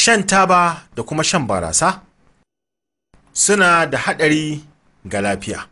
shan taba da kuma shan barasa suna da haɗari ga lafiya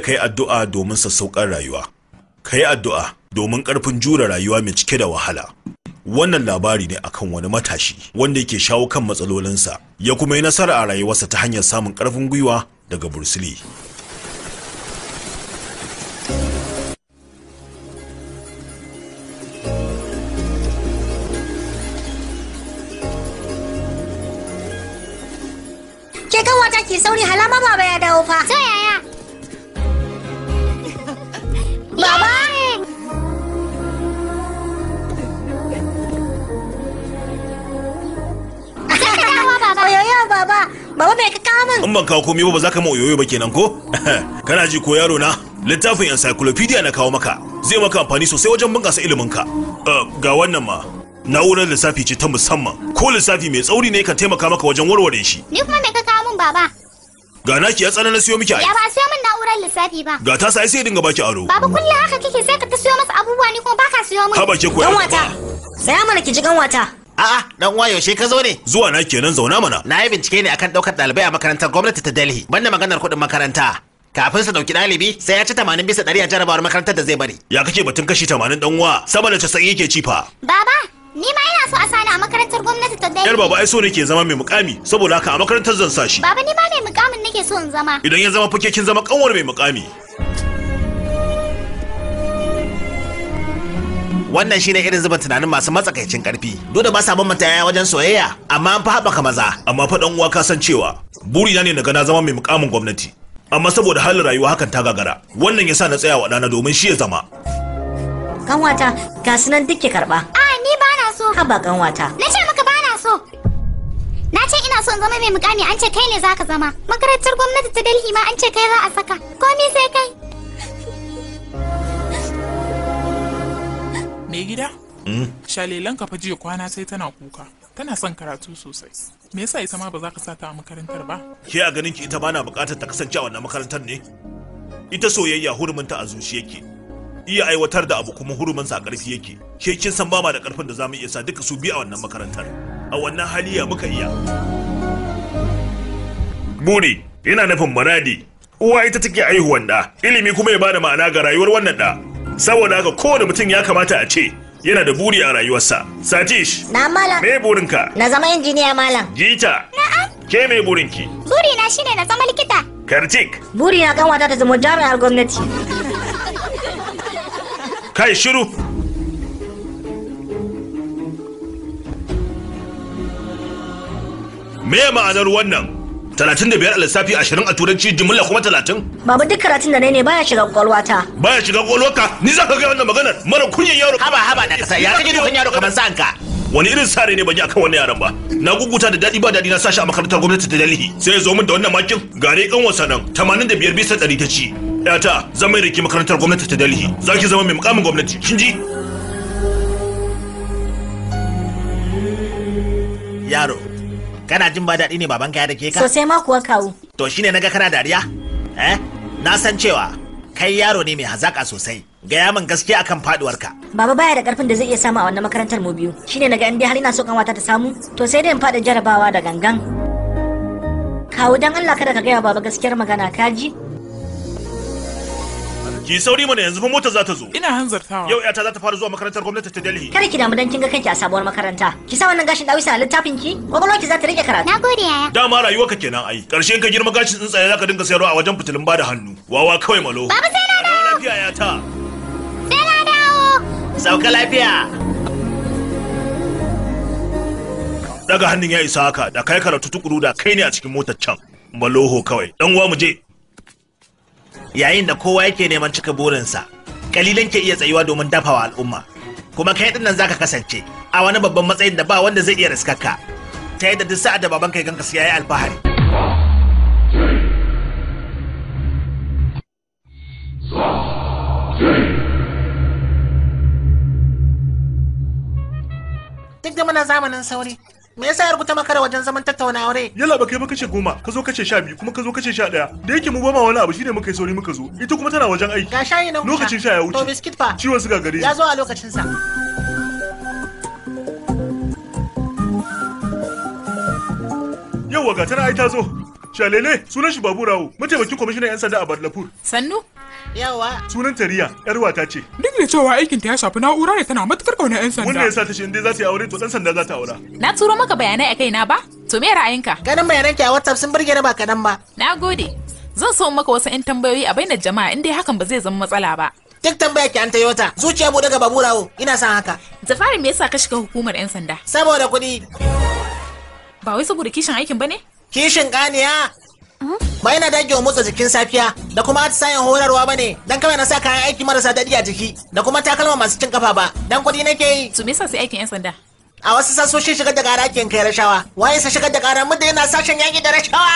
kada ka yi addu'a domin sassauƙar rayuwa ka yi addu'a domin ƙarfin jure rayuwa mai cike da wahala wannan labari ne akan wani matashi wanda yake shawo kan matsalolinsa ya kuma yi nasara a rayuwarsa ta hanyar samun ƙarfin gwiwa daga bursili ke kan wata ke sauri halama baba ya dawo fa Baba! Oyoyo baba, baba me ka kawo In ban kawo komi ba ba za ka mu oyoyo ba kenan ko? Kana ji ko yaro na? Littafin encyclopedia na kawo maka. Zai maka amfani sosai wajen ilimin ka. Eh, ga wannan ma, na'urar lissafi ce ta musamman ko lissafi mai tsauri ne kan taimaka maka wajen warware shi. Ni kuma me ka kawo min baba? Ga ki ya tsana na siyo miki ai. Ya ba siyo min na'urar lissafi ba. Ga ta sai sai dinga baki aro. Baba kullu haka kike sai ka ta siyo masa abubuwa ni kuma baka siyo min. Haba ke wata. sai mana ki ji gan wata. A'a, dan uwa yaushe ka zo ne? Zuwa na kenan zauna mana. Na yi bincike ne akan daukar ɗalibai a makarantar gwamnati ta Delhi. Banda maganar kuɗin makaranta. Kafin su dauki ɗalibi sai ya ci tamanin bisa ɗari a jarabawar makarantar da zai bari. Ya kake batun kashi tamanin dan uwa? saboda da 90 yake ci Baba, Ni ma ina so a sani a makarantar gwamnati ta dai. Yar baba ai so nake zama mai mukami saboda haka a makarantar zan sa shi. Baba ni ma mai mukamin nake so in zama. Idan ya zama fake kin zama kanwar mai mukami. wannan shine irin zuba tunanin masu matsakaicin karfi duk da ba sa bambanta yaya wajen soyayya amma an fi haɓaka maza amma fa dan uwa ka san cewa burina ne na ga na zama mai mukamin gwamnati amma saboda halin rayuwa hakan ta gagara wannan yasa na tsaya wa ɗana domin shi ya zama kanwata ga sunan nan duk ke karɓa a ni ba so. Haba kanwata. Na ce maka ba so. Na ce ina son zama mai mukami an ce kai ne zaka zama. Makarantar gwamnati ta Delhi ma an ce kai za a saka. Komi sai kai. Me gida? Hmm? Shalelan ka jiya kwana sai tana kuka. Tana son karatu sosai. Me yasa ita ma ba za ka sata a makarantar ba? Ke a ganin ki ita ba na bukatar ta kasance a wannan makarantar ne? Ita soyayya hurumin ta a yake. iya aiwatar da abu kuma hurumin sa ƙarfi yake ke kin san ba ma da ƙarfin da zamu iya sa duka su biyu a wannan makarantar a wannan hali ya muka iya buri ina nufin muradi uwa ita take aihuwan da ilimi kuma ya bada ma'ana ga rayuwar wannan da saboda haka kowane mutum ya kamata a ce yana da buri a rayuwarsa satish na malam me burinka na zama injiniya malam jita ke me burinki buri na shine na zama likita kartik buri na kanwata ta zama jami'ar gwamnati kai shiru me ma'anar wannan 35 a lissafi 20 a turanci jimilla kuma 30 Babu duk karatun da ne baya shiga kwakwalwata baya shiga kwakwalwarka ni za ka ga wannan maganar mara kunyan yaro haba haba da kasa ya kake dukan yaro kamar sanka wani irin sare ne ban yi akan wannan yaran ba na guguta da dadi ba dadi na sashi a makarantar gwamnati ta Delhi sai ya zo min da wannan makin gare kan wasa nan 85 bisa 100 ta ci yata zan mai da ke makarantar gwamnati ta Delhi za ki zama mai mukamin gwamnati kin ji yaro kana jin ba daɗi ne baban ya dake ka sosai ma kuwa kawo to shine naga kana dariya eh na san cewa kai yaro ne mai hazaka sosai gaya min gaske akan ka. baba baya da karfin da zai iya samu a wannan makarantar mu biyu shine naga in dai har ina so wata ta samu to sai dai in fada jarabawa da gangan kawo dan Allah kada ka gaya baba gaskiyar magana kaji ki sauri mana yanzu fa mota za ta zo ina hanzartawa yau yata za ta fara zuwa makarantar gwamnati ta Delhi kada ki damu dan kin ga kanki a sabuwar makaranta ki sa wannan gashin dawisa a littafin ki ki za ta rike karatu nagode yaya dama rayuwa ka kenan ai karshe ka girma gashin tsuntsaye ka dinga sayarwa a wajen fitilun bada hannu wawa kawai malo baba sai na dawo lafiya yata sai na dawo sauka lafiya daga hannun ya isa haka da kai karatu tukuru da kai ne a cikin motar can maloho kawai dan uwa mu je yayin da kowa yake neman cika burinsa kalilan ke iya tsayuwa domin dafawa al'umma kuma kai dinnan zaka kasance a wani babban matsayin da ba wanda zai iya riskarka ta yadda duk sa'a da baban kai ganka sai yayi alfahari Duk da mana zamanin sauri, me yasa ya rubuta maka da wajen zaman tattauna aure yalla ba kai ba kace goma ka zo kace sha biyu kuma ka zo kace sha ɗaya da yake mu ba ma wani abu shine muka yi sauri muka zo ita kuma tana wajen aiki ga shayi na lokacin sha ya wuce to biskit fa ciwon suga gare ya zo a lokacin sa yawwa ga tana ai ta zo shalele sunan shi rawo mataimakin kwamishinan yan sanda a badlapur sannu Yawa. Sunan Tariya, ƴar wata ce. Duk da cewa aikin ta ya shafi na'ura ne tana matukar kauna ‘yan sanda. Wanda ya sa ta shi inda za ta yi aure to ɗan sanda za ta aura. Na turo maka bayanai a kaina ba? To me ra'ayinka? Ganin bayanan ki a WhatsApp sun burge ni ba kaɗan ba. Na gode. Zan so maka wasu ‘yan tambayoyi a bainar jama'a inda hakan ba zai zama matsala ba. Duk tambaya ki an Toyota, zuciya bude gaba burawo, ina son haka. Da fari me yasa ka shiga hukumar 'yan sanda? Saboda kuɗi. Ba wai saboda kishin aikin ba bane? Kishin ƙaniya, ba yana dage wa motsa jikin safiya da kuma atisayen horarwa ba ne dan kawai na sa kayan aiki marasa daɗi a jiki da kuma takalma masu cin kafa ba dan kuɗi nake yi su me yasa sai aikin yan sanda a wasu sassoshin shigar da ƙara ake kai rashawa waye sa shigar da ƙara mudda yana sashen yaƙi da rashawa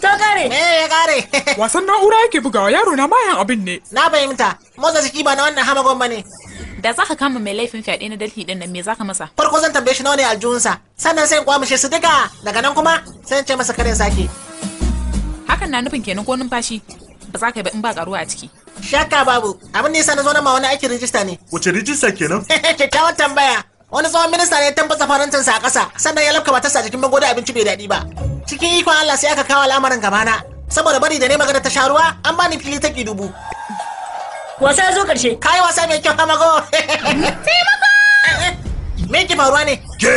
to kare me ya kare wasan na'ura yake bugawa yaro na mayan abin ne na fahimta motsa jiki ba na wannan hamagon ba ne da za ka kama mai laifin fyaɗe na dalhi ɗin nan me za ka masa farko zan tambaye shi nawa ne aljihunsa sannan sai in kwamishe su duka daga nan kuma sai in ce masa karin sake hakan na nufin kenan ko numfashi ba za ka yi ba in ba karuwa a ciki shaka babu abin da yasa na zo na ma wani aikin rijista ne wace rijista kenan kyakkyawan tambaya wani tsohon minista ne ya tambasa farantinsa a ƙasa sannan ya lafka matarsa jikin magoda abinci bai daɗi ba cikin ikon Allah sai aka kawo al'amarin gabana saboda bari da ne magana ta sha ruwa an bani fili ta ki dubu wasa ya zo ƙarshe kai wasa mai kyau hamago taimako me ki faruwa ne ke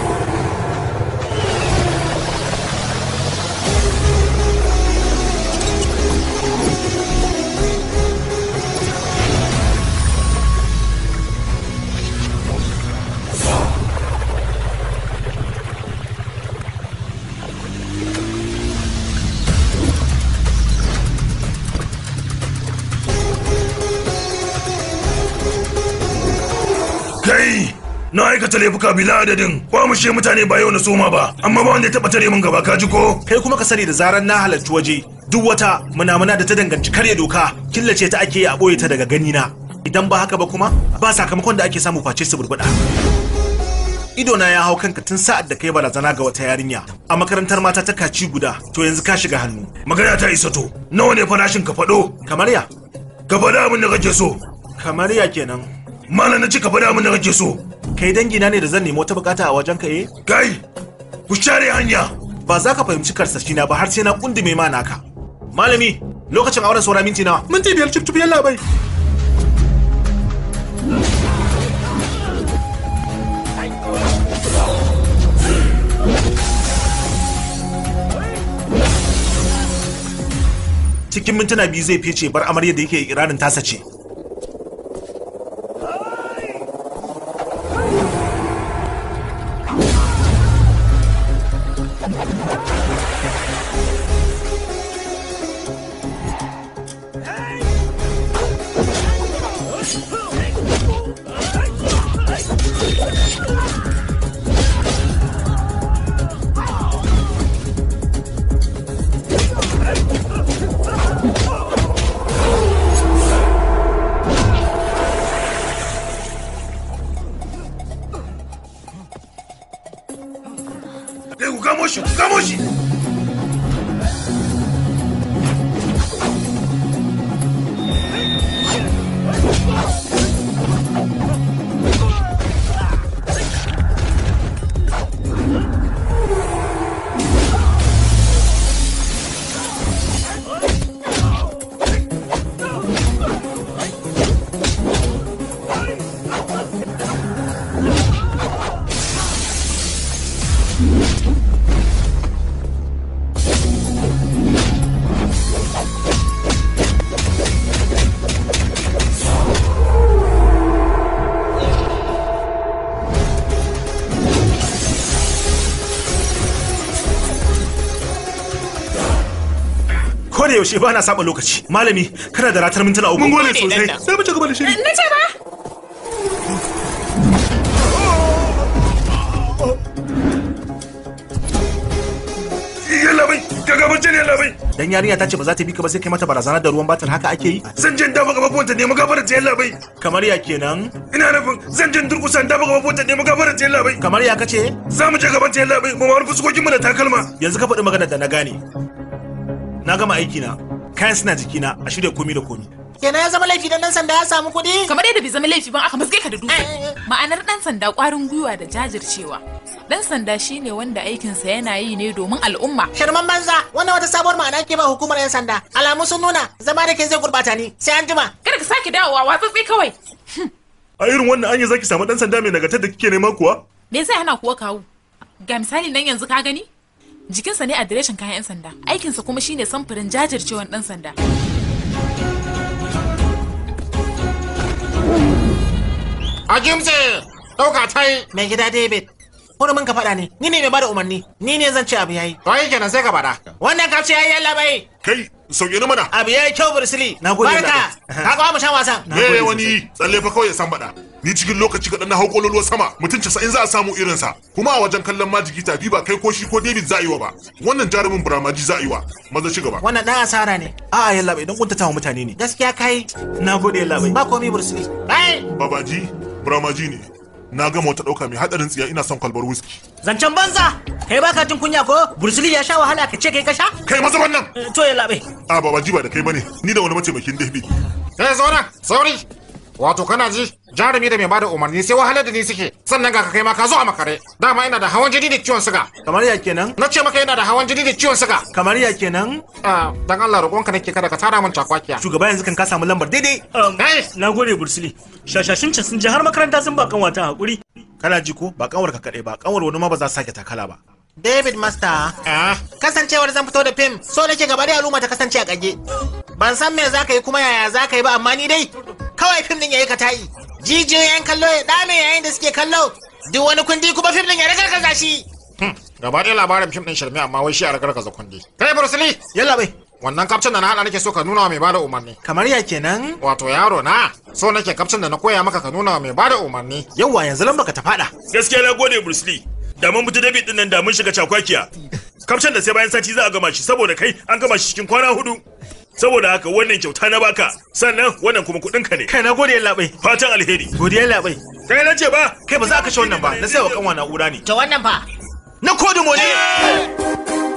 na aikata laifuka bila adadin kwamushe mutane ba yau na soma ba amma ba wanda ya taba tare min gaba ka ji ko kai kuma ka sani da zaran na halarci waje duk wata munamuna da ta danganci karya doka killace ta ake yi a boye ta daga gani na idan ba haka ba kuma ba sakamakon da ake samu face su burbuda ido na ya hau kanka tun sa'ad da kai barazana ga wata yarinya a makarantar mata ta kaci guda to yanzu ka shiga hannu magana ta isa to nawa ne farashin ka faɗo kamar ya ka faɗa abin da kake so kamar ya kenan mana na cika faɗa min da kake so kai dangi na ne da zan nemi wata bukata a wajen ka eh kai ku share hanya ba za ka fahimci karsashi na ba har sai na kundume ma naka malami lokacin auren saura minti nawa minti biyar cip cip yalla bai cikin mintuna biyu zai fice bar amarya da yake iranin tasa ce yaushe ba na saba lokaci malami kana da ratar mintuna uku mun gode sosai sai mu ci gaba da shiri na ce ba yalla bai kaga ce ne yalla bai dan yarinya ta ce ba za ta bi ka ba sai kai mata barazana da ruwan batar haka ake yi zan je dafa gaba fonta ne magabar ta yalla bai kamar ya kenan ina nufin zan je durkusa dafa gaba fonta ne magabar ta yalla bai kamar ya kace za mu je gaban ta yalla bai mu ma rufe sukokin mu da takalma yanzu ka faɗi magana da na gane na gama aiki na kayan suna jikina a shirya komi da komi kenan ya zama laifi dan dan sanda ya samu kuɗi kamar yadda bai zama laifi ban aka musge ka da dutse eh, eh, eh. ma'anar dan sanda ƙwarin gwiwa da jajircewa dan sanda shine wanda aikinsa yana yi ne domin al'umma shirman banza wannan wata sabuwar ma'ana ke ba hukumar yan sanda alamu sun nuna zama da ke zai gurbata ni sai an jima kada ka sake dawowa watsatsi kawai a irin wannan anya zaki samu dan sanda mai nagartar da kike nema kuwa me zai hana kuwa kawo ga misali nan yanzu ka gani jikinsa ne a direshin kayan 'yan sanda aikinsa kuma shine samfurin jajircewan ɗan sanda a gimse ɗauka tai mai gida david mun ka faɗa ne ni ne mai bada umarni ni ne zan ce abu yayi to ai kenan sai ka faɗa wannan ka ce yayi Allah bai kai sauke ni mana abu yayi kyau bursili nagode barka ka ga mu shan wasan eh wani tsalle fa kawai san bada ni cikin lokaci kaɗan na hauko loluwar sama mutum casa'in za a samu irinsa kuma a wajen kallon majigi tafi ba kai ko shi ko david za a yi wa ba wannan jarumin buramaji za a yi wa maza ci gaba wannan dan asara ne a'a yalla bai don kuntata wa mutane ne gaskiya kai na gode yalla bai ba komai bursili ai babaji buramaji ne na gama wata ɗauka mai haɗarin tsiya ina son kwalbar whisky. Zancen banza! Kai ba ka kunya ko? Bursili ya sha wahala ka ce kai ka sha? Kai maza wannan! Eh, to ya labe. A ba ba da kai bane. Ni da wani mace mataimakin dabi. Kai eh, zauna, sauri! wato kana ji jarumi da mai bada umarni sai wahalar da ni suke sannan ga kai ma ka zo a makare dama ina da hawan jini da ciwon suga kamar ya kenan na ce maka yana da hawan jini da ciwon suga kamar ya kenan ah dan Allah roƙonka nake kada ka tara min cakwakiya shugaba yanzu kan ka samu lambar daidai um, eh! na gode bursili shashashin sun je har makaranta sun ba kan wata hakuri kana ji ko ba kanwar ka kaɗai ba kanwar wani ma ba za su sake takala ba David Master. Ah. Kasancewar zan fito da fim so nake gaba da al'umma ta kasance a kage. Ban san me zaka yi kuma yaya zaka yi ba amma ni dai kawai fim din yayi ka tayi. 'yan kallo ya dame yayin da suke kallo. Duk wani kundi kuma fim din ya rakarkaza shi. Hmm. Gaba da labarin fim din shirme amma wai shi a rakarkaza kundi. Kai Bruce Lee. Yalla bai. wannan kafcin da na hada nake so ka nuna wa mai bada umarni kamar ya kenan wato yaro na so nake kafcin da na koya maka ka nuna wa mai bada umarni Yawwa, yanzu lamba ka ta fada gaskiya na gode Bruce Lee da mun mutu dabi din nan da mun shiga cakwakiya kamshin da sai bayan sati za a gama shi saboda kai an gama shi cikin kwana hudu saboda haka wannan kyauta na baka sannan wannan kuma kudin ka ne kai na gode labai fatan alheri godiya labai kai na ce ba kai ba za ka kashe wannan ba na sai wa kanwa na'ura ne to wannan ba na kodin mole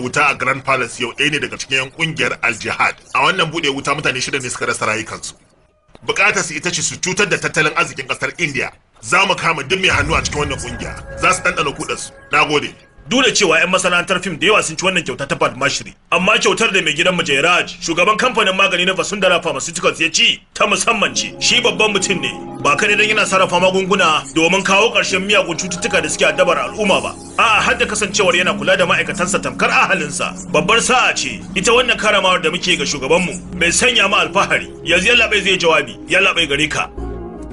wuta a grand palace yau ɗaya ne daga cikin 'yan kungiyar al-jihad a wannan buɗe wuta mutane shida ne suka rasa rayukansu bukatar su ita ce su cutar da tattalin arzikin ƙasar india za mu kama duk mai hannu a cikin wannan kungiya za su ɗanɗana kuɗansu na gode duk cewa 'yan masana'antar fim da yawa sun ci wannan kyauta ta Padmashri amma kyautar da mai gidan mu Jairaj shugaban kamfanin magani na Vasundara Pharmaceuticals ya ci ta musamman ce shi babban mutum ne ba kadai dan yana sarrafa magunguna domin kawo ƙarshen miyagun cututtuka da suke addabar al'umma ba a'a har da kasancewar yana kula da ma'aikatansa tamkar ahalinsa babbar sa'a ce ita wannan karamawar da muke ga shugabanmu mai sanya mu alfahari yanzu yallaɓai zai jawabi yallaɓai gare ka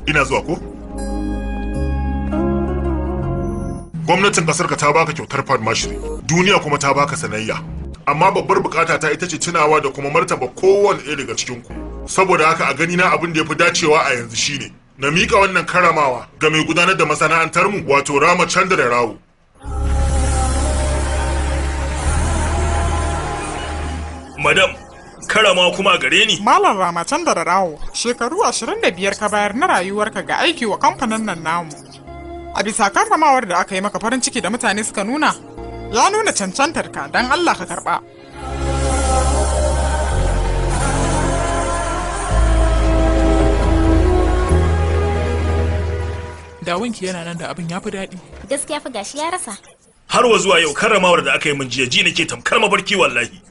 ina zuwa ko gwamnatin ka ta baka kyautar farmashiri duniya kuma ta baka sanayya amma babbar bukata ta ita ce tunawa da kuma martaba kowanne ɗaya daga cikin ku saboda haka a gani na abin da ya fi dacewa a yanzu shine na miƙa wannan karamawa ga mai gudanar da masana'antar mu wato Rama Chandra Rao Madam karama kuma gare ni Malam Rama Chandra Rawu shekaru 25 ka bayar na rayuwarka ga aiki wa kamfanin nan namu a bisa karramawar da aka yi maka farin ciki da mutane suka nuna ya nuna cancantar ka don Allah ka karba. Dawinki yana nan da abin ya fi daɗi. Gaskiya fa gashi ya rasa. Har wa zuwa yau karramawar da aka yi min jiya ji nake tamkar mabarki wallahi.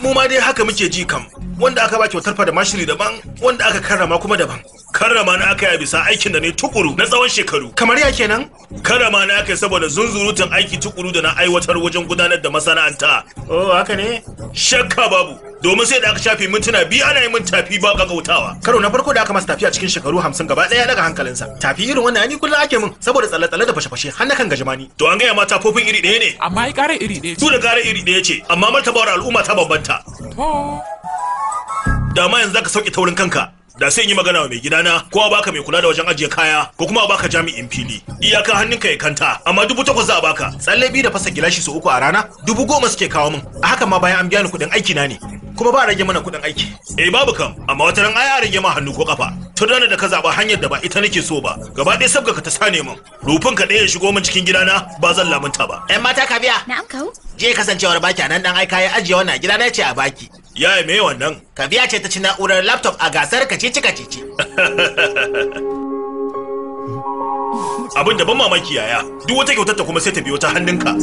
mu ma dai haka muke ji kam wanda aka ba kyautar da mashiri daban wanda aka karrama kuma daban karrama na aka yi bisa aikin da ne tukuru na tsawon shekaru kamar ya kenan karrama na aka yi saboda zunzurutun aiki tukuru da na aiwatar wajen gudanar da masana'anta oh haka ne shakka babu domin sai da aka shafe mintuna biyu ana yi min tafi ba kakautawa karo na farko da aka masa tafi a cikin shekaru hamsin gaba ɗaya daga hankalinsa tafi irin wannan ani kullum ake min saboda tsalle-tsalle da fashe-fashe har na kan gajimani to an gaya ma tafofin iri ɗaya ne amma ai ƙara iri ɗaya ce su da ƙara iri ɗaya ce amma martabar al'umma ta bambanta ta dama yanzu ka sauke taurin kanka da sai in yi magana wa mai gidana ko a baka mai kula da wajen ajiye kaya ko kuma a baka jami'in fili iyaka hannunka ya kanta amma dubu takwas za a baka tsalle biyu da fasa gilashi sau uku a rana dubu goma suke kawo min a haka ma bayan an biya ni kuɗin aiki na ne kuma ba a rage mana kuɗin aiki eh babu kam amma wata ran ai a rage ma hannu ko kafa da, ranar da ka zaɓa hanyar da ba ita nake so ba gaba ɗaya sabga ka ta sane min rufin ka ɗaya ya shigo min cikin na, ba zan lamunta ba ƴan mata ka biya na'am kawo je kasancewar baki nan dan ai kayan ajiye wannan gidana ce a baki ya Yaya mai wannan? biya ce ta ci na'urar laptop a gasar kacici kacici. Abin da ban mamaki yaya, duk wata kyautar ta kuma sai ta biyo ta hannunka.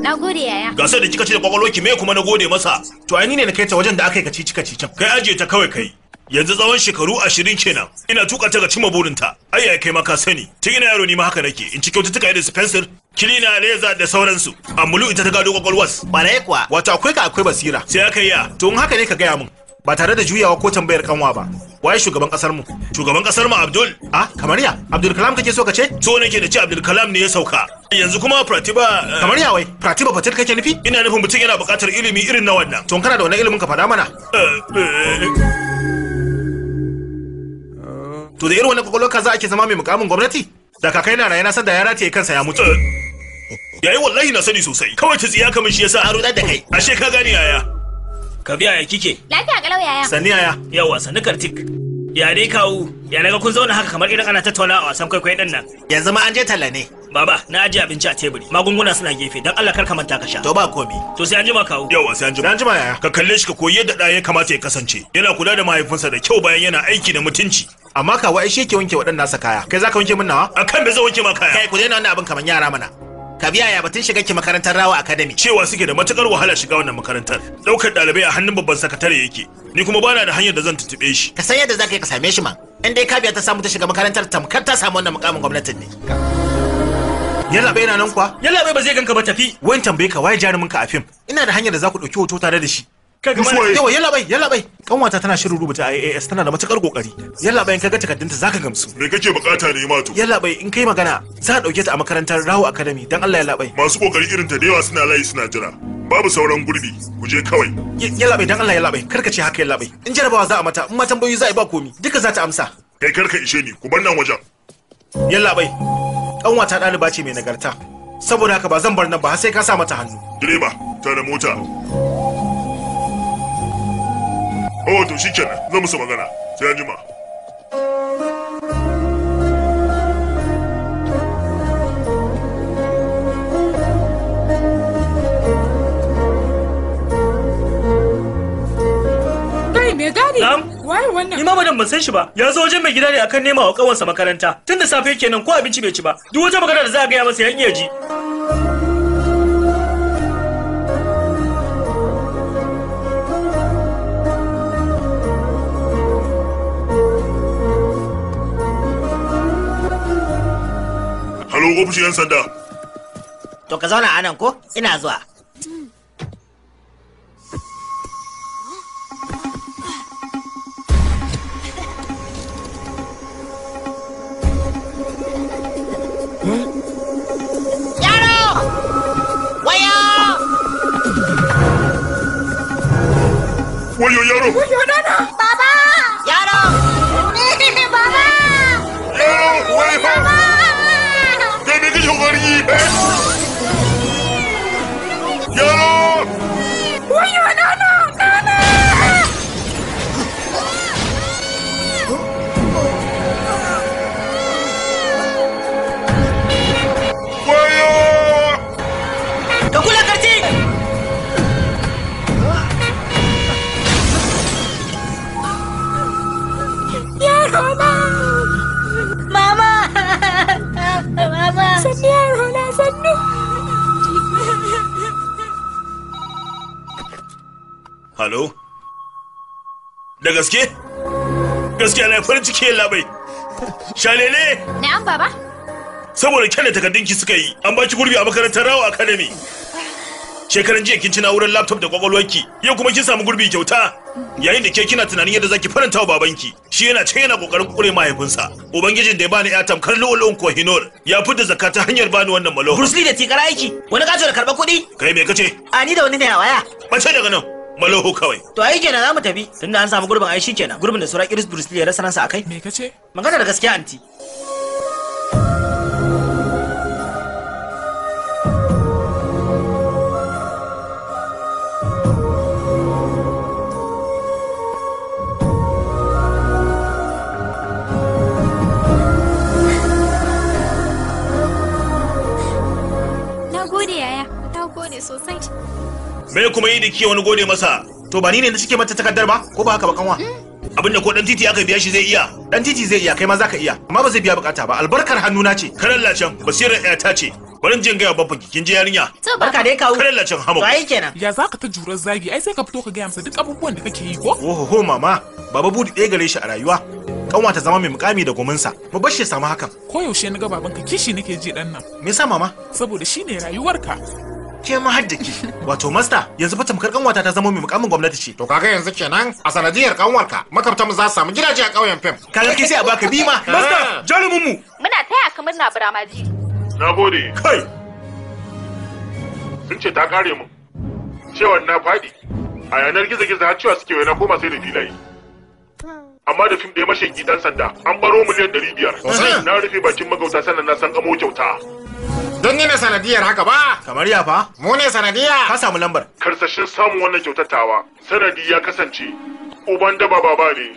Na gode yaya. Gasar da kika ce da ki me kuma na gode masa. To ai ni ne na kai ta wajen da aka yi kacici kacicin. Kai ajiye ta kawai kai. yanzu tsawon shekaru ashirin kenan ina tuka ta ga cimma burinta ai ya kai maka sani tun ina yaro ni ma haka nake in ci kyaututtuka irin su fensir kilina leza da sauransu mulu ita ta gado kwakwalwas ɓarai kuwa wato akwai ka akwai basira sai aka yi to in haka ne ka gaya mun ba tare da juyawa ko tambayar kanwa ba waye shugaban kasar mu shugaban kasar mu abdul ah kamar ya abdul kalam kake so ka ce so nake da ce abdul kalam ne ya sauka yanzu kuma pratiba eh, kamar ya wai pratiba fatir kake nufi ina nufin mutum yana buƙatar ilimi irin na wannan to kana da wannan ilimin ka faɗa mana eh, eh, to da irin wannan kokolo ka za ake zama mai mukamin gwamnati da kai na raye na san da ya rataye kansa ya mutu eh. yayi wallahi na sani sosai kawai ki tsiya kamin shi yasa a rudar da kai ashe ka gane yaya ka biya ya kike lafiya galau yaya sani yaya yawa sani kartik ya dai kawo. ya naga kun zauna haka kamar idan ana tattauna a wasan kwaikwayo din nan yanzu ma an je talla ne baba na aje abinci a teburi magunguna suna gefe dan Allah kar ka manta ka sha to ba komi to sai an jima kawu yawa sai an jima jima yaya ka kalle shi ka koyi yadda da ya kamata ya kasance yana kula da mahaifinsa da kyau bayan yana aiki da mutunci amma ka ai shi ke wanke waɗannan nasa kaya kai zaka wanke min nawa A kan me zo wanke ma kaya kai ku daina wannan abin kaman yara mana ka biya ya batun shiga ki makarantar rawa academy cewa suke da matukar wahala shiga wannan makarantar daukar dalibai a hannun babban sakatare yake ni kuma bana da hanyar da zan tuntube shi ka san yadda zaka yi ka same shi man in dai ka biya ta samu ta shiga makarantar tamkar ta samu wannan mukamin gwamnatin ne yalla bai nan kuwa yalla bai ba zai ganka ba tafi wani tambaye ka waye jarumin ka a fim ina da hanyar da zaku dauki hoto tare da shi kai kaga mana yawa yalla bai yalla bai kanwata tana shirin rubuta IAS tana da matukar kokari yalla bai kaga takaddunta zaka gamsu me kake bukata ne mato yalla bai in kai magana za a dauke ta a makarantar Rahu Academy dan Allah yalla bai masu kokari irin ta da suna layi suna jira babu sauran gurbi ku je kawai yalla bai dan Allah yalla bai karka ce haka yalla bai in jarabawa za a mata in ma tambayoyi za a ba komi duka za ta amsa kai karka ishe ni ku bar nan wajen yalla bai kanwata ɗaliba ce mai nagarta saboda haka ba zan bar nan ba sai ka sa mata hannu direba tare mota oh to kenan zan musu magana sai an jima ban san shi ba. Ya zo wajen mai gida ne akan nema wa kawansa makaranta. Tun da safe kenan ko abinci bai ci ba. Duk wata magana da za a gaya masa ya iya ji. tafi ofishin 'yan sanda. To ka zauna anan ko? Ina zuwa. yaro! Wayo nana! Baba! Yeah! Halo? Da gaske? Gaskiya na farin ciki yalla bai. Shalele? Na'am baba. Saboda kyanne ki suka yi, an baki gurbi a makarantar Rawa Academy. Shekaran jiya kin ci na'urar laptop da kwakwalwarki, yau kuma kin samu gurbi kyauta. Yayin da ke kina tunanin yadda zaki faranta wa babanki, shi yana can yana kokarin kure mahaifinsa. Ubangijin da ya bani ya tamkar lo'olon kohinor ya fi zakka ta hanyar bani wannan malo. Bruce Lee da tikar aiki, wani gajo da karɓar kuɗi. Kai me kace? A ni da wani ne a waya. Bace daga nan. malaho kawai to ai kenan za mu tafi tunda an samu gurbin ai kenan gurbin da sura iris bruce lee ya rasa ransa akai me kace magana da gaskiya anti gode yaya ta sosai me kuma yi da ke wani gode masa to ba ni ne na cike mata takardar ba ko ba haka ba kanwa abinda ko dan titi aka biya shi zai iya dan titi zai iya kai ma zaka iya amma ba zai biya bukata ba albarkar hannu na ce karan basira ya ta ce barin jin gaya babban kin je yarinya to barka dai kawo karan lacen hamo ai kenan ya zaka ta jura zagi ai sai ka fito ka gaya masa duk abubuwan da kake yi ko oho mama baba budi ɗaya gare shi a rayuwa kanwa ta zama mai mukami da gominsa mu bar shi samu hakan koyaushe na ga babanka kishi nake ji dan nan me yasa mama saboda shine rayuwarka ke ma hadda ke wato masta yanzu fa tamkar kanwata ta zama mai mukamin gwamnati ce to kaga yanzu kenan a sanadiyar kanwarka makabta mu za su samu gidaje a ƙauyen fem kaga ke sai a baka bima eh. masta jarumin mu muna taya kamar na buramaji nagode kai sun ce ta kare mu cewa na fadi a yanar gizo-gizo har cewa suke na koma sai da filaye amma da fim da ya mashe gidan sanda an baro miliyan biyar. na rufe bakin magauta sannan na san kamo kyauta Don ni na sanadiyar haka ba. Kamar ya fa? Mu ne sanadiya. Ka samu lambar. Karsashin samun wannan kyautatawa. Sanadi ya kasance. Uban daba baba ne.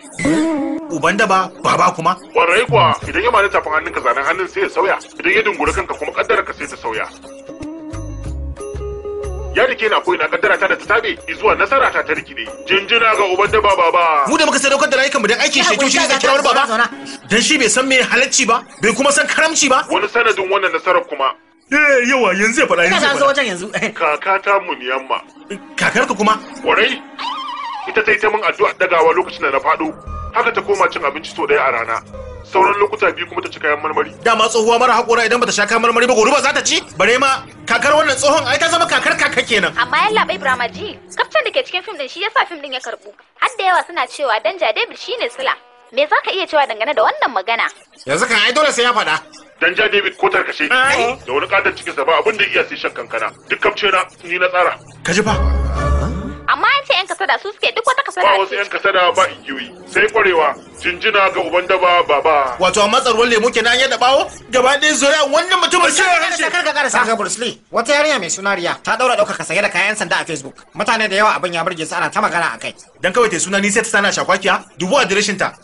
Uban daba baba kuma? Warai kuwa idan ya bani tafin hannunka zanen hannun sai ya sauya. Idan ya dunguri kanka kuma kaddara ka sai ta sauya. ya rike na koyi na kaddara ta da ta tabe izuwa nasara ta ta rikide jinjina ga uban daba baba ba mu da muka daukar da rayukan mu dan aikin shi shi ne kirawar baba dan shi bai san me halacci ba bai kuma san karamci ba wani sanadin wannan nasarar kuma Eh yawa yanzu ya faɗa yanzu. Ina san wajen yanzu. Eh. Kaka ta mu ni Myanmar. Kakar ka kuma? Kwarai. Ita ta yi ta min addu'a dagawa lokacin da na faɗo. Haka ta koma cin abinci sau ɗaya a rana. Sauran lokuta biyu kuma ta ci kayan marmari. Dama tsohuwa mara haƙora idan bata sha kayan marmari ba gobe ba za ta ci. Bare ma kakar wannan tsohon ai ta zama kakar kaka kenan. Amma yalla bai Brahmaji. Kaftan da ke cikin fim din shi yasa fim din ya karbu. Har da yawa suna cewa Danja David shine Sila. Me za ka iya cewa dangane da wannan magana? Yanzu kan ai dole sai ya faɗa. dan ja David ko tarkace da wani katon cikinsa ba abin da iya sai shan kankana duk kamce na ni na tsara ka ji ba amma an ce yan kasada su suke duk wata kasada ba wasu yan kasada ba igiyoyi sai kwarewa jinjina ga uban daba baba wato amma tsaron lemo kenan ya da bawo gaba ɗaya zuriya wannan mutumin shi ya rashe kar ka karasa ga Bruce Lee wata yarinya mai suna Riya ta daura daukar ka da kayan sanda a Facebook mutane da yawa abin ya burge su ana ta magana akai dan kawai ta suna ni sai ta sana shakwakiya dubu adireshin ta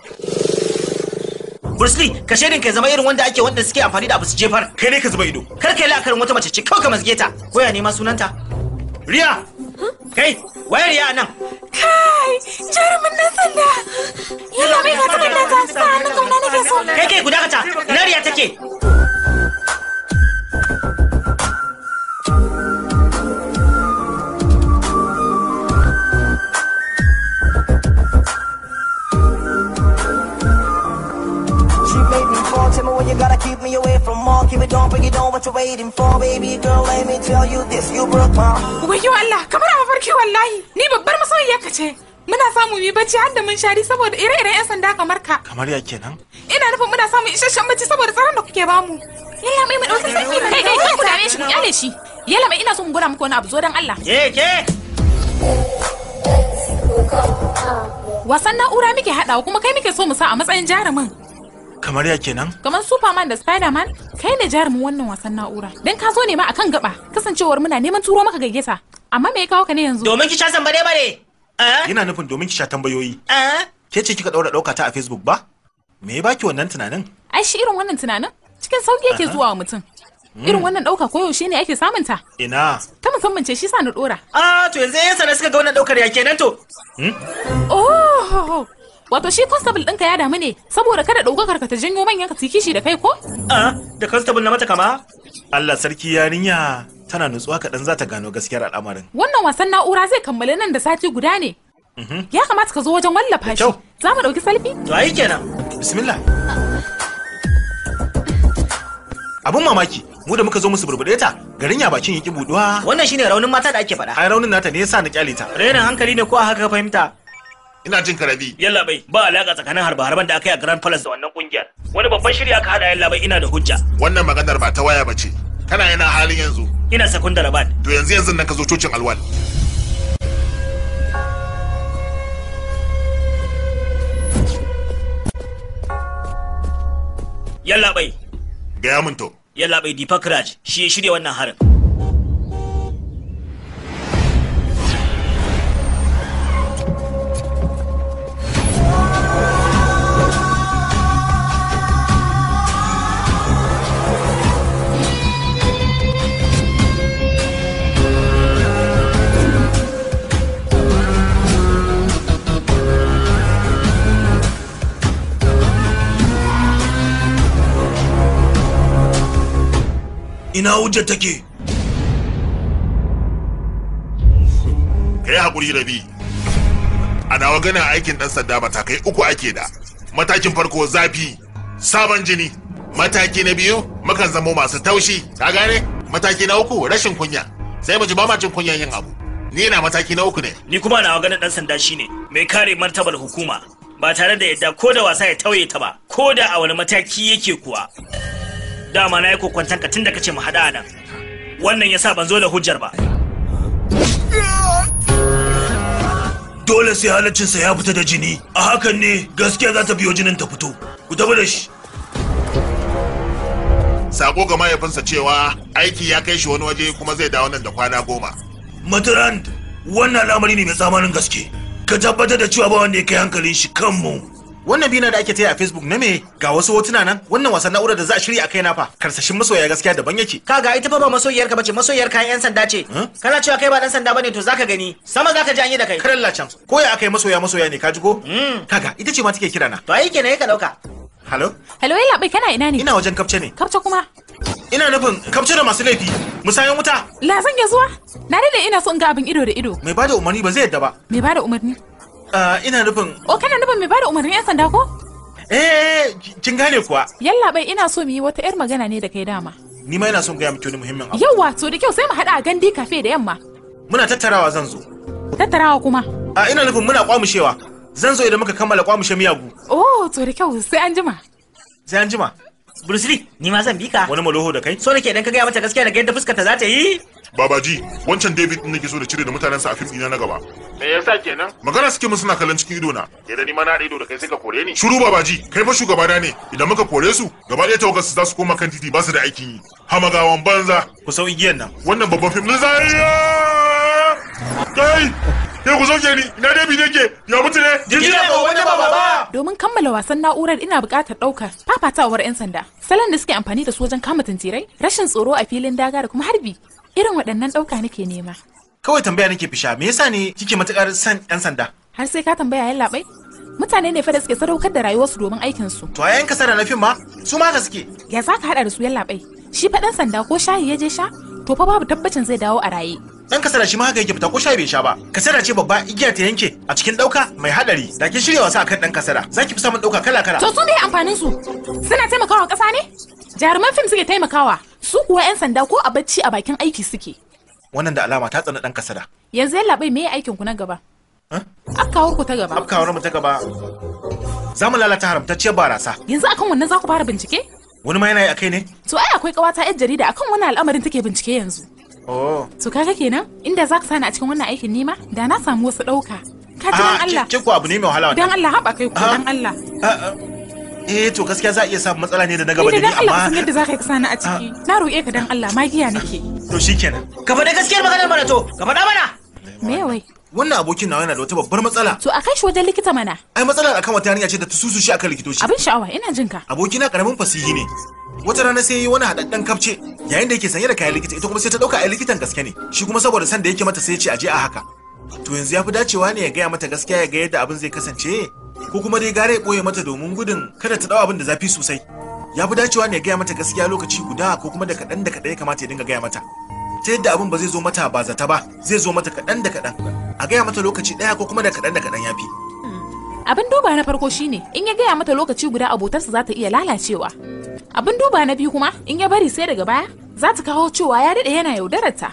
Bruce Lee ka shaidin ka zama irin wanda ake wanda suke amfani da abu su jefar. Kai ne ka zuba ido. Kar ka yi la'akarin wata mace ce kawai ka mazge ta. Koya ne ma sunanta. Riya. Kai waye Riya nan? Kai jarumin nan sanda. Yalla mai ka tabbata ta sa hannun gwamna nake so. Kai kai guda ka ta. Ina Riya take? Tell me when you gotta keep me away from all. Keep it down, bring it down, what you waiting for, baby girl. Let me tell you this, you broke my heart. Wayo Allah, kamar mafarki wallahi. Ni babbar masoyiya ka ce. Muna samu mu bacci har da mun shari saboda ire-iren 'yan sanda kamar ka. Kamar ya kenan? Ina nufin muna samu isasshen bacci saboda tsaron da kuke bamu. Yalla mai mu dauka sarki mai kai kai ku dame shi ku kyale shi. Yalla mai ina so mu gura muku wani abu zo dan Allah. Ke ke. Wasan na'ura muke haɗawa kuma kai muke so mu sa a matsayin jarumin. kamar ya kenan kamar superman da spiderman kai ne jarumin wannan wasan na'ura dan ka zo ne ma akan gaba kasancewar muna neman turo maka gaggesa amma me ya kawo ka ne yanzu domin ki sha san bare bare yana eh? nufin domin ki sha tambayoyi eh? ke ce kika daura dauka ta a facebook ba me ya baki wannan tunanin ai shi irin wannan tunanin cikin sauki yake zuwa wa mutum hmm. irin wannan dauka koyaushe ne ake samun ta ina ta musamman ce shi sa na dora ah to yanzu sa na suka ga wannan daukar ya kenan to hmm? oh Wato shi constable ɗinka ya damu ne saboda kada ɗaukakar ka ta janyo manyan ka kishi da kai ko? Ah, da constable na mata kama? Allah sarki yarinya tana nutsuwa kaɗan za ta gano gaskiyar al'amarin. Wannan wasan na'ura zai kammale nan da sati guda ne. Mhm. Ya kamata ka zo wajen wallafa shi. Za mu ɗauki salfi? To ayi kenan. Bismillah. Abun mamaki, mu da muka zo musu burbuɗe ta garin ya bakin yaki buduwa. Wannan shine raunin mata da ake faɗa. Ai raunin nata ne yasa na kyale ta. Renin hankali ne ko a haka fahimta. ina jin karabi yalla bai ba alaka tsakanin harba-harban da aka yi a grand palace da wannan kungiyar wani babban shirya aka hada yalla bai ina da hujja wannan maganar ba ta waya bace kana yana halin yanzu ina secondary rabat to yanzu yanzu nan ka zo cocin alwal yalla bai gaya mun to yalla bai dipak raj shi ya shirya wannan harin ina hujjar take kai hakuri rabi a nawa ganin aikin dan sanda matakai uku ake da matakin farko zafi sabon jini mataki na biyu mukan zamo masu taushi ka gane mataki na uku rashin kunya sai mu ji ba cin kunyan yin abu ni na mataki na uku ne ni kuma nawa ganin dan sanda shine mai kare martabar hukuma ba tare da yadda ko da wasa ya tauye ta ba ko da a wani mataki yake kuwa dama na yi ka tun da kace mu haɗa nan wannan yasa ban zo da hujjar ba dole sai halaccinsa ya fita da jini a hakan ne gaskiya za ta biyo jinin ta fito ku tafi da shi sako ga mahaifinsa cewa aiki ya kai shi wani waje kuma zai dawo nan da kwana goma Matarand wannan al'amari ne mai tsamanin gaske ka tabbatar da cewa ba wanda ya kai hankalin shi kanmu wannan bina da ake taya a facebook na me ga wasu hotuna nan wannan wasan na'urar da za a shirya a kai na fa karsashin masoya gaskiya daban yake kaga ita fa ba masoyiyar ka bace masoyiyar ka yan sanda ce hmm? kana cewa kai ba dan sanda bane to zaka gani sama zaka ji an yi da kai karalla can ko ya akai masoya masoya ne ka ji ko hmm. kaga ita ce ma take kira na to ai kenan ka dauka Halo? Halo ina bai kana ina ne? Ina wajen kapce ne. Kapce kuma? Ina nufin kapce da masu laifi. Musayan wuta. La zan ya zuwa? Na dade ina so in ga abin ido da ido. Mai bada umarni ba zai yadda ba. Mai bada umarni? Ah, ina nufin o oh, kana nufin mai bada umarnin yan sanda ko eh, eh, eh kin gane kuwa yalla bai ina so mu yi wata yar magana ne da kai dama ni ma ina son gaya miki wani muhimmin abu yawa to da kyau sai mu hada a gandi cafe da yamma muna tattarawa zan zo tattarawa kuma a ah, ina nufin muna kwamushewa zan zo idan muka kammala kwamushe miyagu oh to da kyau sai an jima sai an jima Bruce Lee, ni ma zan bi ka. Wani maloho da kai? So nake idan ka gaya mata gaskiya da yadda fuskar ta za ta yi. Babaji, wancan David ɗin nake so da cire da mutanensa a fim ɗina na gaba. Me yasa kenan? Magana suke mun suna kallon cikin idona. na. Ke da ni na ido da kai sai kore ni. shuru Babaji, kai fa shugabana ne. Idan muka kore su, gaba ɗaya tawagar su za su koma kan titi ba su da aikin yi. Hamagawan banza. Ku sau igiyan nan. Wannan babban fim din zariya. Kai! Kai ku sauke ni, ina David ke, ya mutu ne. Jirgin ba wani ba ba. Domin kammala wasan na'urar ina buƙatar ɗaukar fafatawar 'yan sanda. Salon da suke amfani da su wajen kama tantirai, rashin tsoro a filin daga da kuma harbi Irin waɗannan ɗauka nake nema. Kawai tambaya nake fisha, me yasa ne kike matuƙar san ɗan sanda? Har sai ka tambaya yan labai? Mutane ne fa da suke sadaukar da rayuwarsu domin aikinsu. To yayan sara na fim ma, su ma ka suke. Ya za ka haɗa da su yan labai? Shi fa ɗan sanda ko shayi ya je sha? To fa babu tabbacin zai dawo a raye. Ɗan kasara shi ma haka yake fita ko shayi bai sha ba. Kasara ce babba igiya ta yanke a cikin ɗauka mai haɗari. Da ke shirya wasa kan ɗan kasara. Za ki fi samun ɗauka kala kala. To su me amfanin su? Suna taimakawa kasa ne? jaruman fim suke taimakawa su kuwa 'yan sanda ko a bacci a bakin aiki suke wannan da alama ta tsana dan kasada yanzu yalla bai me aikin ku na gaba afkawar ku ta gaba afkawar mu ta gaba za mu lalata haramtacciyar barasa yanzu akan wannan za ku fara bincike wani ma yana yi akai ne to ai akwai kawata yar jarida akan wannan al'amarin take bincike yanzu oh to kaga kenan inda za ka sani a cikin wannan aikin nima da na samu wasu ɗauka ka ji dan ah, Allah ke ku abu ne mai wahala dan Allah haɓa kai ku ah. dan Allah ah, eh to gaskiya za a iya samun matsala ne da na gaba da eh, ni amma ni da za ka yi kasana a ciki ah. na roƙe ka dan Allah magiya nake to shikenan ka faɗa gaskiyar maganar mana to ka faɗa mana me wai wannan abokin nawa yana da wata babbar matsala to a kai shi wajen likita mana ai matsalar akan wata yarinya ce da ta susu shi akan likitoci abin sha'awa ina jin ka abokina karamin fasihi ne wata rana sai yi wani haɗaɗɗen kafce yayin da yake sanye da kayan likita ita kuma sai ta ɗauka a likitan gaske ne shi kuma saboda san da yake mata sai ya ce aje a haka to yanzu ya fi dacewa ne ya gaya mata gaskiya ya ga yadda abin zai kasance ko kuma dai gara ya ɓoye mata domin gudun kada ta ɗau abin da zafi sosai ya fi dacewa ne ya gaya mata gaskiya lokaci guda ko kuma da kaɗan da kaɗan ya kamata ya dinga gaya mata ta yadda abin ba zai zo mata ba zata ba zai zo mata kaɗan da kaɗan a gaya mata lokaci ɗaya ko kuma da kaɗan da kaɗan ya fi. Hmm. abin duba na farko shine in ya gaya mata lokaci guda abotarsa za ta iya lalacewa abin duba na biyu kuma in ya bari sai daga baya za ta kawo cewa ya daɗe yana yaudarar ta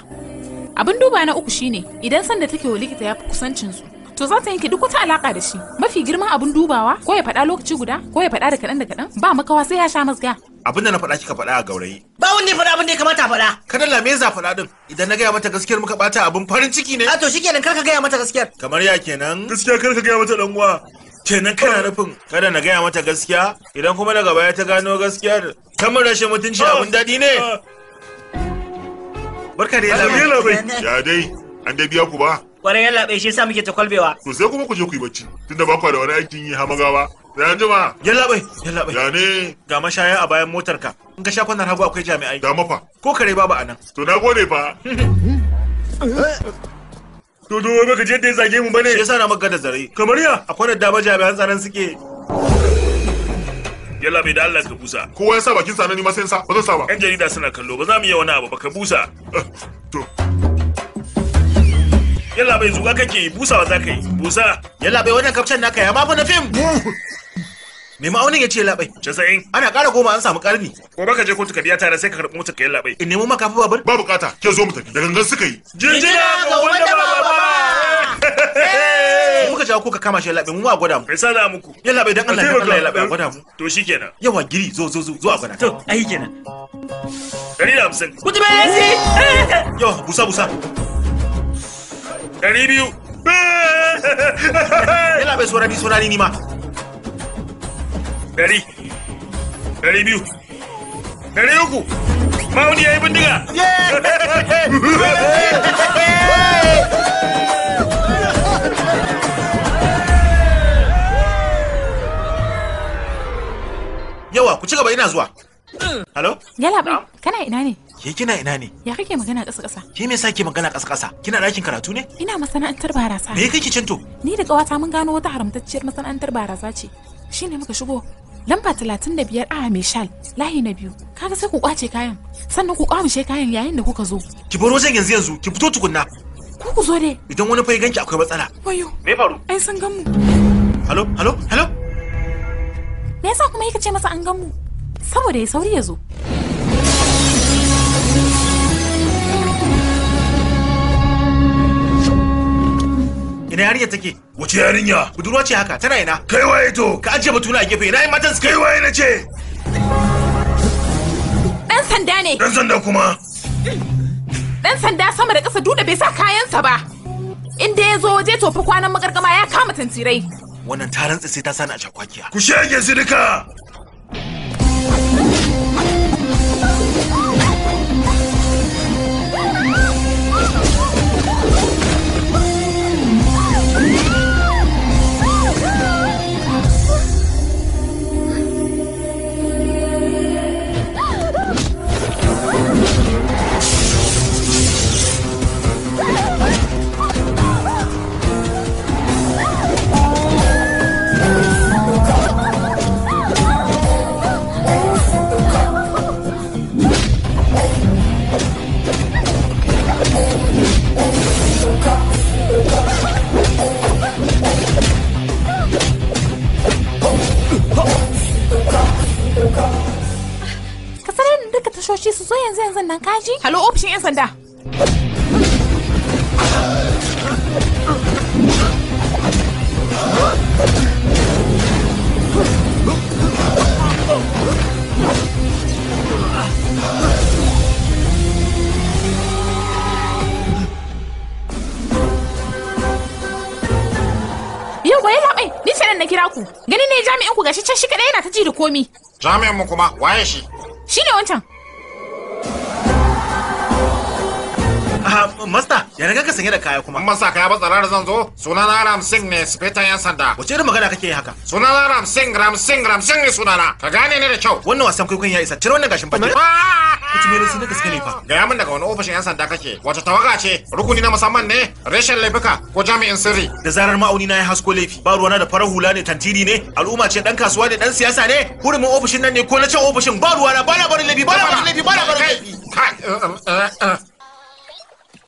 abin duba na uku shine idan sanda take wa likita ya fi kusancinsu to za ta yanke duk wata alaka da shi mafi girman abin dubawa ko ya faɗa lokaci guda ko ya faɗa da kaɗan da kaɗan ba makawa sai ya sha mazga abin da na faɗa kika faɗa a gaurayi ba wanda faɗa abin da ya kamata faɗa kada me za faɗa din idan na gaya mata gaskiyar muka bata abin farin ciki ne a to shikenan kar ka gaya mata gaskiyar kamar ya kenan gaskiya kar ka gaya mata dan uwa kenan kana nufin kada na gaya mata gaskiya idan kuma daga baya ta gano gaskiyar kamar rashin mutunci ah. abin daɗi ne ah. barka da yalla ya dai an da biya ku ba kwarai yalla bai shi yasa muke ta kwalbewa to sai kuma ku je ku yi bacci tunda ba ku da wani aikin yi hamagawa ya jima yalla bai yalla bai ya ne ga mashaya a bayan motar ka in ka sha kwanar hagu akwai jami'ai Ga mafa ko kare babu nan. to na gode fa to do baka je da zage mu bane shi yasa na maka da zare kamar ya akwai da ba jami'an tsaron suke yalla bai da Allah ka busa kowa ya sa bakin sa na ni ma sai sa ba zan sa ba yan jarida suna kallo ba za mu yi wani abu ba ka busa eh, to yalla bai zuga kake busawa za ka yi busa yalla bai wannan kafcan naka ya mafi na fim me ma'aunin ya ce labai casa'in ana ƙara goma an samu ƙarni ko ka je kotu ka biya tare sai ka karɓi motar ka yi labai in nemo maka fi babur ba bukata ke zo mu tafi da gangan suka yi jinjina ga wanda ba ba muka jawo ko ka kama shi labai mu ma gwada mu kai sala muku yalla bai dan Allah dan Allah ya labai gwada mu to shikenan yawa giri zo zo zo zo a gwada to ai kenan 150 kutuba yasi yo busa busa ɗari biyu yana bai saurari saurari ni ma ɗari ɗari biyu ɗari uku ma'auni ya yi bindiga yawa ku cigaba gaba ina zuwa halo hmm. yala bai kana ina ne Ke kina ina ne? Ya kake magana ƙasa ƙasa? Ke me yasa ke magana ƙasa ƙasa? Kina ɗakin karatu ne? Ina masana'antar barasa. Me kake cinto? Ni da ƙawata mun gano wata haramtacciyar masana'antar barasa ce. Shine muka shigo. Lamba talatin da biyar a mai shal layi na biyu. Kaga sai ku kwace kayan. Sannan ku kwamishe kayan yayin da kuka zo. Ki bar wajen yanzu yanzu ki fito tukunna. Ku ku zo ne Idan wani fai ganki akwai matsala. Wayo. Me faru? Ai san gan mu. Halo halo halo. Me yasa kuma yake ce masa an gan mu? Saboda ya sauri ya zo. ina yarinya take wace yarinya budurwa ce haka tana ina kai waye to ka ajiye batuna a gefe ina yin matan kai waye na ce dan sanda ne dan sanda kuma dan sanda sama da ƙasa duda bai sa kayansa ba inda ya zo waje tofi kwanan magargama ya kama tantirai wannan taron sai ta sani a cakwakiya ku shege su duka tashoshi su zo yanzu yanzu nan kaji halo ofishin yan sanda Yau ya labai, ni ce na kira ku. Gani ne jami'in ku gashi can shi kadai yana ta ji da komi. Jami'in mu kuma waye shi? Shi ne wancan. Ah, Masta, ya riga ka sanye da kaya kuma. Masta kaya ba da zan zo. Sunana Ram Singh ne, sifetan yan sanda. Wace irin magana kake haka? Sunana Ram Singh, Ram Singh, Ram Singh ne sunana. Ka gane ne da kyau. Wannan wasan kwaikwayon ya isa. Cire wannan gashin baki. Kuci mai sun da gaske ne fa. Gaya min daga wani ofishin yan sanda kake. Wata tawaga ce, rukuni na musamman ne, Rashin laifuka ko jami'in sirri. Da zarar ma'auni na ya hasko laifi, ba ruwana da farar hula ne, tantiri ne, al'umma ce dan kasuwa ne, dan siyasa ne, hurumin ofishin nan ne ko na can ofishin ba ruwana, ba na barin laifi, ba na barin laifi, ba na barin laifi. Eh, eh, eh,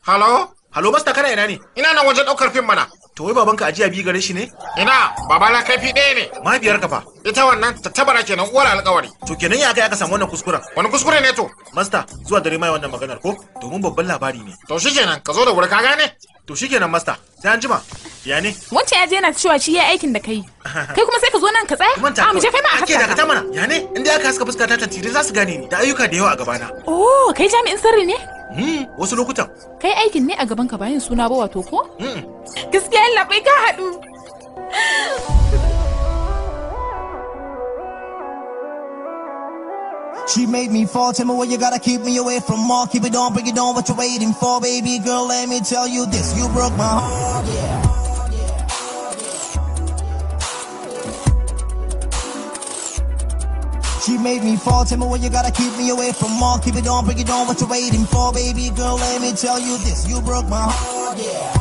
Halo? Halo Masta kana ina ne? Ina nan wajen ɗaukar fim mana. To wai babanka ajiya biyu gare shi ne? Ina, babana kai fi ɗaya ne. Mahaifiyar ka fa? Ita wannan ta tabara kenan uwar alƙawari. To kenan ya kai aka samu wannan kuskuren? Wani kuskure ne to? Masta, zuwa dare mai wannan maganar ko? Domin babban labari ne. To shikenan, ka zo da wuri ka gane? To shikenan Masta, sai an jima. Ya ne? Wancan ya je yana cewa shi ya aikin da kai. Kai kuma sai ka zo nan ka tsaya? Ah, mu je kai ma a haka. Ake da mana. Ya ne? Inda aka haska fuska ta tantire za su gane ni da ayyuka da yawa a gabana. Oh, kai jami'in sirri ne? Hmm, wasu lokutan. Kai aikin ne a gaban ka bayan suna ba wato ko? Hmm. Gaskiya Allah bai ka haɗu. She made me fall, tell me what you gotta keep me away from more Keep it on, bring it on, what you waiting for Baby girl, let me tell you this, you broke my heart, yeah She made me fall, tell me what you gotta keep me away from all. Keep it on, bring it on, what you waiting for, baby girl? Let me tell you this, you broke my heart, yeah.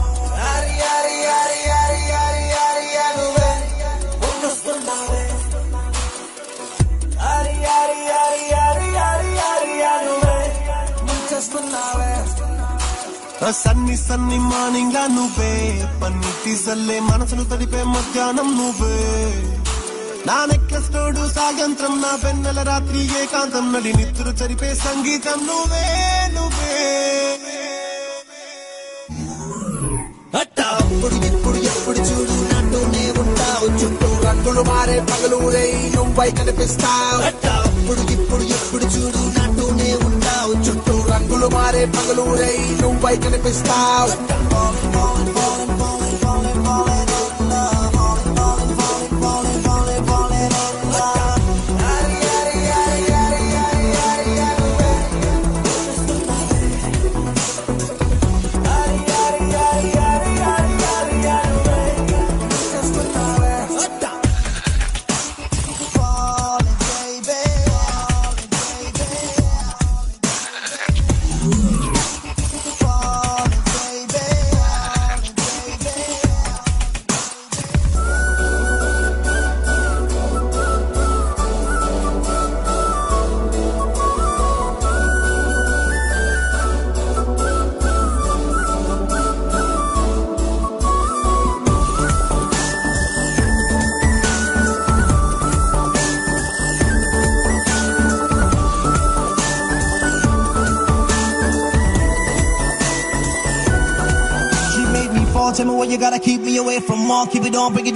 Sunny sunny morning గా నువ్వే పన్నిటి సల్లే మనసును తడిపే మధ్యాహ్నం నువ్వే నా నెక్కస్తోడు సాయంత్రం నా పెన్నల రాత్రి ఏకాంతం నడి నిత్తురు చరిపే సంగీతం నువ్వే నువ్వే అట్టా ఇప్పుడు ఎప్పుడు చూడు నన్నునే ఉంటావు చుట్టూ రంగులు మారే పగలు నువ్వై కనిపిస్తావు అట్టా ఇప్పుడు ఎప్పుడు చూడు నన్నునే ఉంటావు చుట్టూ రంగులు మారే పగలు నువ్వై కనిపిస్తావు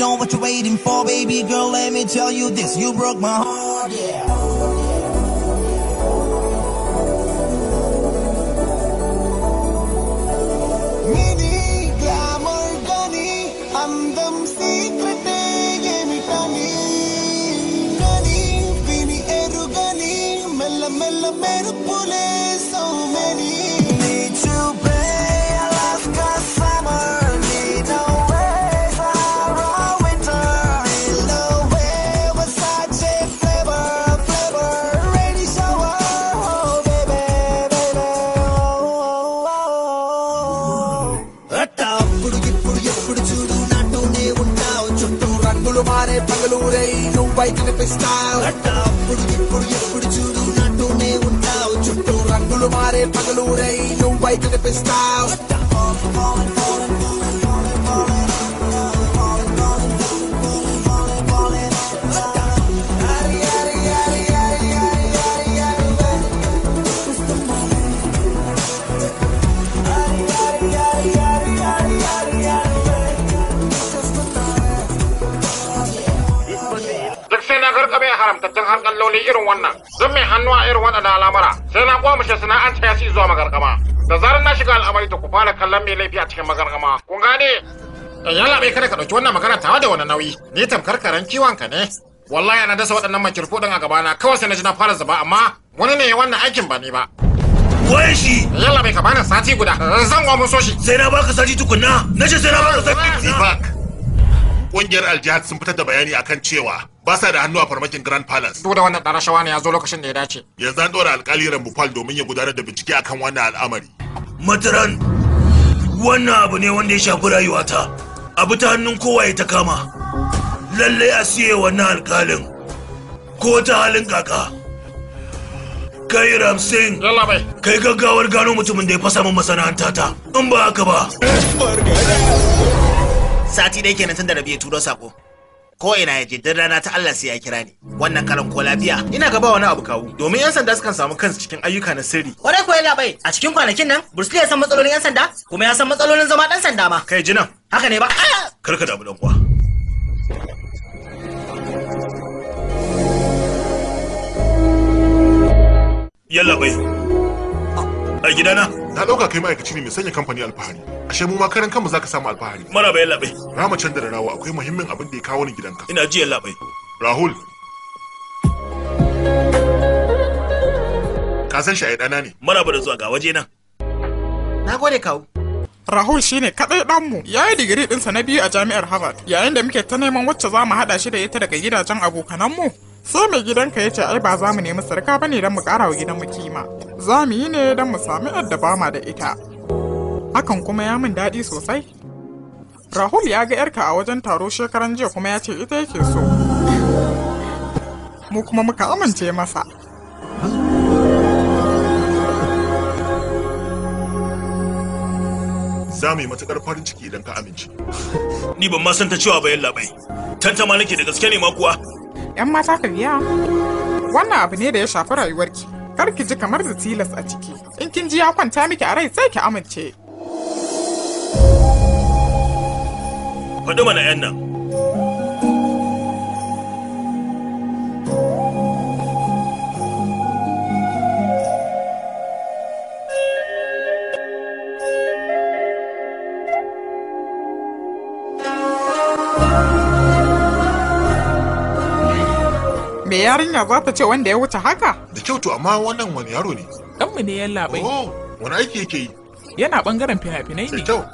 know what you're waiting for, baby girl. Let me tell you this, you broke my heart. way to the best style. Falling, falling, falling, falling, falling, falling. harkar lauli irin wannan don mai hannuwa irin waɗanda al'amura sai na goma shi sana'ar ta ya ci zuwa magarkama shiga al'amari ta ku fara kallon mai laifi a cikin magargama kun gane eh, yalla bai kada ka ɗauki wannan magana tawa da wani nauyi ni tamkar karan kiwon ka ne wallahi ana dasa waɗannan makirfo din a gabana kawai sai na ji na fara zuba amma wani ne wannan aikin ba ni ba Wai shi eh, yalla bai ka bani sati guda zan gwa so shi sai na baka sati tukunna na ce sai na baka sati tukunna. ƙungiyar aljihad sun fitar da bayani akan cewa ba sa da hannu a farmakin grand palace duk da wannan ɗan rashawa ne ya zo lokacin da ya dace yanzu an ɗora alkali rambufal domin ya gudanar da bincike akan wannan al'amari mataran wannan abu ne wanda ya shafi rayuwata abu ta hannun kowa ya ta kama lallai a siye wannan alkalin ko ta halin kaka kai ramsin kai gaggawar gano mutumin da ya fasa min masana'anta ta in ba haka ba sati dai kenan tun da rabi ya turo sako ko ina yake duk rana ta Allah sai ya kira ni wannan karan ko lafiya ina gaba wani abu kawu domin yan sanda sukan samu kansu cikin ayyuka na sirri kwarai ko yana bai a cikin kwanakin nan Bruce Lee ya san matsalolin yan sanda kuma ya san matsalolin zama dan sanda ma kai jinan haka ne ba karka damu dan kuwa. yalla bai a gidana na ɗauka kai ma'aikaci ne mai sanya kamfani alfahari ashe mu ma karan kanmu zaka samu alfahari mara bai labai rama can da rawa akwai muhimmin abin da ya kawo ni gidanka ina jiya labai rahul ka san shi a ɗana ne mara da zuwa ga waje nan na gode kawo Rahul shine kadai mu. ya yi digiri ɗinsa na biyu a jami'ar Harvard yayin da muke ta neman wacce za mu haɗa shi da ita daga gidajen abokanan mu? sai mai gidanka ya ce ai ba za mu nemi sarka ba ne don mu kara wa gidanmu kima za mu yi ne don mu sami yadda ba ma da ita hakan kuma ya min daɗi sosai rahul ya ga yarka a wajen taro shekaran jiya kuma ya ce ita yake so mu kuma muka amince masa za mu yi matukar farin ciki idan ka amince. Ni ban ma san ta cewa bayan labai. Tantama nake da gaske ne ma kuwa. ‘Yan mata ka biya. Wannan abu ne da ya shafi rayuwarki. Kar ki ji kamar da tilas a ciki. In kin ji ya kwanta miki a rai sai ki amince. Faɗi mana ‘yan nan. yarinya za ta ce wanda ya wuce haka? Da kyau to amma wannan wani yaro ne. Ɗanmu ne ya labai. Oh, wani aiki yake yi? Yana ɓangaren fina-finai ne. kyau.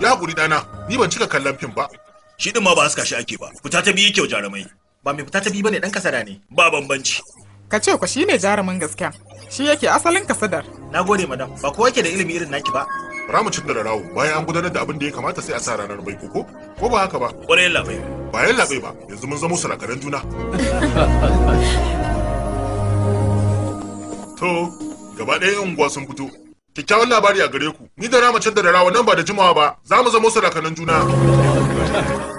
Ya guri dana, ni ban cika kallon fim ba. Shi ɗin ma ba haska shi ake ba. Fita ta biyu kyau jarumai. Ba mai fita ta biyu bane ɗan kasada ne. Ba bambanci. Ka ce ku ne jarumin gaskiya. Shi yake asalin kasadar. Na gode madam, ba kowa yake da ilimi irin naki ba. ramacin da rawo bayan an gudanar da abin da ya kamata sai a sa ranar mai koko ko ba haka ba kwarai labai bayan labai ba yanzu mun zamo sarakaran juna to gaba ɗaya yan unguwa sun fito kyakkyawan labari a gare ku ni da ramacin da rawo nan ba da jimawa ba za mu zamo sarakaran juna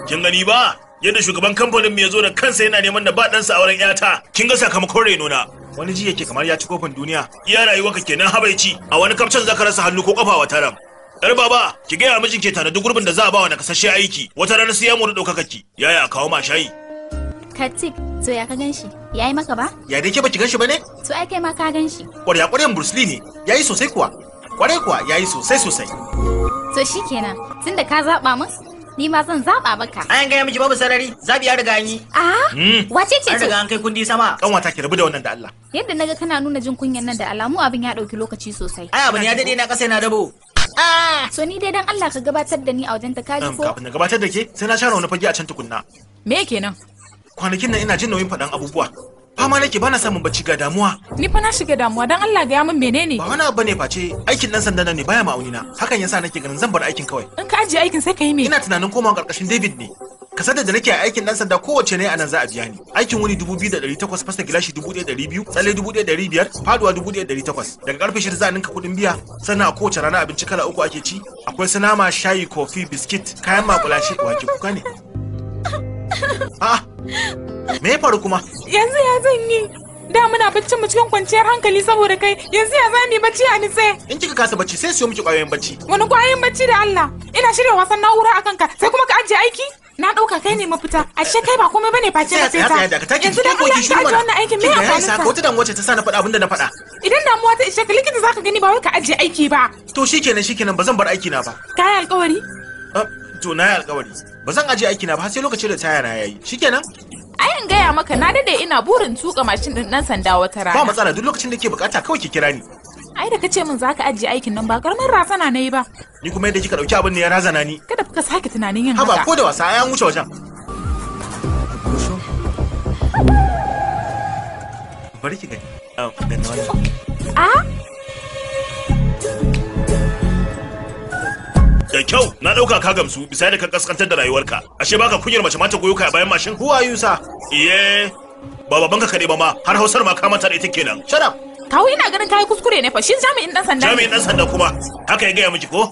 kin gani ba yadda shugaban kamfanin ya zo da kansa yana neman da ba ɗansa auren yata kin ga sakamakon reno na wani ji yake kamar ya ci kofin duniya iya rayuwarka kenan habaici a wani kafcin zaka rasa hannu ko kafa wa taram yar baba ki gaya mijin ke duk gurbin da za a ba wa nakasashe aiki wata ranar sai ya mu ɗaukaka ki yaya a kawo ma shayi katik to ya ka ganshi ya yi maka ba ya dai ke baki ganshi ba ne to ai kai ma ka ganshi kwarya kwaryan bruce lee ne ya yi sosai kuwa kwarai kuwa ya yi sosai sosai to shikenan tunda ka zaba mu Ni ma zan zaba maka. An gaya miji babu sarari, zabi ya riga yi. A? Ah, hmm. Wace ce ce? An an kai kundi sama. Kan wata ki rabu da wannan da Allah. Yadda naga kana nuna jin kunyan nan da alamu abin ya dauki lokaci sosai. Ai abin ya dade na kasa ina dabo. Ah! So ni dai dan Allah ka gabatar da ni a wajen ta kaji ko? Kafin na gabatar da ke, sai na share wani fage a can tukunna. Me kenan? Kwanakin nan ina jin nauyin faɗan abubuwa. fama nake bana samun bacci ga damuwa ni fa na shiga damuwa dan Allah ga min menene ba wani abu ne face aikin dan sanda ne baya ma'auni na hakan yasa nake ganin zan bar aikin kawai in ka ajiye aikin sai ka yi me ina tunanin komawa karkashin David ne kasar da nake a aikin dan sanda kowace ne anan za a biya ni aikin wuni 2800 fasta gilashi 1200 tsalle 1500 faduwa 1800 daga karfe 6 za a ninka kudin biya sannan a kowace rana abinci kala uku ake ci akwai sanama shayi kofi biskit kayan makulashi wake kuka ne Ah, me ya faru kuma? Yanzu ya zan yi. Da muna bacci mu cikin kwanciyar hankali saboda kai yanzu ya zami bacci a nitse. In kika kasa bacci sai siyo miki kwayoyin bacci. Wani kwayoyin bacci da Allah. Ina shirya wasan na'ura a kanka sai kuma ka ajiye aiki. Na ɗauka kai ne mafita. Ashe kai ba komai bane face na fita. Yanzu da Allah ka ajiye wannan aikin me ya sa? Ko ta damuwa ce ta sa na faɗa abinda na faɗa. Idan damuwa ta ishe ka likita zaka gani ba wai ka ajiye aiki ba. To shikenan shikenan ba zan bar aiki na ba. Kai alƙawari? Ah, to na yi alkawari ba zan aje aiki na ba sai lokacin da taya na yayi shikenan yin gaya maka na dade ina burin tuka mashin din dan sanda wata rana ba matsala duk lokacin da ke bukata kawai ki kira ni ai da kace min zaka ajiye aikin nan ba karamin na nayi ba ni kuma yadda kika dauki abin ne ya razana ni kada ka sake tunanin yin haka haba ko da wasa ayan wuce wajen bari ki gani a da kyau na dauka ka gamsu bisa da ka kaskantar da rayuwarka ashe baka kunyar mace mata goyo ka bayan mashin who are you sir iye ba ka kade ba ma har hausar ma ka manta da ita kenan shut up ina ganin tayi kuskure ne fa shin jami'in dan sanda jami'in dan sanda kuma haka ya gaya miki ko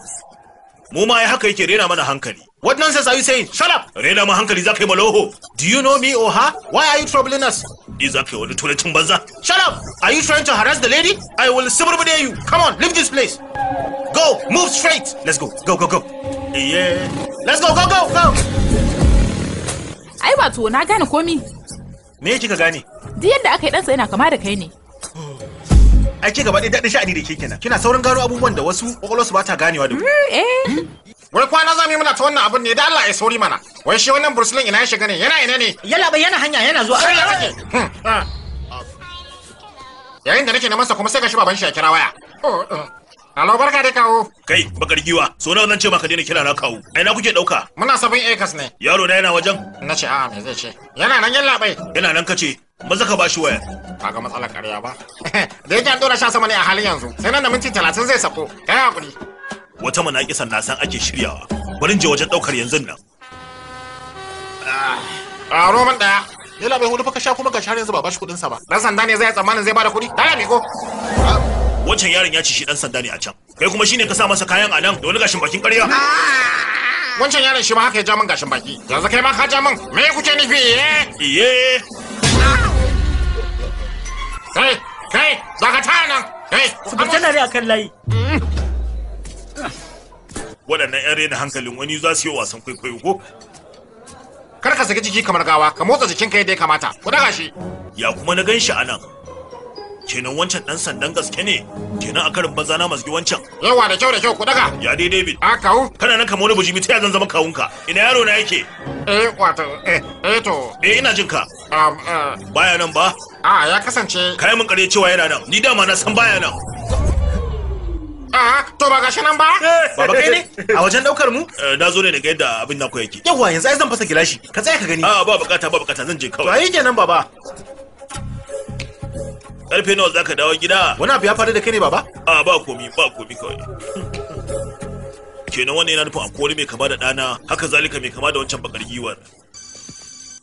mu ma ya haka yake rena mana hankali what nonsense are you saying shut up rena mu hankali zakai maloho do you know me or her why are you troubling us ni zakai wani tulatin banza shut up are you trying to harass the lady i will suburbude you come on leave this place go move straight let's go go go go yeah let's go go go go ai wato na gane komi me kika gane Di yadda aka yi ɗansa yana kama da kai ne ai ke gaba ɗaya daɗin sha'ani da ke kenan kina saurin gano abubuwan da wasu su ba ta ganewa da ku hmm, eh. wai kwana za mu yi muna ta wannan abin ne da Allah ya sauri mana wai shi wannan bursulin ina ya shiga ne yana ina ne yalla bai yana hanya yana zuwa sai hmm. yayin da nake na masa kuma sai ga shi baban shi ya kira waya oh, oh. Alo barka da kawo. Kai bakar giwa, so na nan ce baka daina kira na kawo. Ai na kuke dauka? Muna sabon acres ne. Yaro na yana wajen? Na ce a'a me zai ce? Yana nan yalla bai. Yana nan kace. Maza ka bashi waya. Kaga matsalar ƙarya ba. Da yake an dora sha sama ne a halin yanzu. Sai nan da minti 30 zai sako. Kai hakuri. Wata manaƙisan na san ake shiryawa. Bari je wajen daukar yanzu nan. A ah, roman daya. Yalla bai hudu fa ka sha kuma ka share yanzu ba bashi kudin sa ba. Dan sanda ne zai tsammanin zai bada kudi. Dala miko. wancan yaron ya ci shi dan sanda ne a can kai kuma shine ka sa masa kayan a nan da wani gashin bakin ƙarya wancan yaron shi ma haka ya ja min gashin baki yanzu kai ma ka ja min me kuke nufi eh iye kai kai za ka ta nan kai su fita na a kan layi waɗannan ƴan rena hankalin wani za su yi wasan kwaikwayo ko kar ka saki jiki kamar gawa ka motsa jikinka yadda ya kamata ku daga shi ya kuma na gan shi a nan kenan wancan dan sandan gaske ne kenan a karin banza na masgi wancan yawa da kyau da kyau ku daga ya dai david a kawo kana nan kamar wani bujimi ta zan zama kawunka ina yaro na yake eh wato eh eh to eh ina jin ka um eh. baya nan ba a ya kasance kai mun kare cewa yana nan ni dama na san baya nan A to ba gashi nan ba? Eh. Baba kai ne? A wajen daukar mu? Eh, na zo ne daga yadda abin na ku yake. yawa yanzu ai zan fasa gilashi. Ka tsaya ka gani. A'a, ba bukata ba bukata zan je kawai. To ai kenan baba. Karfe nawa zaka dawo gida? Wani abu ya faru da kai ne baba? A ba komi ba komi kawai. Kenan wannan yana nufin akwai mai kama da ɗana haka zalika mai kama da wancan bakar giwar.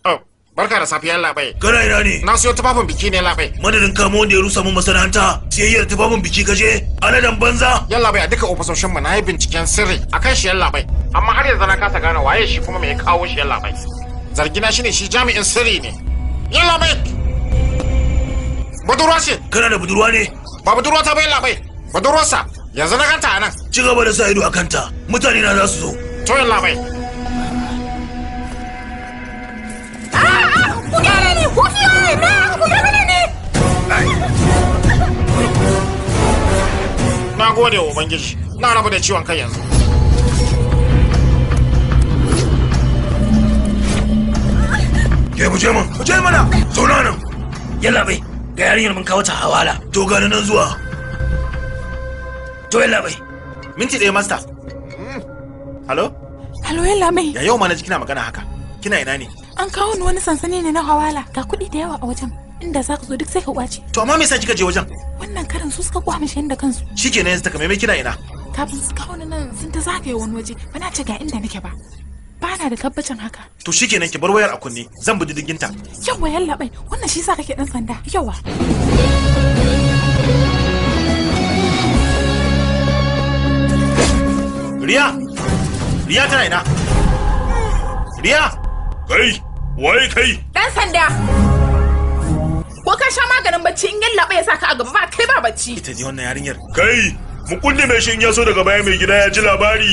Oh, barka da safiya labai. Kana ina ne? Na siyo tufafin biki ne labai. Madadin kamo wanda ya rusa mun masana'anta, siyayyar tufafin biki kaje, aladan banza. Yan labai a duka ofisoshin mu na yi binciken sirri akan shi yan labai. Amma har yanzu na kasa gane waye shi kuma me ya kawo shi yan labai. Zargina ne shi jami'in sirri ne. Yan labai. budurwa ce kana da budurwa ne ba budurwa ta bayyana bai sa yanzu na kanta anan ci gaba da sa ido a kanta mutane na za su zo to yalla bai ku ni na ku ni na gode wa ubangiji na rabu da ciwon kai yanzu ke buje je mu je mana zauna nan yalla bai ga yarinyar mun kawo ta hawala to gani nan zuwa to yalla bai minti ɗaya master halo hmm. halo yalla mai ya yau ma na ji kina magana haka kina ina ne an kawo ni wani sansani ne na hawala ga kuɗi da yawa a wajen inda za ka zo duk sai ka kwace to amma me yasa kika je wajen wannan karin su suka kwamishe da kansu shikenan yanzu ta kame kina ina kafin su kawo ni nan sun ta zagaye wani waje ba na ce ga inda nake ba ba na da tabbacin haka to kenan ki bar wayar a kunne zan bi diddiginta yawa yalla bai wannan shi sa kake dan sanda yawa Riya! Riya tana ina! Riya! Kai! Wai kai! Dan sanda! Ko ka sha maganin bacci in yalla ya ka? a gaba ba kai ba bacci. Ita ne wannan yarinyar. Kai! Mu kulle mai shi in ya so daga baya mai gida ya ji labari.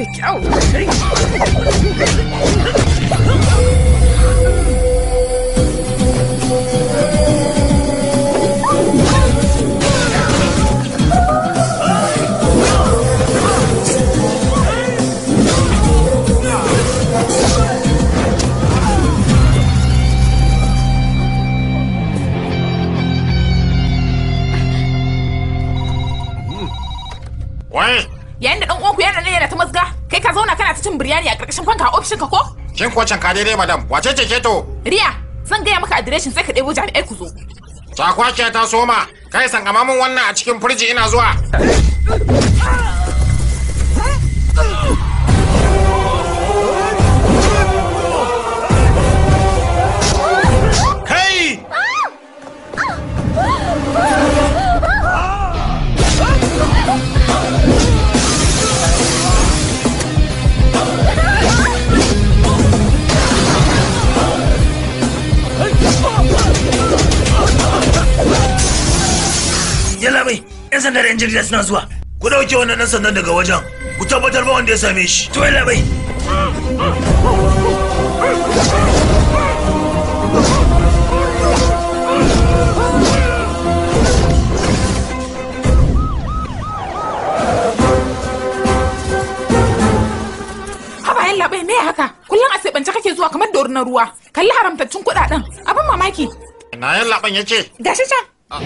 अरे क्या Kai ka zauna kana ta cin biryani a ƙarƙashin kwanka a ofishinka ko? Kin ko can ka daidai madam, wace ce ke to? Riya, zan gaya maka adireshin sai ka ɗebo jami'ai ku zo. Ta ta soma, kai sangama mun wannan a cikin firji ina zuwa. yalla bai yan sandar yan da suna zuwa ku dauke wannan dan sandan daga wajen ku tabbatar ba wanda ya same shi to yalla bai labai me haka kullum a seɓance kake zuwa kamar dorinar na ruwa kalli haramtattun kuɗaɗen abin mamaki na yan laban ya ce gashi can ah.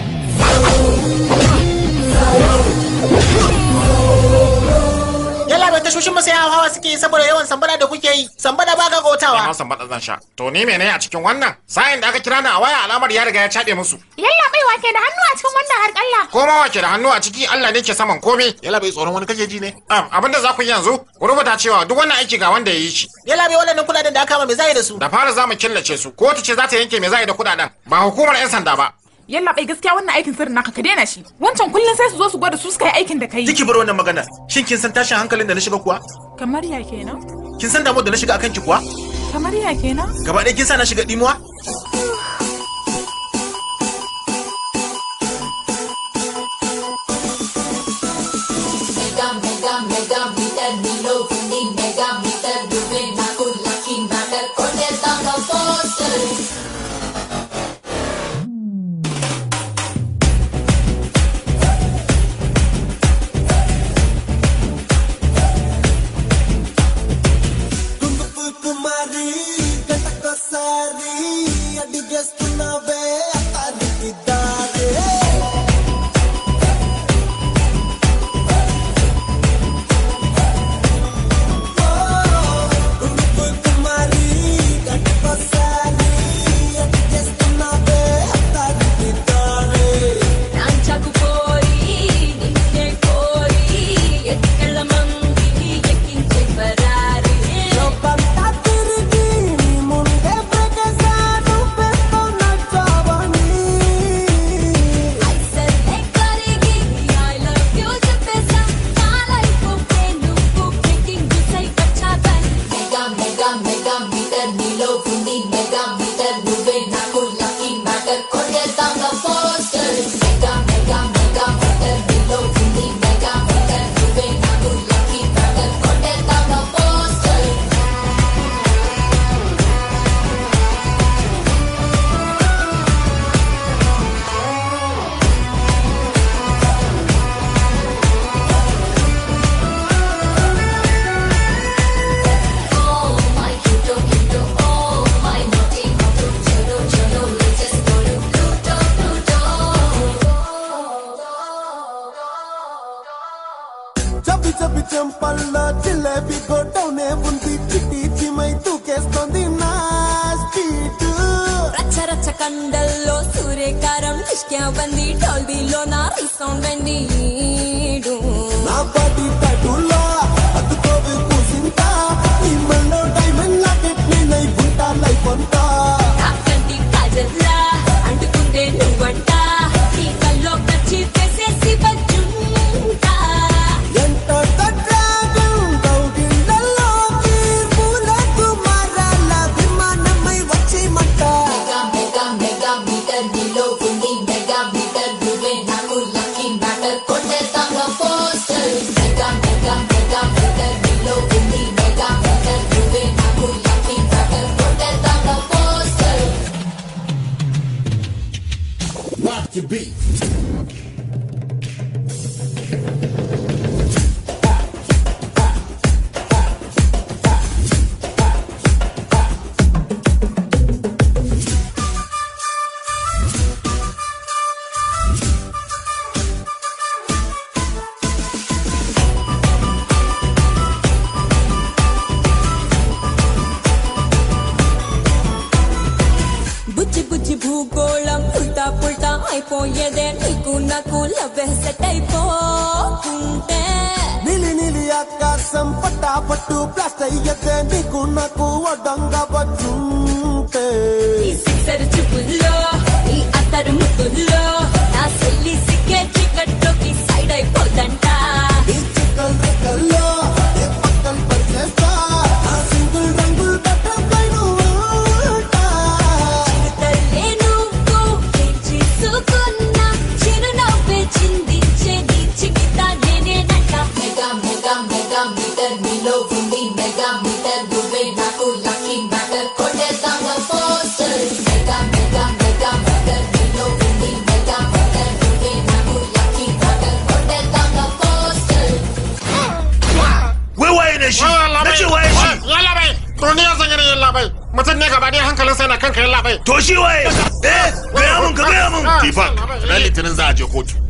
yalla bai tashoshin masaya hawa suke yi saboda yawan sambada da kuke yi sambada ba gagotawa ina sambada zan sha to ni mene a cikin wannan sayin da aka kira ni a waya alamar ya riga ya cade musu yalla bai wake da hannu a cikin wannan har kalla ko ma wake da hannu a ciki Allah ne ke saman komai yalla bai tsoron wani kake ji ne abinda za ku yi yanzu ku rubuta cewa duk wannan aiki ga wanda ya yi shi yalla bai wannan kudaden da aka ma me zai da su da fara za mu killace su kotu ce za ta yanke me zai da kudaden ba hukumar yan sanda ba yalla bai gaskiya wannan aikin sirrin naka ka daina shi wancan kullun sai su zo su gwada su suka yi aikin da kai kiki bar wannan magana shin kin san tashin hankalin da na shiga kuwa kamar ya kenan kin san damuwar da na shiga akan ki kuwa kamar ya kenan gaba ɗaya kin sa na shiga dimuwa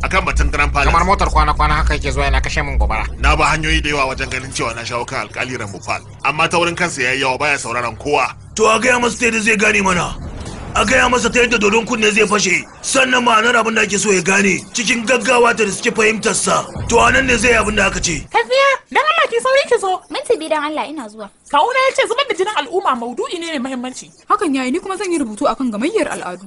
akan batun Grand Palace. Kamar motar kwana-kwana haka yake zuwa yana kashe mun gobara. Na ba hanyoyi da yawa wajen ganin cewa na shawo kan alkali Ramufal, amma ta wurin kansa yayi yawa baya sauraron kowa. To a gaya masa ta yadda zai gane mana. A gaya masa ta yadda dodon kunne zai fashe, sannan ma'anar abin da ake so ya gane cikin gaggawa ta da suke fahimtar sa. To a nan ne zai yi abin da aka ce. kafiya dan Allah ki sauri ki zo. Minti biyu dan Allah ina zuwa. Kawuna ya ce zubar da jinin al'umma maudu'i ne mai muhimmanci. Hakan yayi ni kuma zan yi rubutu akan gamayyar al'adu.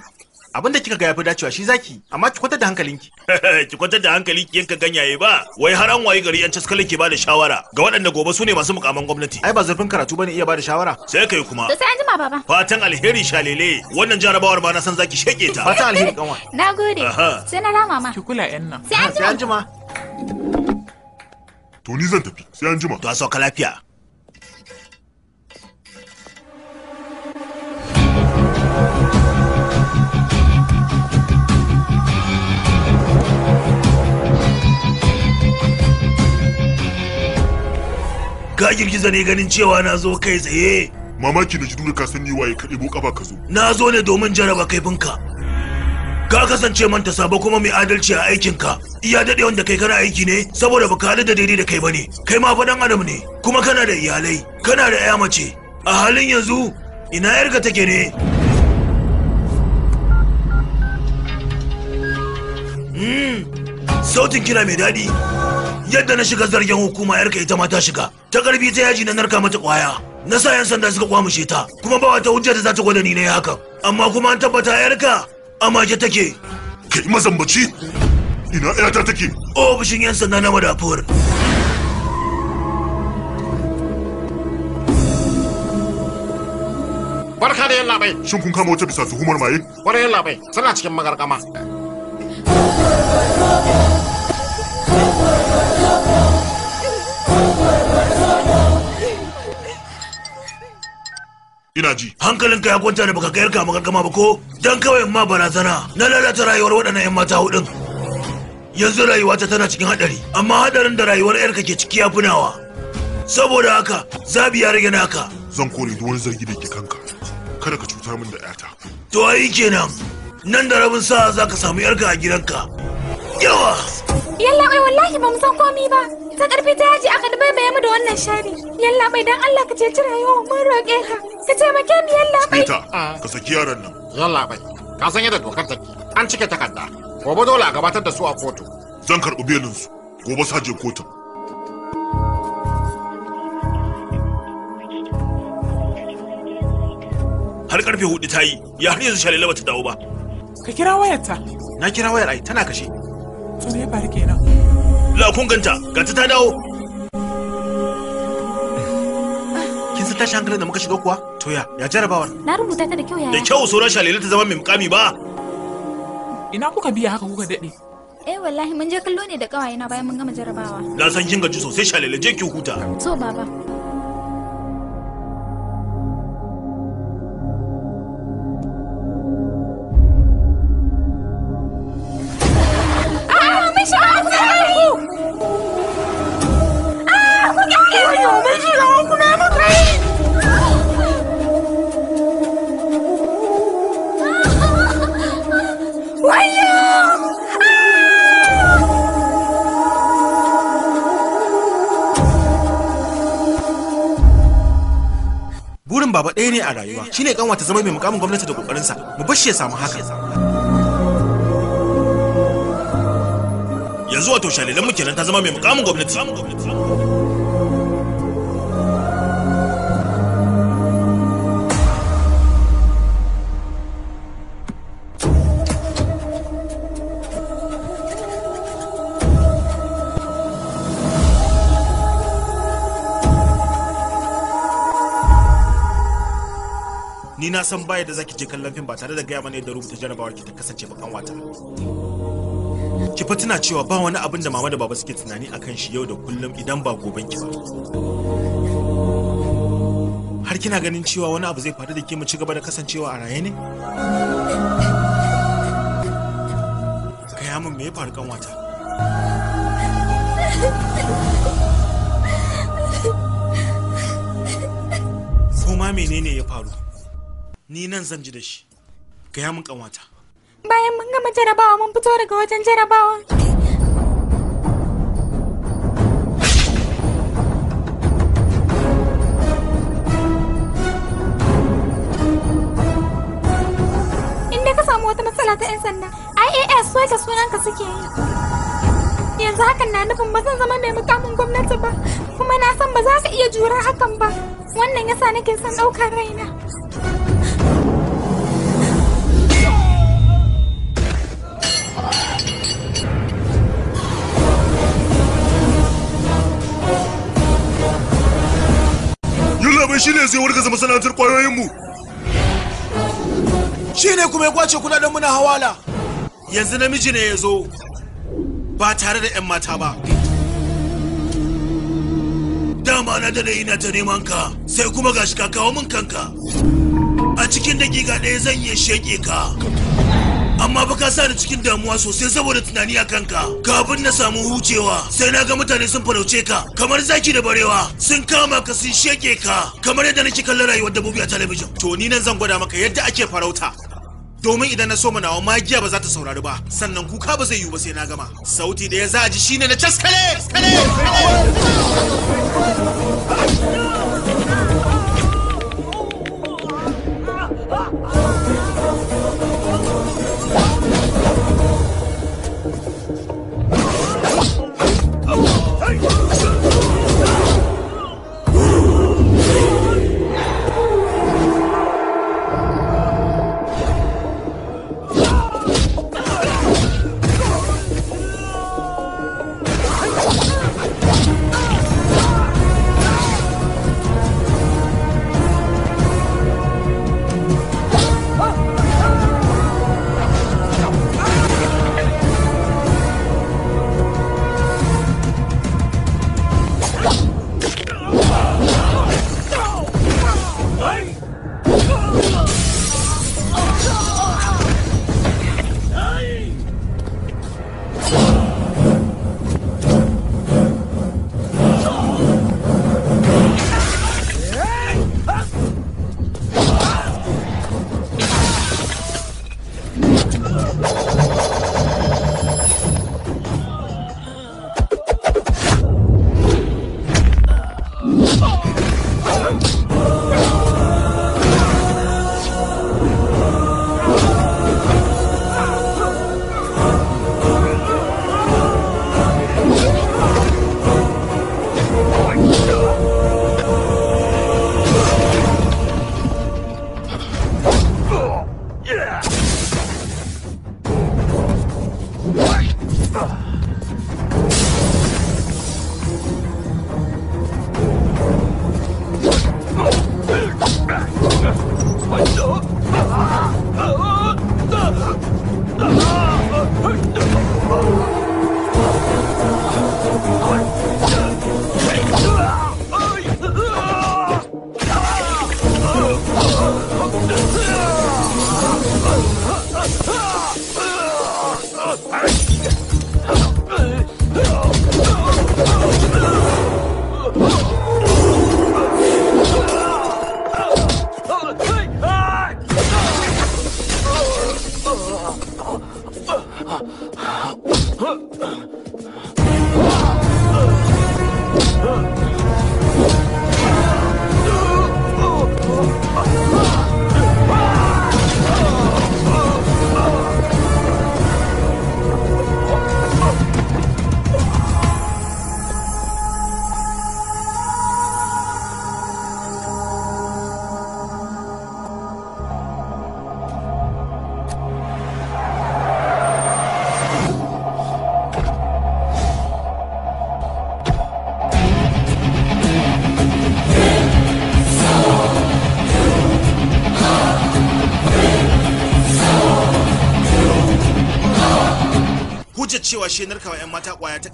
abin da kika ga yafi dacewa shi zaki amma ki kwatar da hankalinki ki kwatar da hankalinki yanka ganyaye ba wai har an waye gari yan taskala ke bada shawara ga waɗanda gobe su ne masu mukaman gwamnati ai ba zurfin karatu bane iya bada shawara sai kai kuma to sai an jima baba fatan alheri shalele wannan jarabawar ba na san zaki sheke ta fatan alheri kanwa nagode sai na rama ma ki kula yan nan sai an jima to ni zan tafi sai an jima to a sauka lafiya ka girgiza ne ganin cewa na zo kai tsaye mamaki na ji dole ka ni waye ka ɗebo ƙafa ka zo na zo ne domin jaraba kaifinka ka kasance manta sabo kuma mai adalci a aikinka iya daɗe wanda kai kana aiki ne saboda baka da daidai da kai bane kai ma faɗan adam ne kuma kana da iyalai kana da ƴa mace a halin yanzu ina yarka take ne Mm. sautin kira mai daɗi yadda na shiga zargen hukuma yarka ita ma ta shiga ta garbi ta yaji na narka mata kwaya na sa yan sanda suka kwamushe ta kuma ba wata hujja da za ta gwada ni ne hakan amma kuma an tabbata yarka a maje take kai mazambaci ina yata take ofishin yan sanda na madafuwar barka da yan labai shin kun kama wata bisa tuhumar maye wani yan labai suna cikin magarkama ina ji hankalinka ya kwanta da baka kayar kama gama ba ko dan kawai ma barazana na lalata rayuwar waɗannan yan mata hudun yanzu rayuwa ta tana cikin hadari amma hadarin da rayuwar yarka ke ciki ya nawa, saboda haka zabi ya rage naka zan kore duk zargi da ke kanka kada ka cuta min da yata to ai kenan nan da rabin sa za ka samu yarka a gidanka yawa yalla wallahi ba mu san komi ba ta karfi ta yaji aka dubai bai mu da wannan shari yalla bai dan Allah ka ceci rayuwa mun roƙe ka ka taimake mu yalla bai ka saki yaron nan yalla bai ka san yadda dokar take an cike takarda gobe dole a gabatar da su a kotu zan karɓi belin su gobe je kotu har karfe hudu ta yi ya har yanzu ba ta dawo ba Ka kira wayarta. Na kira wayar ai tana kashe. To me ya faru kenan? La kun ganta, ganta ta dawo. Kin san tashi hankalin da muka shiga kuwa? To ya, ya jarabawar. Na rubuta ta da kyau yaya. Da kyau sauran shalilu ta zama mai mukami ba. Ina kuka biya haka kuka dade? Eh wallahi mun je kallo ne da kawayena bayan mun gama jarabawa. Na san kin gaji sosai shalilu je ki huta. To baba. baba ɗaya ne a rayuwa shine kanwa ta zama mai mukamin gwamnati da kokarinsa mu bar shi ya samu haka yanzu wato shalilan mu kenan ta zama mai mukamin gwamnati ni na san baya da zaki je kallon fim ba tare da gaya mana yadda rubuta jarabawar ki ta kasance ba kan wata ki fa tuna cewa ba wani abin da mama da baba suke tunani akan shi yau da kullum idan ba goben ki ba har kina ganin cewa wani abu zai faru da ke mu ci gaba da kasancewa a raye ne gaya min me ya faru kan wata menene ya faru ni nan zan ji da shi gaya mun kanwata bayan mun gama jarabawa mun fito daga wajen jarabawa inda ka samu wata matsala ta 'yan sanda ias wata sunanka suke yi yanzu hakan na nufin ba zan zama mai mukamin gwamnati ba kuma na san ba za ka iya jura hakan ba wannan yasa nake son ɗaukar raina shine zai wargaza masana'antar kwayoyinmu shine kuma ya kwace kudaden muna hawala yanzu namiji ne ya zo ba tare da 'yan mata ba dama na da yi na ta neman ka sai kuma gashi ka kawo min kanka a cikin dakika ɗaya zan iya sheƙe ka amma ba ka sa ni cikin damuwa sosai saboda tunani a kanka kafin na samu hucewa sai na ga mutane sun farauce ka kamar zaki da barewa sun kama ka sun sheke ka kamar yadda nake kallon rayuwar dabbobi a talabijin to ni nan zan gwada maka yadda ake farauta domin idan na so nawa magiya ba za ta saurari ba sannan kuka ba zai yiwu ba sai na gama sauti da ya za a ji shine na caskale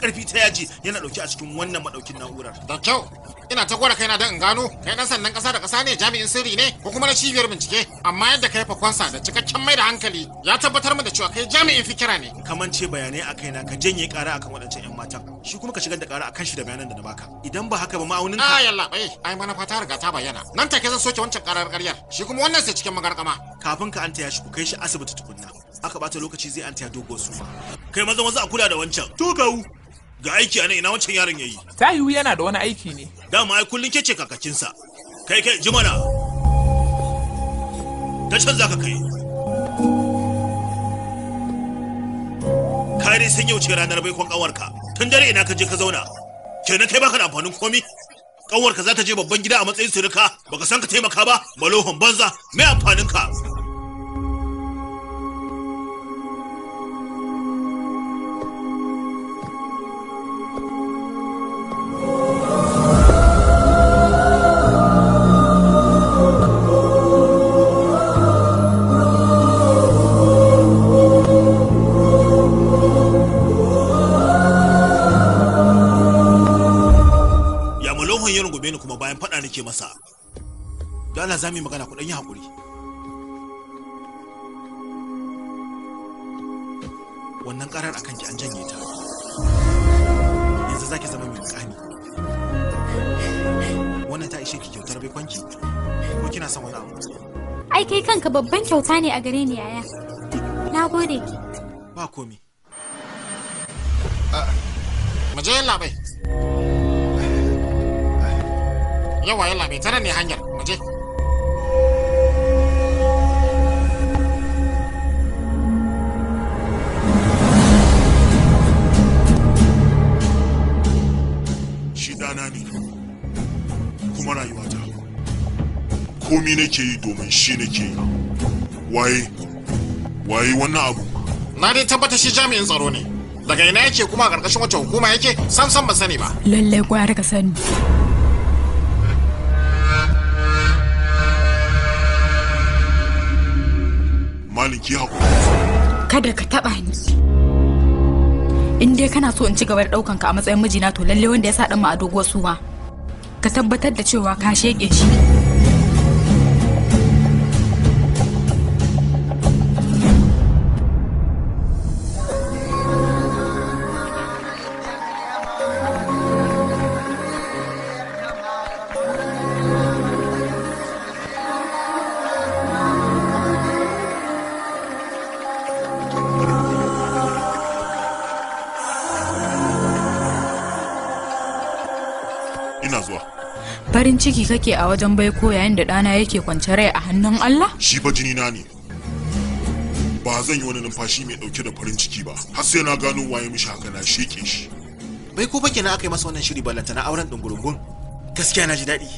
karfi ta yaji yana dauke a cikin wannan madaukin na'urar da kyau ina ta gwada kaina don in gano kai dan sandan kasa da kasa ne jami'in sirri ne ko kuma na cibiyar bincike amma yadda ka kai fakonsa da cikakken mai da hankali ya tabbatar min da cewa kai jami'in fikira ne ce bayanai a kaina ka janye kara akan waɗancan yan matan shi kuma ka shigar da kara akan shi da bayanan da na baka idan ba haka ba ma'aunin ka ah, yalla bai ai mana fata riga ta bayyana nan take zan soke wancan karar karyar shi kuma wannan sai cikin magarkama kafin ka anta ya shi ku kai shi asibiti tukunna aka bata lokaci zai anta ya dogo sufa kai maza maza a kula da wancan tukawu ga aiki a nan ina wancan yaron yayi tayiwu yana da wani aiki ne dama ai kullun kece kakakinsa kai kai ji mana ta can za ka kai kare sun yau ce ranar baikon ƙawarka tun dare ina ka je ka zauna kenan kai baka da amfanin komi ƙawarka za ta je babban gida a matsayin surika. baka san ka taimaka ba malohon banza mai amfanin ka za mu yi magana ku yi haƙuri wannan ƙarar akan ki an janye ta yanzu za ki zama mai ƙani wannan ta ishe ki kyautar kwanki ko kina son wani abu ai kai kanka babban kyauta ne a gare ni yaya na gode ki ba komi ah, mu je yawa yalla bai tana ne hanyar mu je komi nake yi domin shi nake yi waye waye wannan abu na dai tabbata shi jami'in tsaro ne daga ina yake kuma a ƙarƙashin wacce hukuma yake sam sam ba sani ba lalle gwara ka sani maliki hakuri kada ka taba ni in dai kana so in ci gaba da daukan ka a matsayin mijina to lalle wanda ya sa dan ma a doguwar ma. ka tabbatar da cewa ka sheke shi ciki kake a wajen baiko yayin da ɗana yake kwance rai a hannun Allah? Shi fa jini na ne. Ba zan yi wani numfashi mai ɗauke da farin ciki ba. Har sai na gano waye mishi haka na sheke shi. ko fa kenan aka yi masa wannan shiri ballanta na auren ɗungurungun. Gaskiya na ji daɗi.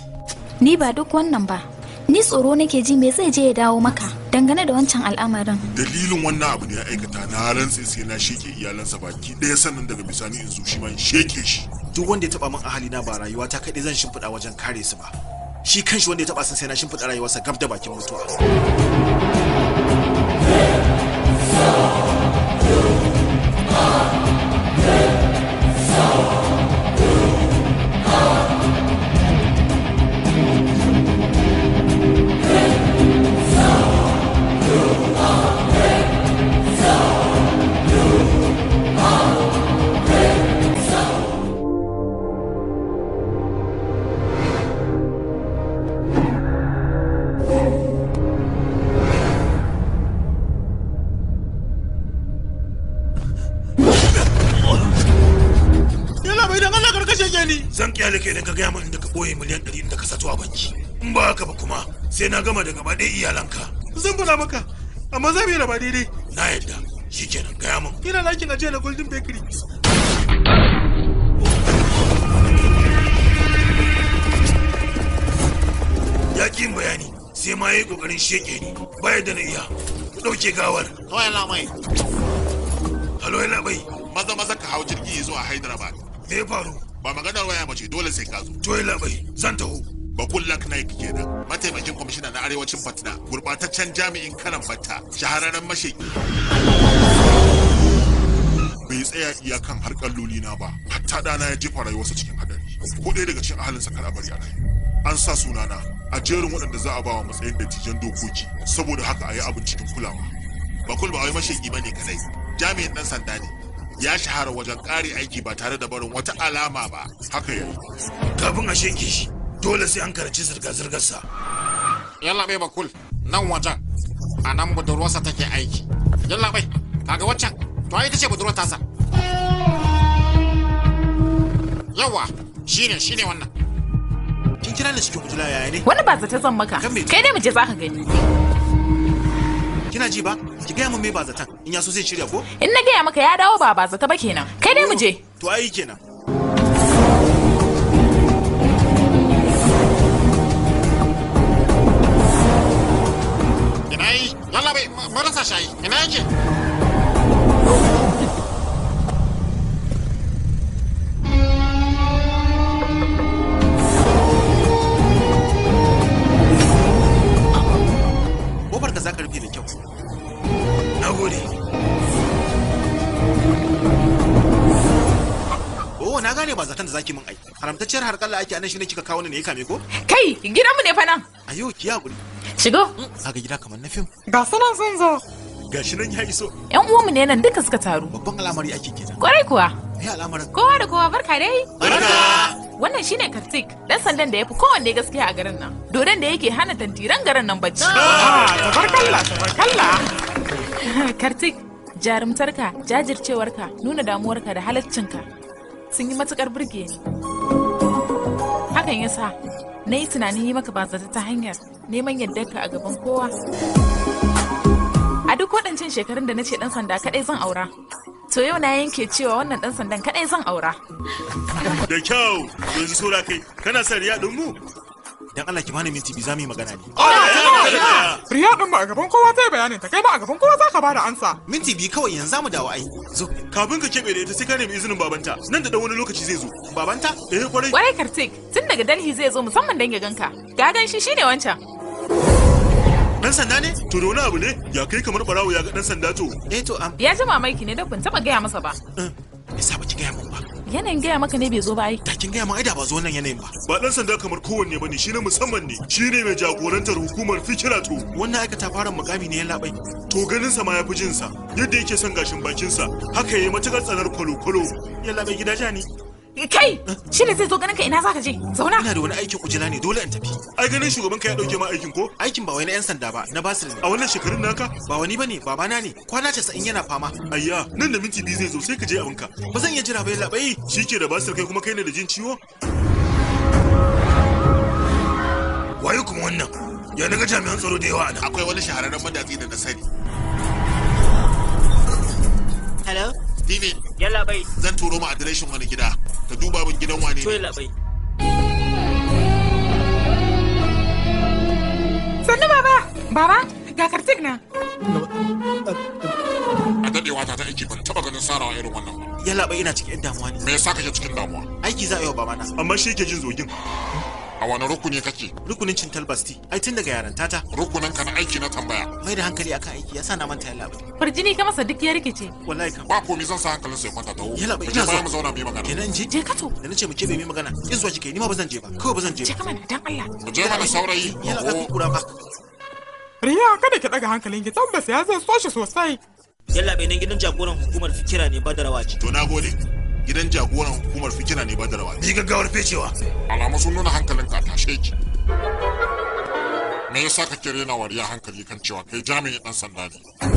Ni ba duk wannan ba. Ni tsoro nake ji me zai je ya dawo maka dangane da wancan al'amarin. Dalilin wannan abu ne ya aikata na ran sai na sheke iyalansa baki ɗaya sannan daga bisani in zo shi ma in sheke shi. duk wanda ya taba min ahali na ba rayuwa ta kaɗai zan shimfiɗa wajen kare su ba shi kanshi wanda ya taba sun sai na shimfiɗa rayuwarsa gab da bakin mutuwa na gama da gaba ɗaya iyalanka zan faɗa maka amma za mu yi raba daidai na yadda shi nan gaya min ina lakin ajiya na golden bakery ya ƙi bayani sai ma ya yi ƙoƙarin sheƙe ni ba yadda na iya ɗauke gawar kawai na mai halo yana bai maza maza ka hau jirgi zuwa hyderabad me ya faru ba maganar waya ba ce dole sai ka zo to labai, bai zan taho bakullak naik kenan mataimakin kwamishina na arewacin patna gurbataccen jami'in kanan batta shahararren masheki bai tsaya iyakan harkar lulina ba hatta dana ya jefa rayuwarsa cikin hadari ko ɗaya daga cikin ahalinsa kar a bari a an sa sunana a jerin waɗanda za a ba wa matsayin dattijan dokoki saboda haka a yi abin cikin kulawa bakul ba wai mashaki ba ne kadai jami'in ɗan sanda ne ya shahara wajen kare aiki ba tare da barin wata alama ba haka yau kafin a sheke shi dole sai an karci zirga-zirgarsa yalla bai bakul nan wajen a nan budurwarsa take aiki yalla bai kaga waccan to ai tace budurwar tasa yawa shine shine wannan kin kira ni cikin mutula yaya ne wani ba zata zan maka kai dai mu je zaka gani kina ji ba ki gaya min me ba zata in ya so zai shirya ko in na gaya maka ya dawo ba ba zata ba kenan kai dai mu je to ai kenan lalla bai marasa shayi ina yake kofar ka oh, za da ba zaki mun aiki haramtacciyar harkar ake anan shi ne kika kawo ne ya kame ko kai gidanmu ne fa nan ayo Shigo. ga gida kamar na fim. Ga sanan sun zo. shi nan ya iso. Yan uwanmu ne nan duka suka taru. Babban al'amari ake kenan. Kwarai kuwa. Me al'amarin? Kowa da kowa barka dai. Barka. Wannan shine Kartik, dan sandan da ya fi kowanne gaskiya a garin nan. Dodon da yake hana tantiran garin nan bacci. Ah, tabarkalla, tabarkalla. Kartik, jarumtarka, jajircewarka, nuna damuwarka da halaccinka sun yi matukar burge ni. Hakan ya sa na yi tunanin yi maka bazata ta hanyar neman ka a gaban kowa a duk waɗancan shekarun da na ce ɗan sanda kaɗai zan aura to yau na yanke cewa wannan ɗan sandan kaɗai zan aura da kyau yanzu sura kai kana son riya mu dan Allah ki bani minti bi za mu yi magana ne riya din ba a gaban kowa zai bayanin ta kai ba a gaban kowa za ka bada ansa minti bi kawai yanzu za mu dawo ai zo kafin ka kebe da ita sai ka nemi izinin babanta nan da dan wani lokaci zai zo babanta eh kwarai kwarai kartik tun daga dalhi zai zo musamman dan ya ganka ga gan shi shine wancan dan sanda ne to da wani abu ne ya kai kamar barawo ya ga dan sanda to eh to am ya ji mamaki ne da ban taba gaya masa ba eh, yasa ba ki gaya mun ba Yanayin gaya maka ne bai zo ba ai. Da gaya ma ai da ba zo wannan yanayin ba. Ba dan sanda kamar kowanne bane shi na musamman ne. Shi ne mai jagorantar hukumar fikira to. Wannan aikata fara mukami ne ya labai. To ganin sa ma ya fi jin sa. Yadda yake son gashin bakin sa haka yayi matakar tsanar kwalo-kwalo. Ya labai gidaje ne. Kai, shi ne zai zo ganin ka ina zaka je? Zauna. Ina da wani aikin kujera ne dole in tafi. Ai ganin shugaban ka ya dauke ma aikin ko? Aikin ba wai na yan sanda ba, na basir ne. A wannan shekarun naka? Ba wani bane, babana ne. Kwana 90 yana fama. Ayya, nan da minti biyu zai zo sai ka je abinka. Ba zan iya jira ba yalla bai. ke da basir kai kuma kai ne da jin ciwo? Waye kuma wannan? Ya naga jami'an tsaro da yawa a Akwai wani shahararren madatsi da na sani. Hello? ni ne yalla bai zan turo ma adireshin wani gida ka duba min gidan wani ne yalla bai sannu baba baba ga kartik na a dadewa ta ta aiki ban taba ganin sarawa irin wannan yalla bai ina cikin damuwa ne me yasa kake cikin damuwa aiki za a yi wa baba na amma shi ke jin zogin a wani rukuni kake rukunin cin talbasti ai tun daga yaranta ta rukunin ka na aiki na tambaya mai da hankali akan aiki yasa na manta yalla bai furjini ka masa duk ya rikice wallahi ka ba komai zan sa hankalin sai kwanta tawo yalla bai ina zuwa mu zauna mu yi magana kenan je je ka to da nace mu je bai magana in zuwa kike ni ma bazan je ba kawai bazan je ba je mana dan Allah mu je mana saurayi yalla ka kura ba Riya kada ki daga hankalin ki tambasa ya zan so shi sosai yalla bai nan gidan jagoran hukumar fikira ne badarawa ce to nagode gidan jagoran hukumar fitina ne ba da rawa ni gaggawar fecewa alamu sun nuna hankalin ka tashe ki me yasa kake rena wariya hankali kan cewa kai jami'in dan sanda ne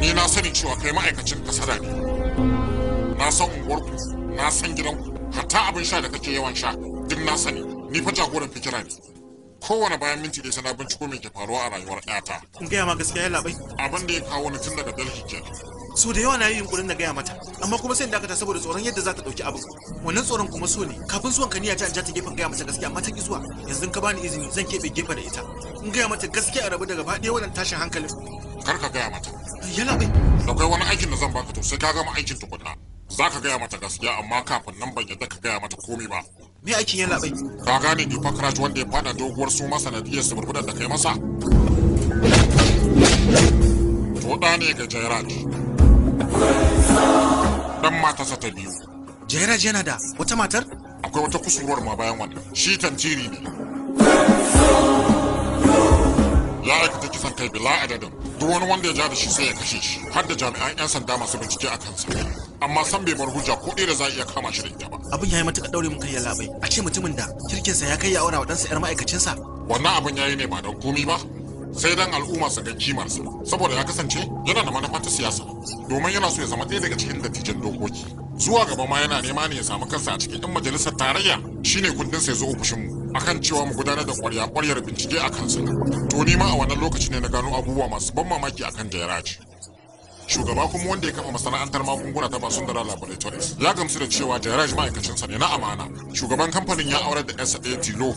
ni na sani cewa kai ma'aikacin kasara ne na san unguwarku na san gidanku hatta abin sha da kake yawan sha duk na sani ni fa jagoran fikira ne kowane bayan minti da sana binciko mai ke faruwa a rayuwar ƴata. In gaya ma gaskiya ya labai. Abin da ya kawo ni tun daga Delhi kenan. so da yawa na yi yunkurin na gaya mata amma kuma sai dakata saboda tsoron yadda za ta dauki abin wannan tsoron kuma so ne kafin zuwan kaniya ta ta gefen gaya mata gaskiya amma ta ki zuwa yanzu ka bani izini zan keɓe gefe da ita in gaya mata gaskiya a rabu daga gaba ɗaya wannan tashin hankalin kar ka gaya mata yala bai akwai wani aikin da zan baka to sai ka gama aikin tukunna za ka gaya mata gaskiya amma kafin nan ban yadda ka gaya mata komai ba me aikin yala bai ka gane ne fakrash wanda ya fada doguwar su diyar suburbuɗar da kai masa to ɗa ne ga jairaj Dan sa ta biyu. Jairaj yana da wata matar? Akwai wata kusurwar ma bayan wani. Shi tantiri ne. Ya aikata kisan kai bila adadin. Duk wani wanda ya ja da shi sai ya kashe shi. Har da jami'an 'yan sanda masu bincike a kansa. Amma san bai bar hujja ko ɗaya da za a iya kama shi da ita ba. Abin ya yi matuƙar ɗaure mun kai labai. A ce mutumin da kirkinsa ya kai ya aura wa ɗansa 'yar ma'aikacinsa. Wannan abin ya yi ne ba don komi ba. sai dan al'umma su ga kimarsa saboda ya kasance yana da manufa ta siyasa domin yana so ya zama ɗaya daga cikin dattijan dokoki zuwa gaba ma yana nema ne ya samu kansa a cikin ɗan majalisar tarayya shine kundin sai zo ofishinmu akan cewa mu gudanar da ƙwarya kwaryar bincike a kansa to ni ma a wannan lokaci ne na gano abubuwa masu ban mamaki akan jayaraji shugaba kuma wanda ya kafa masana'antar magunguna ta basun da laboratories ya gamsu da cewa jairaj ma'aikacinsa ne na amana shugaban kamfanin ya aurar da sa ɗaya tilo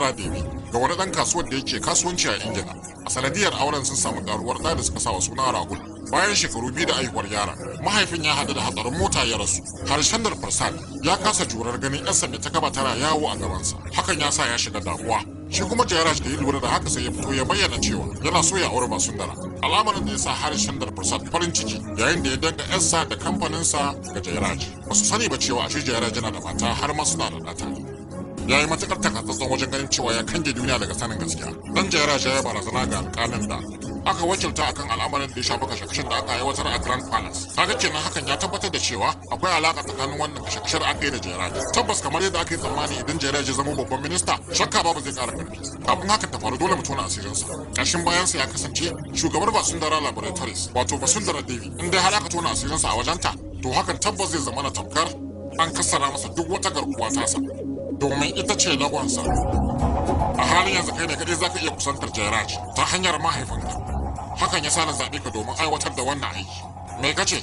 da devi ga wani ɗan kasuwar da yake kasuwanci a ingila a sanadiyar auren sun samu ƙaruwar ɗaya da suka sa wa suna ragul bayan shekaru biyu da aihuwar yara mahaifin ya haɗu da hatsarin mota ya rasu harshendar farsal ya kasa jurar ganin yarsa ta gaba tana yawo a gabansa hakan ya sa ya shiga damuwa shi kuma jairaj da ya lura da haka sai ya fito ya bayyana cewa yana so ya aure basundara alamarin da ya sa shandar prasad farin ciki yayin da ya danga yarsa da kamfaninsa ga jairaj ba su sani ba cewa ashe jairaj yana da mata har ma suna da ɗata ya yi matuƙar takatsatsan wajen ganin cewa ya kange duniya daga sanin gaskiya dan jairaj ya yi barazana ga alƙalin da aka wakilta akan al'amarin da ya shafi kashe-kashen da aka aiwatar a Grand Palace. Kaga kenan hakan ya tabbatar da cewa akwai alaka tsakanin wannan kashe-kashen da aka yi da Jerage. Tabbas kamar yadda aka yi tsammani idan Jerage zama babban minista, shakka babu zai kara ƙarfi. Kafin haka ta faru dole mu tona asirinsa. bayan sa ya kasance shugabar dara Laboratories, wato dara Devi. In dai har aka tona asirinsa a wajenta, to hakan tabbas zai zama na tamkar an kassara masa duk wata garkuwa tasa. Domin ita ce lagonsa. a halin yanzu kai ne kadai zaka iya kusantar ta hanyar mahaifinka hakan ya sa na zaɓe ka domin aiwatar da wannan aiki me ka ce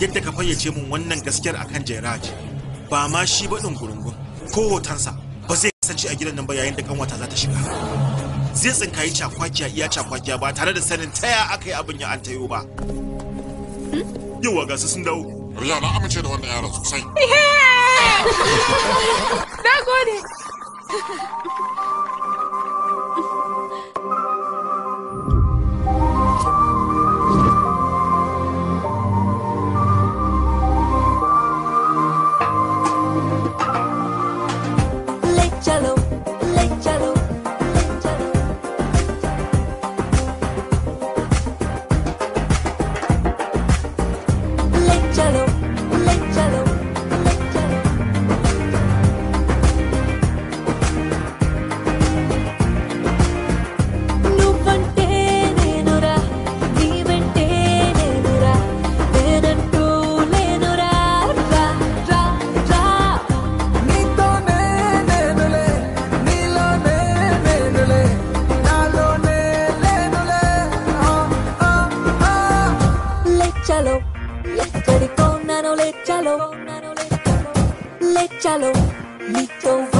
yadda ka fayyace min wannan gaskiyar akan jairaj ba ma shi ba baɗin gurungun ko hotonsa ba zai kasance a gidan nan ba yayin da kanwata za ta shiga zai tsinkayi cakwakiya iya cakwakiya ba tare da sanin taya aka yi abin ya an tayo ba yawa gasa sun dawo riya na amince da wannan yaron sosai na gode 中。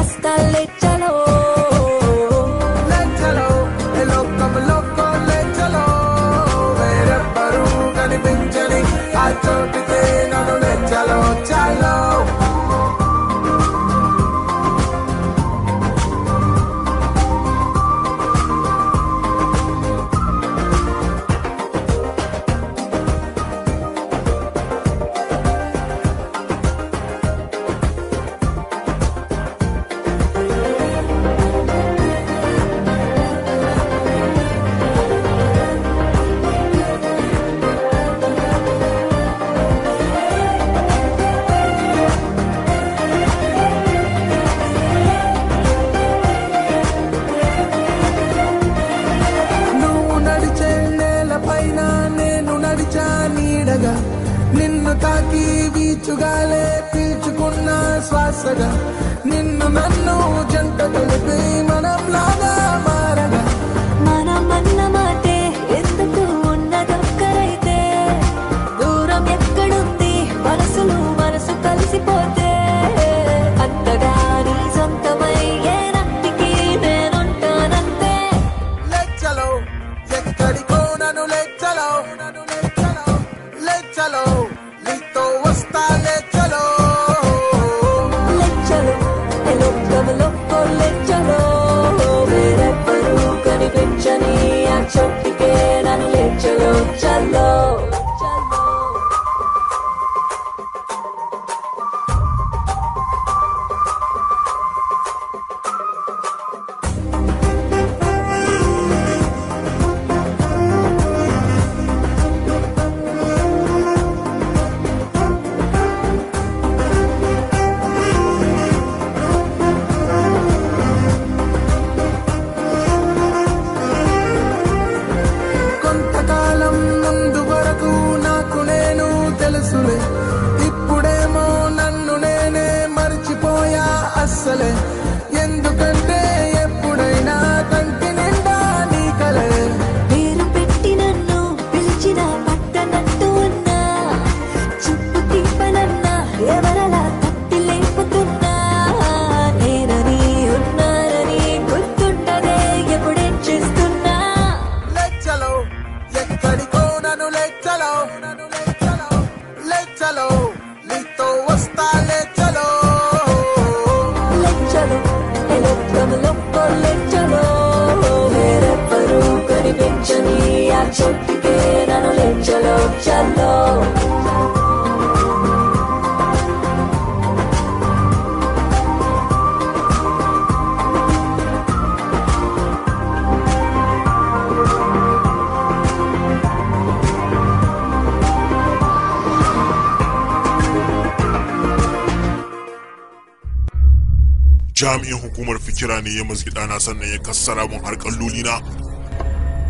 jami'in hukumar fikira ne ya mazgi dana sannan ya kassara mun har na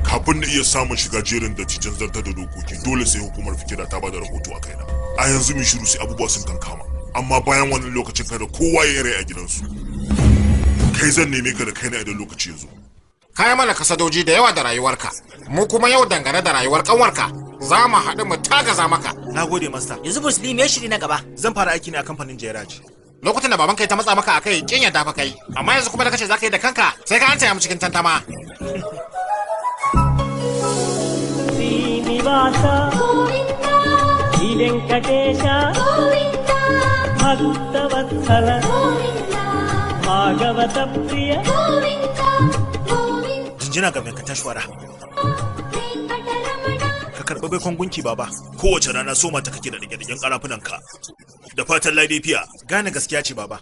kafin na iya samun shiga jerin da cikin zartar da dokoki dole sai hukumar fikira ta bada rahoto a kaina a yanzu mun shiru sai abubuwa sun kankama amma bayan wannan lokacin kada kowa ya rai a gidansu kai zan neme ka da kaina idan lokaci ya zo kai mana kasadoji da yawa da rayuwarka mu kuma yau dangane da rayuwar kanwarka za mu haɗu mu tagaza maka nagode master yanzu boss me shiri na gaba zan fara aiki ne a kamfanin jeraji lokutan da baban kai ta matsa maka a kai kin yadda fa kai amma yanzu kuma da kace zaka yi da kanka sai ka ya mu cikin tantama Srinivasa శ్రీ వెంకటేశ భక్తవత్సల Bhagavata Priya jinjina ga Venkateshwara ka karɓi baikon gunki baba kowace rana soma ta kake da rige-rigen ƙarafunanka da fatan laidafiya gane gaskiya ce baba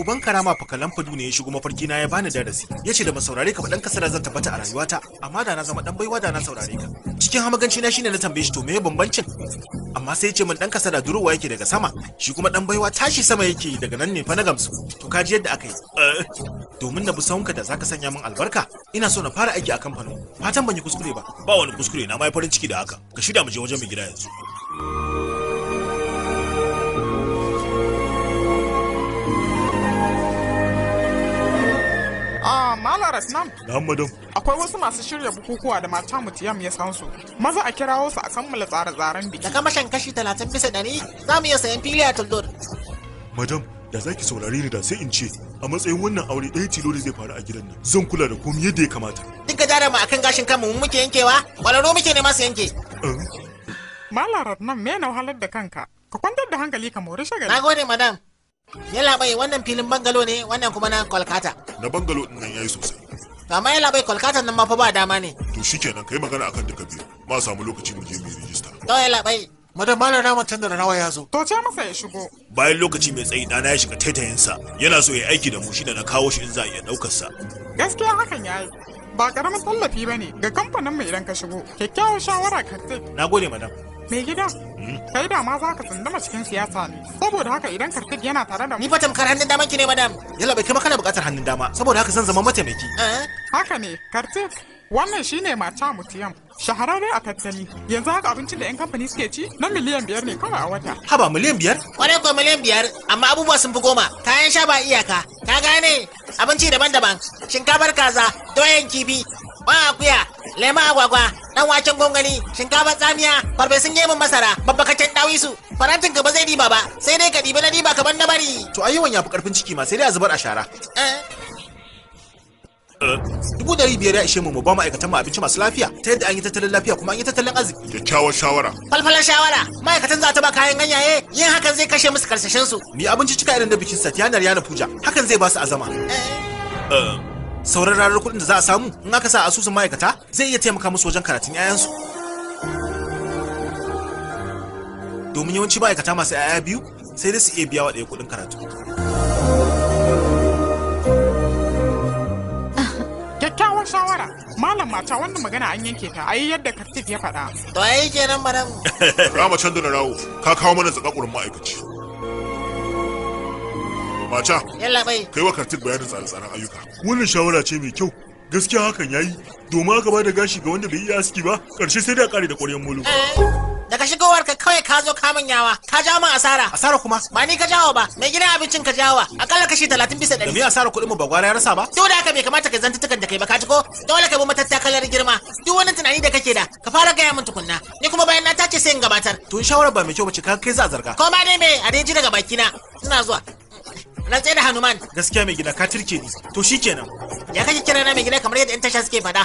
uban karama fakalan fadu ne ya shigo mafarki na ya bani darasi ya ce da ba saurare ka dan kasara zan tabbata a rayuwata amma da na zama dan baiwa da na saurare ka cikin hamaganci na shine na tambaye shi to me bambancin amma sai ya ce min dan kasara durowa yake daga sama shi kuma dan baiwa tashi sama yake daga nan ne fa na gamsu to ka ji yadda aka yi domin na bi sahunka da zaka sanya min albarka ina so na fara aiki a kamfanin fatan ban yi kuskure ba ba wani kuskure na mai farin ciki da haka ka shida mu je wajen mai gida yanzu Comrades nan? Na madam. Akwai wasu masu shirya bukukuwa da mata mutiyam ya san su. Maza a kirawo su a kammala tsare-tsaren biki. Da kamashin kashi talatin bisa ɗari za mu iya sayan fili a Tuldor. Madam, da zaki saurare ni da sai in ce a matsayin wannan aure ɗaya tilo da zai faru a gidan nan zan kula da komai yadda ya kamata. Duk gajara mu akan gashin kanmu mu muke yankewa, kwararru muke ne masu yanke. Malam nan me na wahalar da kanka? Ka kwantar da hankali ka mori shagali. Na gode madam. Ya labai wannan filin bangalo ne wannan kuma na Kolkata. Na bangalo din nan yayi sosai. To amma ya labai Kolkata nan ma fa ba dama ne. To shikenan kai magana akan duka biyu. Ma samu lokaci mu je mu register. To ya labai madan malam can da rawa ya zo to ce masa ya shigo bayan lokaci mai tsayi dana ya shiga taitayinsa yana so ya aiki da mu shi da na kawo shi in za a iya daukar sa gaskiya hakan ya yi ba karamin tallafi bane ga kamfanin mu idan ka shigo kyakkyawar shawara ka na gode madam Mai gida, kai da ma za ka tsundama cikin siyasa ne, saboda haka idan Kartik yana tare da mu. Ni fa tamkar hannun dama ki ne madam. Yalla bai kai kana buƙatar hannun dama, saboda haka zan zama mataimaki. Eh? Haka ne, Kartik, wannan shine mata mutiyam. ne a tattali yanzu haka abincin da 'yan kamfani suke ci na miliyan biyar ne kawai a wata haba miliyan biyar kwarai ko miliyan biyar amma abubuwa sun fi goma kayan sha ba iyaka ka gane abinci daban-daban shinkafar kaza doyan kifi ba akuya lema agwagwa dan waken gongani shinkafar tsamiya farfesun gemun masara babbakaccen dawisu farantin ka ba zai diba ba sai dai ka dibi na diba kaban na bari to ayyuwan ya fi karfin ciki ma sai dai a zubar a shara eh. dubu dari biyar ya ishe mu mu ba ma'aikatan mu abinci masu lafiya ta yadda an yi tattalin lafiya kuma an yi tattalin arziki kyakkyawar shawara falfalar shawara ma'aikatan za ta ba kayan ganyaye yin hakan zai kashe musu karsashen su mu abinci cika irin da bikin satiyanar yana puja hakan zai ba su azama eh. sauran ranar kuɗin da za a samu in aka sa asusun ma'aikata zai iya taimaka musu wajen karatun 'ya'yansu domin yawanci ma'aikata masu 'ya'ya biyu sai dai su iya biya wa ɗaya kuɗin karatu kyakkyawar shawara malam mata wannan magana an yanke ta ayi yadda kaftif ya faɗa to ayi kenan madam rama can da rawo ka kawo mana zakakurin ma'aikaci mata kai wa kartif bayanin tsare-tsaren ayyuka wannan shawara ce mai kyau gaskiya hakan yayi domin aka ba da gashi ga wanda bai iya aski ba karshe sai da kare da ƙwaryen mulu eh, daga shigowar ka kawai ka zo kamun yawa ka ja min asara asara kuma ba ni ka jawo ba mai gidan abincin ka a akalla kashi 30 bisa 100 da me asara kuɗin mu ba gwara ya rasa ba to da haka bai kamata ka zanta tukan da kai ba ka ji ko dole ka bi matattakalar girma duk wani tunani da kake da ka fara gaya min tukunna ni kuma bayan na tace sai in gabatar to shawara ba mai kyau ba ce ka kai za zarga ko ma dai me a dai ji daga bakina ina zuwa rantsai da hanuman gaskiya mai gida ka turke ni to shikenan ya kake kira na mai gida kamar yadda yan tasha suke faɗa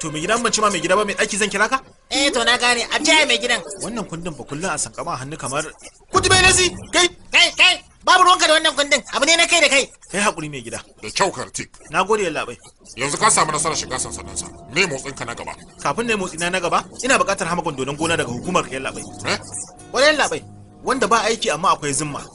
to mai gidan mace ma mai gida ba mai ɗaki zan kira ka eh to na gane a ce mai gidan wannan kundin ba kullun a sankama a hannu kamar kudi bai nasi kai kai kai babu ruwanka da wannan kundin abu ne na kai da kai kai hakuri mai gida da kyau kartik na gode ya labai yanzu ka samu nasarar shiga sansanin sa me motsin ka na gaba kafin ne motsi na na gaba ina buƙatar hama donon gona daga hukumar kai labai eh wani labai wanda ba aiki amma akwai zimma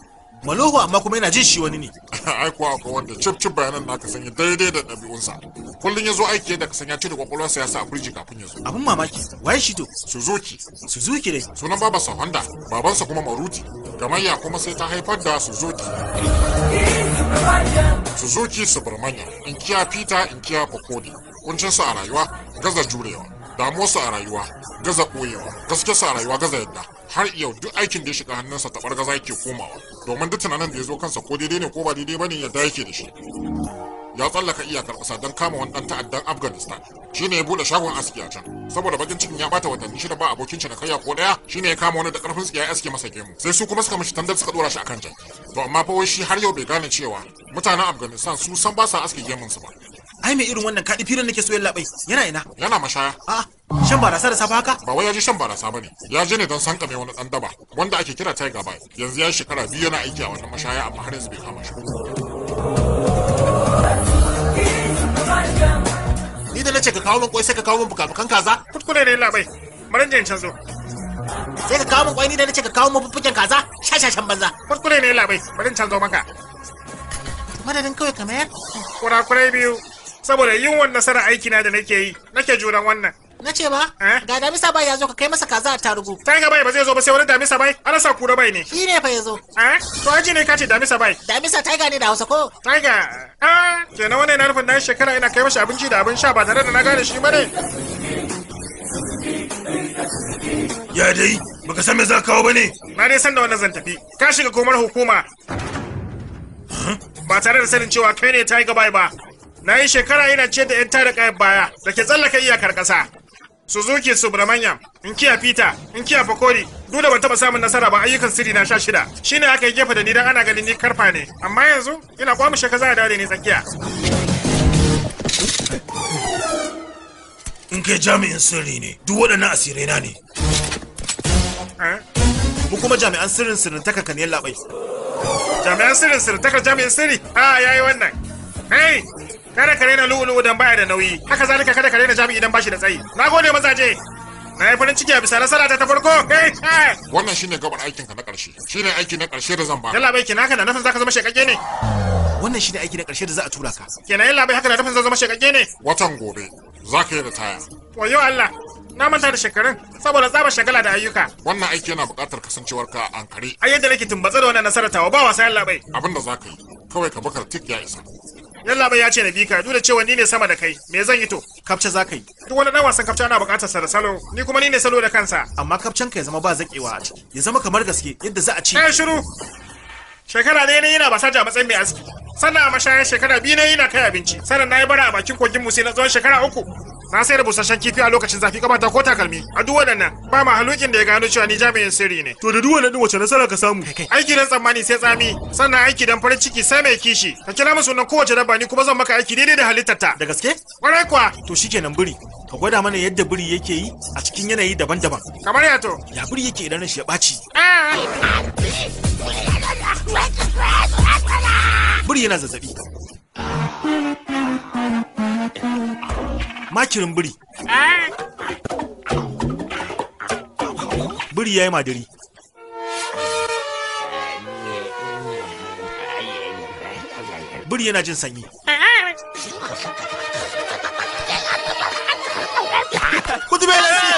maloho amma kuma yana jin shi wani ne ai kuwa akwai wanda cip cip bayanan naka sanya daidai da ɗabi'unsa kullum ya zo aiki yadda ka sanya ce da kwakwalwarsa ya sa a firji kafin ya zo abin mamaki waye shi to suzuki suzuki ne. sunan babansa honda babansa kuma maruti gamayya kuma sai ta haifar da suzuki suzuki subramanya inkiya peter inkiya kokodi kuncinsa a rayuwa gaza jurewa damuwarsa a rayuwa gaza koyewa gaske sa rayuwa gaza yadda har yau duk aikin da ya shiga hannunsa tabar gaza yake komawa domin duk tunanin da ya zo kansa ko daidai ne ko ba daidai bane yadda yake da shi ya tsallaka iyakar kasa don kama wani dan ta'addan afghanistan shine ya buɗe shagon aski a can saboda bakin cikin ya bata watanni shida ba abokin cinikayya ko ɗaya shine ya kama wani da karfin tsiya aske masa gemu sai su kuma suka mishi tandar suka ɗora shi akan can, to amma fa shi har yau bai gane cewa mutanen afghanistan su san ba sa aski gemunsu ba ai mai irin wannan kaɗi firin nake so labai yana ina yana mashaya a shan barasa da safa haka ba wai ya ji shan barasa bane ya je ne don san kame wani dan daba wanda ake kira tiger Bay, yanzu ya shekara biyu yana aiki a wannan mashaya amma har yanzu bai kama shi ni da nace ka kawo min kwai sai ka kawo min bukafukan kaza kutkure ne labai maran in canzo sai ka kawo min kwai ni da nace ka kawo min bukafukan kaza shashashan banza kutkure ne labai in canzo maka madadin kawai kamar kurakurai biyu saboda yunwan nasarar aikina da nake yi nake juran wannan na ce ba eh? ga damisa bai ya zo ka kai masa kaza a tarugu ta ga bai ba zai zo ba sai wani damisa bai ana sa kura bai ne shine ne fa ya zo eh? to aji ne ka ce damisa bai damisa taiga ne da hausa ko taiga ah kenan wannan na rufin dan shekara ina kai masa abinci da abin sha ba tare da na gane shi ba ne ya dai baka san me za ka kawo ba ne na dai san da wannan zan tafi ka shiga komar hukuma ba tare da sanin cewa kai ne taiga bai ba na yi shekara yana ce da 'yan tare kayan baya da ke tsallaka iyakar ƙasa suzuki subramanyam inkiya peter inkiya fakori duk da ban taɓa samun nasara ba ayyukan sirri na sha shida shine aka yi gefe da ni don ana ganin ni karfa ne amma yanzu ina kwamu shaka za a dawo da ni tsakiya in kai jami'in sirri ne duk waɗannan asirai na ne eh? mu kuma jami'an sirrin sirrin taka kan labai jami'an sirrin sirrin taka jami'in sirri ah, a yayi wannan hey kada ka raina lulu dan baya da nauyi haka zalika kada ka raina jami idan bashi da tsayi na gode mazaje na yi farin ciki a bisa nasara ta ta farko wannan shine gaban aikin ka na karshe shine aiki na karshe da zan ba yalla bai kina haka da nafin zaka zama shekake ne wannan shine aiki na karshe da za a tura ka kenan yalla bai haka da nafin zan zama shekake ne watan gobe zaka yi ritaya wayo Allah na manta da shekarun saboda tsaba shagala da ayyuka wannan aiki yana buƙatar kasancewarka a ankare a yadda nake tumbatsa da wannan nasara ta ba wasa yalla bai abinda zaka yi kawai ka bakar tik ya isa yalla bai ya ce na bika duk da cewa ni ne sama da kai me zan yi to kapce za ka yi duk wani dan wasan kapce ana bukatar sa da salo ni kuma ni ne salo da kansa amma kapcen ka ya zama ba zakewa a ciki ya zama kamar gaske yadda za a ci eh shiru shekara ne ne yana ba saja matsayin mai aski sannan a mashayar shekara biyu ne, yana kai abinci sannan na yi bara a bakin kogin musi na tsawon shekara uku na sai da busasshen kifi a lokacin zafi ta ko takalmi a duk wannan ba ma halukin da ya gano cewa ni jami'in sirri ne to da duk waɗannan wace nasara ka samu aiki dan tsammani sai tsami sannan aiki dan farin ciki sai mai kishi ka kira mu nan kowace dabba ni kuma zan maka aiki daidai da ta da gaske kwarai kuwa to kenan biri. ka gwada mana yadda biri yake yi a cikin yanayi daban-daban kamar ya to ya biri yake idan shi ya ɓaci biri yana zazzabi makirin biri biri ya yi madari biri yana jin sanyi kudu bai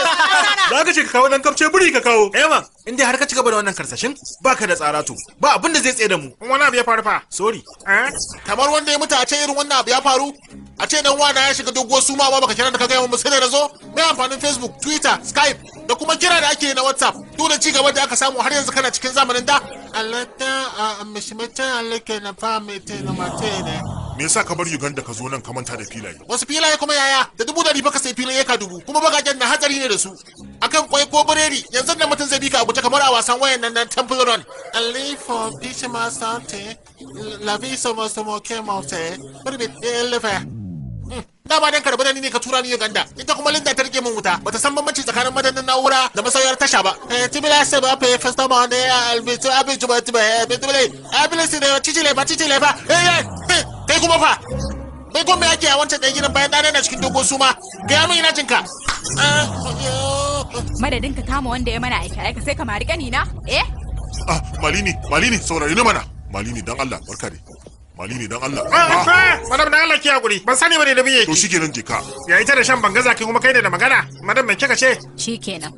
Za ka ce ka kawo nan kamce buri ka kawo. Ema, eh, in dai har ka ci gaba da wannan karsashin ba ka da tsara to Ba abin da zai tsaye da mu. Wani abu ya faru fa. Sorry. Eh? Kamar wanda ya mutu a ce irin wannan abu ya faru. A ce dan wana ya shiga doguwar suma ba baka kira da ka gaya mu sai da zo. Mai amfanin Facebook, Twitter, Skype da kuma kira da ake na WhatsApp. Duk da ci gaba da aka samu har yanzu kana cikin zamanin da. Allah ta a mishimata ke na famete na matene. me yasa ka bar Uganda ka zo nan ka manta da filaye wasu filaye kuma yaya da dubu dari baka sai filaye ka dubu kuma bagajen na hatsari ne da su akan kwai ko biredi yanzu da mutum zai bi ka a kamar a wasan wayan nan na Temple Run and for Bishima Sante la vie sama sama kemote bari da ba dan karbi ni ne ka tura ni Uganda ita kuma Linda ta rike min wuta bata san bambanci tsakanin madannin na'ura da masauyar tasha ba eh tibila sai eh, ba fa first fe fasta ma ne albitu abiju ba eh bitule abilisi ne cicile ba cicile ba kai kuma fa kai kuma yake a wancan ɗan gidan bayan dana na cikin dogon suma ga yamin ina jinka ah, madadin ka kama wanda ya mana aika aika sai ka mari kanina eh ah malini malini saurari ni mana malini dan Allah barka dai mali ne dan Allah madam dan Allah ki hakuri ban sani bane da biye ki to shikenan je ka ya ita da shan bangaza kin kuma kai ne da magana madam me kika ce shikenan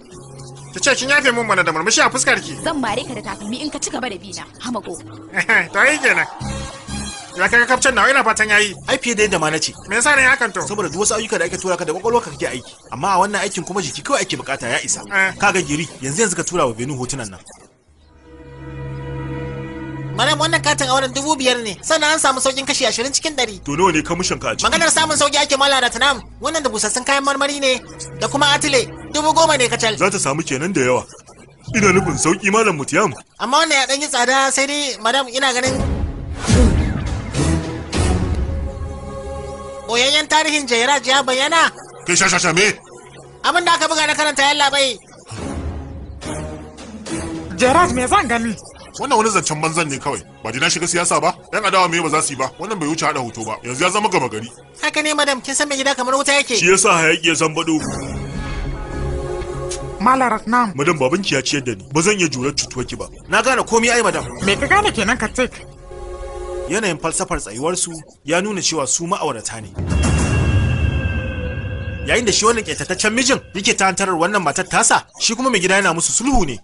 ta ce kin yafe mun mana da murmushi a fuskar ki zan mare ka da takalmi in ka ci gaba da bi na hamago to ai kenan ya kaga kafcin nawa ina fatan yayi ai fiye da yadda ma nace me yasa ne hakan to saboda duk wasu ayyuka da ake tura ka da kwakwalwa ka kake aiki amma a wannan aikin kuma jiki kawai ake bukata ya isa eh. kaga giri yanzu yanzu ka tura wa Benu hotunan nan Maryam wannan katin a auren dubu biyar ne sannan an samu saukin kashi ashirin cikin ɗari. To nawa ne kamishin kaji? Maganar samun sauki ake mala da tanam wannan da busassun kayan marmari ne da kuma atile dubu goma ne kacal. Za ta samu kenan da yawa. Ina nufin sauki malam mutiyam. Amma wannan ya ɗan yi tsada sai dai madam ina ganin. Boyayyen tarihin Jairaj ya bayyana. Kai shashasha me? Abin da aka buga na karanta yalla bai. Jairaj me zan gani? wannan wani zancen banzan ne kawai ba ji na shiga siyasa ba yan adawa me ba za su yi ba wannan bai wuce hada hoto ba yanzu ya zama gama gari haka ne madam kin san me gida kamar wuta yake shi yasa hayaki ya san bado Mala Ratnam. Madam babanki ya ciyar da ni. Ba zan iya jurar ki ba. Na gane komai ai madam. Me ka gane kenan Kartik? Yanayin falsafar tsayuwarsu ya nuna cewa su ma'aurata ne. Yayin da shi wannan ƙetataccen mijin yake ta wannan matar tasa, shi kuma mai gida yana musu sulhu ne.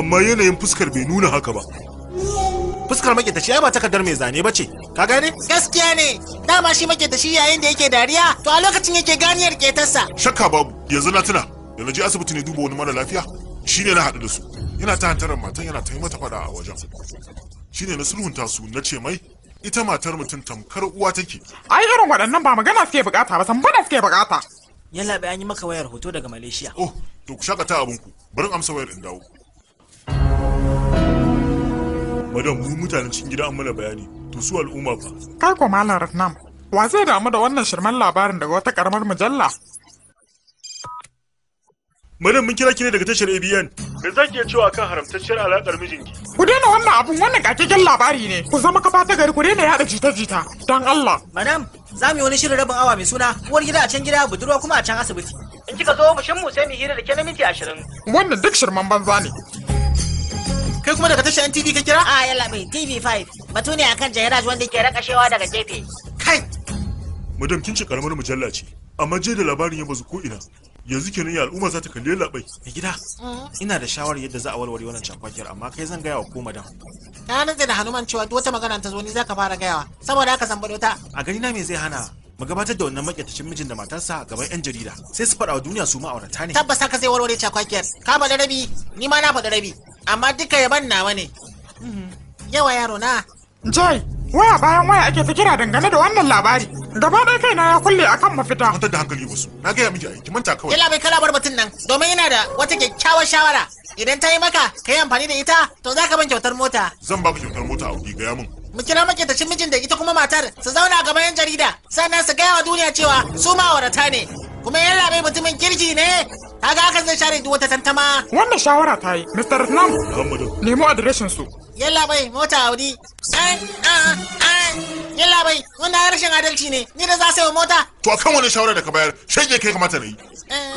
amma yanayin fuskar bai nuna haka ba fuskar maketashi ya ba takardar mai zane ba ce ka gane gaskiya ne dama shi maketashi yayin da yake dariya to a lokacin yake ganiyar ketarsa shakka babu yanzu na tuna da na je asibiti ne duba wani mara lafiya shine na haɗu da su yana ta hantarar matan yana ta yi mata faɗa a wajen shine na sulhunta su na ce mai ita matar mutum tamkar uwa take ai irin waɗannan ba magana suke bukata ba san bada suke bukata yalla bai an yi maka wayar hoto daga malaysia oh to ku shakata abinku bari amsa wayar in dawo madam mu mutanen cikin gida an mana bayani to su al'umma fa Ka ko malam ratnam wa zai damu da wannan shirman labarin daga wata karamar mujalla madam mun kira ki ne daga tashar ABN me zan cewa kan haramtacciyar alakar mijinki ku daina wannan abun wannan kakakken labari ne ku zama kafa ta gari ku daina yada jita-jita dan Allah madam za mu yi wani shirin rabin awa mai suna uwar gida a can gida budurwa kuma a can asibiti in kika zo ofishin mu sai mu hira da ke na minti ashirin wannan duk shirman banza ne kai kuma daga tashin TV ka kira? Ah, yalla mai TV5 batu ne akan Jairaj wanda ke rakashewa daga gefe. Kai! Madam kin ci karamar mujalla ce amma je da labarin ya bazu ko ina yanzu kenan ya al'umma za ta kalle labai. Mai gida mm. ina da shawarar yadda za a warware wannan cakwakiyar amma kai zan gaya wa ko madam. Na rantsa da Hanuman cewa duk wata magana ta zo ni zaka fara gayawa saboda haka san bado ta. A gani na me zai hana magabatar da wannan makyatacin mijin da matarsa a gaban yan jarida sai su faɗa wa duniya su ma'aurata ne tabbas haka zai warware cakwakiyar ka faɗi rabi ni ma na faɗi rabi amma duka yaban nawa ne mhm. yawa yaro na jai waya bayan waya ake ta kira dangane da wannan labari gaba ɗaya kaina ya kulle akan mafita mutar da hankali wasu na gaya miji aiki manta kawai yalla bai kalabar batun nan domin yana da wata kyakkyawar shawara idan ta yi maka ka yi amfani da ita to za ka ban kyautar mota zan ba kyautar mota a wuri gaya min mu kira maƙetacin mijin da ita kuma matar su zauna a gaban 'yan jarida sannan su gaya wa duniya cewa su ma'aurata ne kuma yan labe mutumin kirki ne haka hakan zai share duk wata tantama wanda shawara ta yi mr nam nemo adireshin su yan labe mota audi yan labe wannan harshen rashin adalci ne ni da za sai wa mota to akan wani shawara da ka bayar shege kai kamata na yi eh.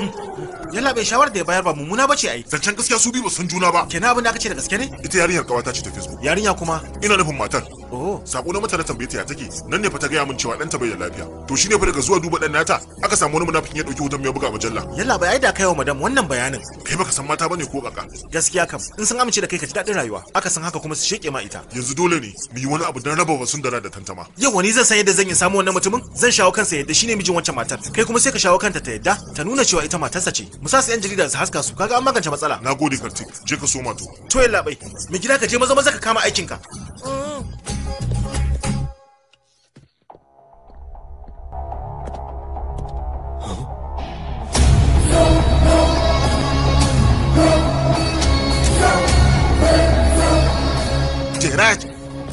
hmm. yalla bai shawar da ya bayar ba mummuna bace ai zancen gaskiya su biyu ba san juna ba kenan abin da aka ce da gaske ne ita yarinyar kawata ce ta facebook yarinya kuma ina nufin matar oh sako na mata tambaye ta ya take nan ne fa ta gaya min cewa ɗanta bai da lafiya to shine fa daga zuwa duba ɗan nata aka samu wani munafikin ya ɗauki hoton mai buga mujalla yalla bai ai da kaiwa madam wannan bayanin kai baka san mata bane ko kaka gaskiya kam in sun amince da kai ka ji daɗin rayuwa aka san haka kuma su sheke ma ita yanzu dole ne mu yi wani abu don raba wasun da da tantama yau wani zan san yadda zan yi samu wannan mutumin zan shawo kansa yadda shine mijin wancan matar kai kuma sai ka shawo kanta ta yadda ta nuna cewa ita matarsa ce mu sa su yan jarida su haska su kaga an magance matsala na gode kartik je ka soma to to yalla bai mu gida ka je maza maza ka kama aikin ka Jiraj,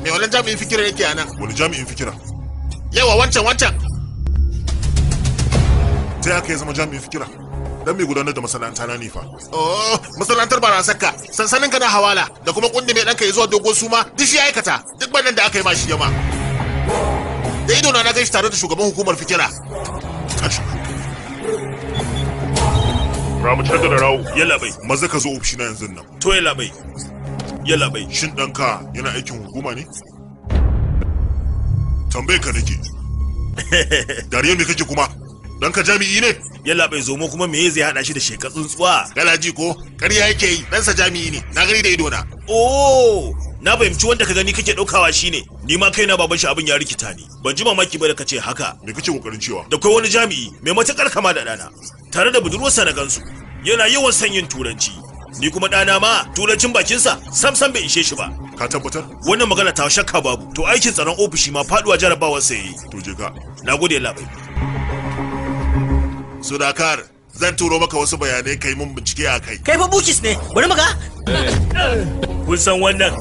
me wani jami'in fikira yake a nan? Wani jami'in fikira? Yawa wancan wancan! Ta yaka ya zama jami'in fikira? dan mai gudanar da masana'anta na nifa. fa oh masana'antar ba na sansanin ka na hawala da kuma kundi mai danka zuwa dogon suma duk shi aikata duk bannan da aka yi ma shi yama da ido na na gaishe tare da shugaban hukumar fikira Ramu canza da rawo. Yalla bai. Maza ka zo ofishina yanzu nan. To yalla bai. Yalla bai. Shin ɗanka yana aikin hukuma ne? Tambaye ka nake. Dariya me kake kuma? don ka jami'i ne yalla bai zomo kuma me zai hada shi da sheka tsuntsuwa kana ji ko ƙarya yake yi sa jami'i ne na gari da ido na oh na fahimci wanda ka gani kake ɗaukawa shine ni ma kaina baban shi abin ya rikita ni ban ji mamaki ba da kace haka me kace kokarin cewa da kai wani jami'i mai matakar kama da dana. tare da budurwarsa na gansu yana yawan sanyin turanci ni kuma dana ma turancin bakinsa sam sam bai ishe shi ba ka tabbatar wannan magana ta shakka babu to aikin tsaron ofishi ma faduwa jarabawar sa to je ka nagode labai sudakar zan turo maka wasu bayanai kai mun bincike a kai kai fa bukis ne bari maka kun san wannan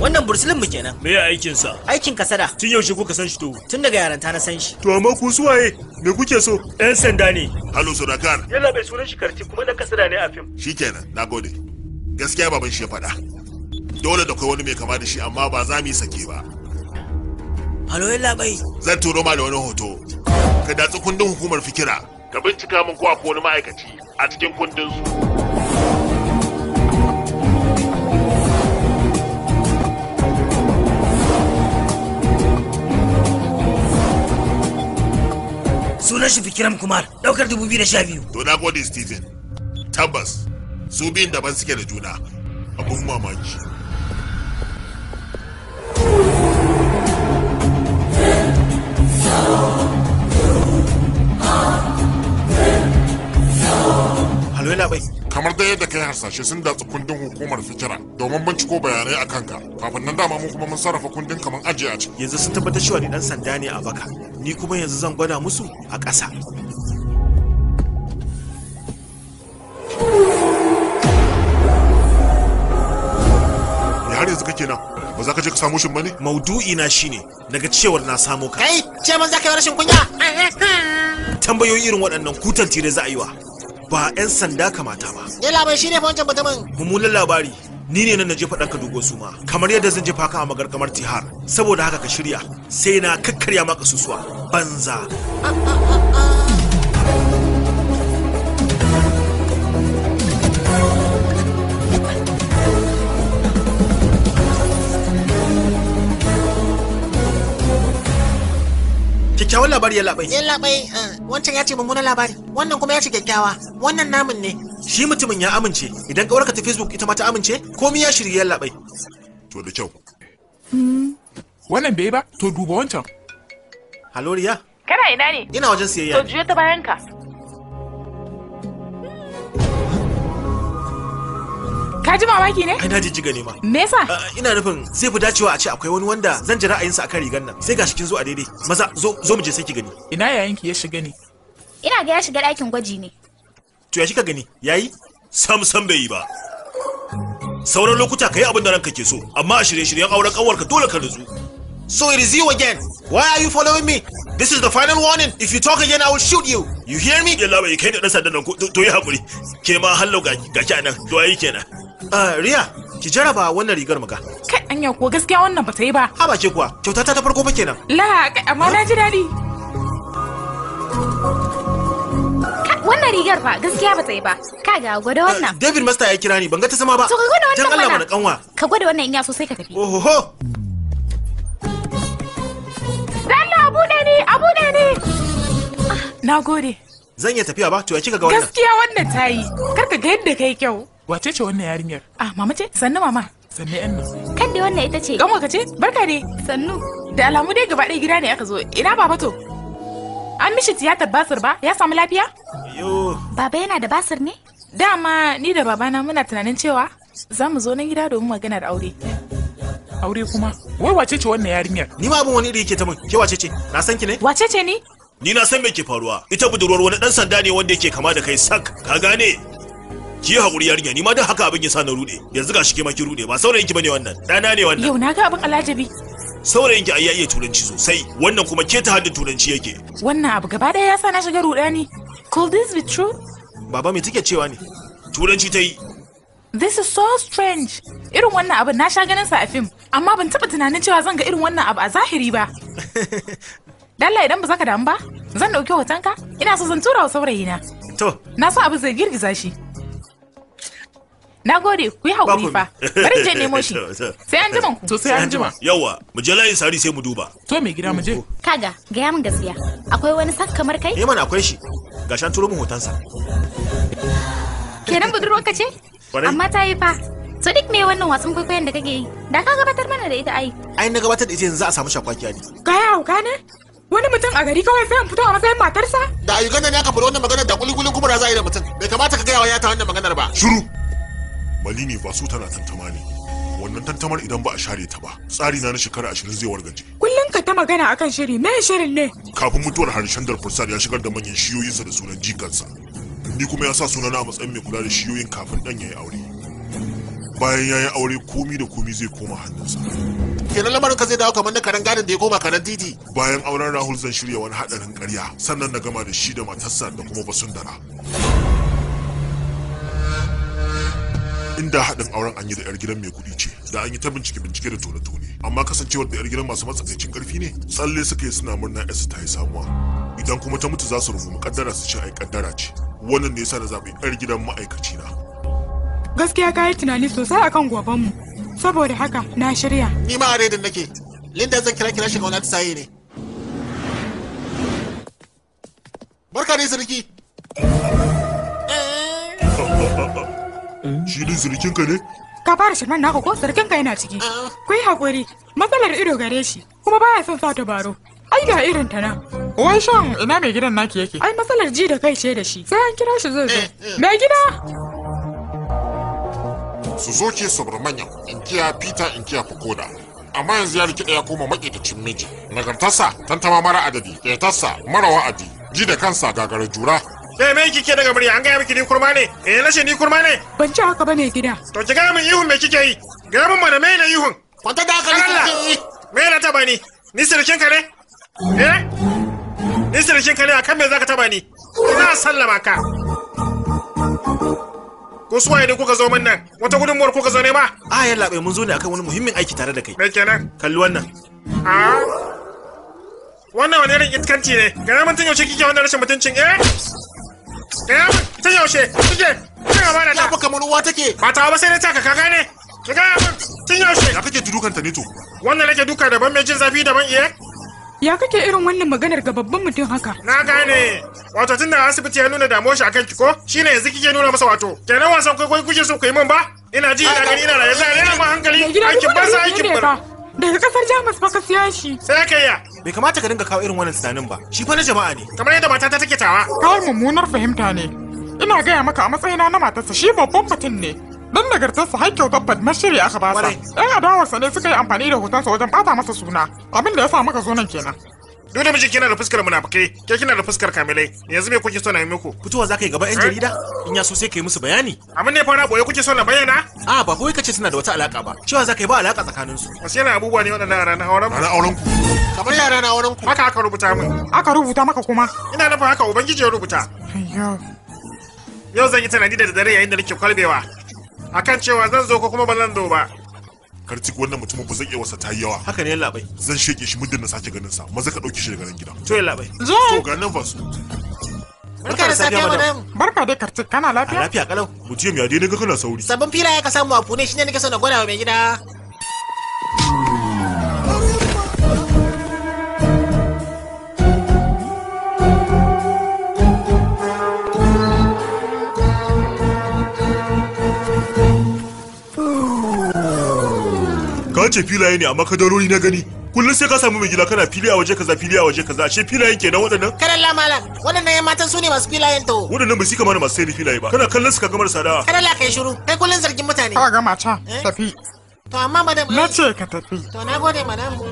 wannan bursulin mu kenan me ya aikin sa aikin kasada tun yaushe kuka san shi to tun daga yaranta na san shi to amma ku waye me kuke so yan sanda ne halo sudakar yalla bai sunan shi karti kuma dan kasada ne a fim shikenan nagode gaskiya baban shi ya faɗa dole da kai wani mai kama da shi amma ba za mu yi sake ba halo yalla bai zan turo ma da wani hoto ka datsi kundin hukumar fikira ka bincika mun ko akwai wani ma'aikaci a cikin kundin su sunan shi fikiram kumar sha 2012 to na gode stephen tabbas su biyun daban suke da juna abun mamaki Oh Alo Bai. Kamar da yadda kai harsashe sun datsi kundin hukumar fikira domin binciko bayanai a kanka. Kafin nan dama mu kuma mun sarrafa kundin kamar ajiye a ciki. Yanzu sun tabbatar cewa ni dan sanda ne a baka. Ni kuma yanzu zan gwada musu a ƙasa. har yanzu kake nan ba za ka je ka samu shin bane maudu'i na shine daga cewar na samo ka kai ce man za ka yi rashin kunya tambayoyi irin waɗannan kutan tire za a yi wa ba 'yan sanda kamata ba ya labai shi ne fa wancan mutumin mummunan labari ni ne nan na jefa ɗanka dogo suma. kamar yadda zan jefa ka a magarkamar tihar saboda haka ka shirya sai na kakkarya maka susuwa banza ah, ah, ah, kyakkyawan labari ya labai. Ya labai eh, wancan ya ce mummunan labari wannan kuma ya ce kyakkyawa wannan namun ne. Shi mutumin ya amince idan kawarka ta Facebook ita ma ta amince komai ya shirya ya labai. To da kyau. Hmm. Wannan bai ba to duba wancan. Haloriya. Kana ina ne? Ina wajen siyayya. To juya ta bayan ka. Ka ji mamaki ne? Ai na jiga ne ma. Me yasa? Ah, ina nufin zai fi dacewa a ce akwai wani wanda zan ji ra'ayinsa akan rigar nan. Sai gashi kin zo a daidai. Maza zo zo mu je sai ki gani. Ina yayin ki ya shiga ne? Ina ga ya shiga ɗakin gwaji ne. To ya shi ka gani? Yayi? Sam sam bai yi ba. Sauran lokuta ka yi abin da ranka ke so, amma a shirye-shiryen auren ƙanwarka dole ka nutsu. So it is you again. Why are you following me? This is the final warning. If you talk again, I will shoot you. You hear me? Yalla bai kai da dan sanda nan ko to yi hakuri. Ke ma hallo ga ki anan. To ayi kenan. Ah, Riya, ki jaraba wannan rigar muka. Kai anya ko gaskiya wannan ba ta yi ba. Haba ce kuwa, kyautata ta farko ba kenan. La, amma na ji daɗi. Wannan rigar ba gaskiya ba ta yi ba. Ka ga gwada ah, wannan. David Master ya kira ni, ban ga ta sama ba. To ka gwada wannan. Dan Allah mana kanwa. Ka gwada wannan in ya so sai ka tafi. Ohoho. Bello abu ne ni, abu ne ni. Ah, na gode. Zan iya tafiya ba, to ya kika ga wannan. Gaskiya wannan ta yi. Kar ka ga yadda kai kyau. wace ce wannan yarinyar ah mama ce sannu mama sannu yan nan kan dai wannan ita ce gamo ka ce barka dai sannu da alamu dai gaba ɗaya gida ne aka zo ina baba to an mishi tiyatar basir ba ya samu lafiya yo baba yana da basir ne dama ni da babana muna tunanin cewa za mu zo nan gida domin maganar aure aure kuma wai wace ce wannan yarinyar ni ma abin wani da yake ta mun ke wace ce na san ki ne wace ce ni ni na san me ke faruwa ita budurwar wani dan sanda ne wanda yake kama da kai sak ka gane ki hakuri yarinya ni ma dan haka abin ya sa na rude yanzu ga shi ke ma ki rude ba saurayin ki bane wannan dana ne wannan yau na ga abin alajabi saurayin ki ayya ya iya turanci sosai wannan kuma ke ta hadin turanci yake wannan abu gaba daya ya sa na shiga ne could this be true baba me take cewa ne turanci ta yi This is so strange. Irin wannan abu na sha ganin sa a fim, amma ban taba tunanin cewa zan ga irin wannan abu a zahiri ba. Dalla idan ba za ka damu ba, zan ɗauki hotonka, ina so zan tura wa saurayina. To. Na san abu zai girgiza shi. Na gode, ku yi haƙuri fa. Bari je nemo shi. Sai an jima ku. To sai an jima. Yawwa, mu je layin sari sai mu duba. To me gida mu je. Kaga, gaya min gaskiya. Akwai wani sak kamar kai? Eh mana akwai shi. Ga shan turo mu hotonsa. Kenan budurwarka ce? Amma ta yi fa. To duk me wannan wasan kwaikwayon da kake yi? Da ka gabatar mana da ita ai. Ai na gabatar da ita yanzu za a samu shakwakiya ne. ya hauka ne? wani mutum a gari kawai sai an fito a matsayin matarsa? Da ayyukan ne aka faɗi wannan maganar da kulikuli kuma da za a yi da mutum. Bai kamata ka gaya wa ta wannan maganar ba. Shiru. malini ba su tana tantama ne wannan tantamar idan ba a share ta ba tsari na na shekara ashirin zai wargaje kullum ka ta magana akan shiri me shirin ne kafin mutuwar harshen dar-fursar ya shigar da manyan shiyoyinsa da sunan jikansa ni kuma ya sa sunana a matsayin mai kula da shiyoyin kafin dan ya yi aure bayan ya yi aure komi da komi zai koma hannunsa kenan lamarin ka zai dawo kamar na karen gadon da ya koma karen titi bayan auren rahul zan shirya wani hadarin karya sannan na gama da shi da matarsa da kuma basundara inda haɗin auren an yi da 'yar gidan mai kuɗi ce da an yi ta bincike bincike da tone tone amma kasancewar da 'yar gidan masu matsakaicin ƙarfi ne tsalle suka yi suna murna su ta yi samuwa idan kuma ta mutu za su rufu muƙaddara su ce ai ƙaddara ce wannan ne yasa na zaɓi 'yar gidan ma'aikaci na. gaskiya ka yi tunani sosai akan gobanmu saboda haka na shirya. ni ma a redin nake linda zan kira kira shiga wani atisaye ne. barka ne sarki. Shirin din ka ne ka fara shirman naka ko ka yana ciki ku yi haƙuri matsalar ido gare shi kuma baya son sa baro. ai ga irin ta nan wai shan ina mai gidan naki yake ai matsalar ji da kai ce da shi sai an kira shi zai zo eh, eh. mai gida Suzuki Subramanian, inkiya Peter inkiya Fukoda, amma yanzu ya rikida ya koma makitacin miji nagartarsa tantama mara adadi ƙetarsa mara wa'adi ji da kansa gagarar jura sai eh, mai kike daga murya an gaya miki ni kurma ne eh na ni kurma ne ban ci haka bane gida to ki ga min ihun me kike yi Ga min mana mai na ihun kwanta da haka kike me na taba ni ni sirkin ka ne eh ni sirkin ka ne akan me zaka taba ni ina sallama ka ko su waye ne kuka zo nan wata gudunmuwar kuka zo ma? a yalla bai mun zo ne akan wani muhimmin aiki tare da kai me kenan kalli wannan Ah? wannan wani irin itkanci ne ga mun tun yaushe kike wannan rashin mutuncin eh Eh, tun yaushe kike cin da. ta. Ba kamar uwa take. Ba ta ba sai na taka ka gane. Ki gaya min tun yaushe. Ya kake dukan ta ne to. Wannan nake duka daban mai jin zafi daban iye. Ya kake irin wannan maganar ga babban mutum haka? Na gane. Wato tunda asibiti ya nuna damuwar shi akan ki ko? Shine yanzu kike nuna masa wato. Kenan wasan kwaikwayo kuke so ku yi min ba? Ina ji ina gani ina raye zai ma hankali. Aikin ba sa aikin ba. daga kasar jamus ba ka siya shi sai ka ya bai kamata ka dinga kawo irin wannan tunanin ba shi fa na jama'a ne kamar yadda matata take tawa kawai mummunar fahimta ne ina gaya maka a matsayina na matarsa shi babban mutum ne dan nagartarsa har kyautar badmar shirya aka basa yan adawarsa ne suka yi amfani da hotonsa wajen bata masa suna abin da ya sa maka zo nan kenan duk da miji kina da fuskar munafukai ke kina da fuskar kamilai yanzu me kuke so na yi muku fitowa zaka yi gaba yan jarida eh? in ya so sai kai musu bayani amma ne fara boye kuke so na bayyana a ah, ba boye kace suna da wata alaka ba cewa zaka yi ba alaka tsakanin su wasu yana abubuwa ne waɗannan a na auren na auren ku kamar yara na auren ku haka aka rubuta min aka rubuta maka kuma ina nufin haka ubangiji ya rubuta yau zan yi tanadi da dare yayin da nake kwalbewa akan cewa zan zo ko kuma ba zan zo ba karcik wannan mutumin ba zai iya wasa ta yi yawa haka ne labai zan sheke shi muddin na sace ganin sa maza ka dauki shi daga nan gida to labai zo to ga nan fasu barka da safiya madam barka dai karcik kana lafiya lafiya kalau mutum ya dai ga kana sauri sabon fira ya ka samu a fune shine nake so na gwada wa mai gida ce filaye ne amma kadarori na gani kullum sai ka samu mai gida kana fili a waje kaza fili a waje kaza ce filayen kenan waɗannan karalla malam waɗannan yan matan su ne masu filayen to waɗannan ba su kamar masu sai filaye ba kana kallon su ka gamar sadawa karalla kai shiru kai kullum zargin mutane ka ga mata eh? tafi to amma madam na ce ka tafi to na gode madam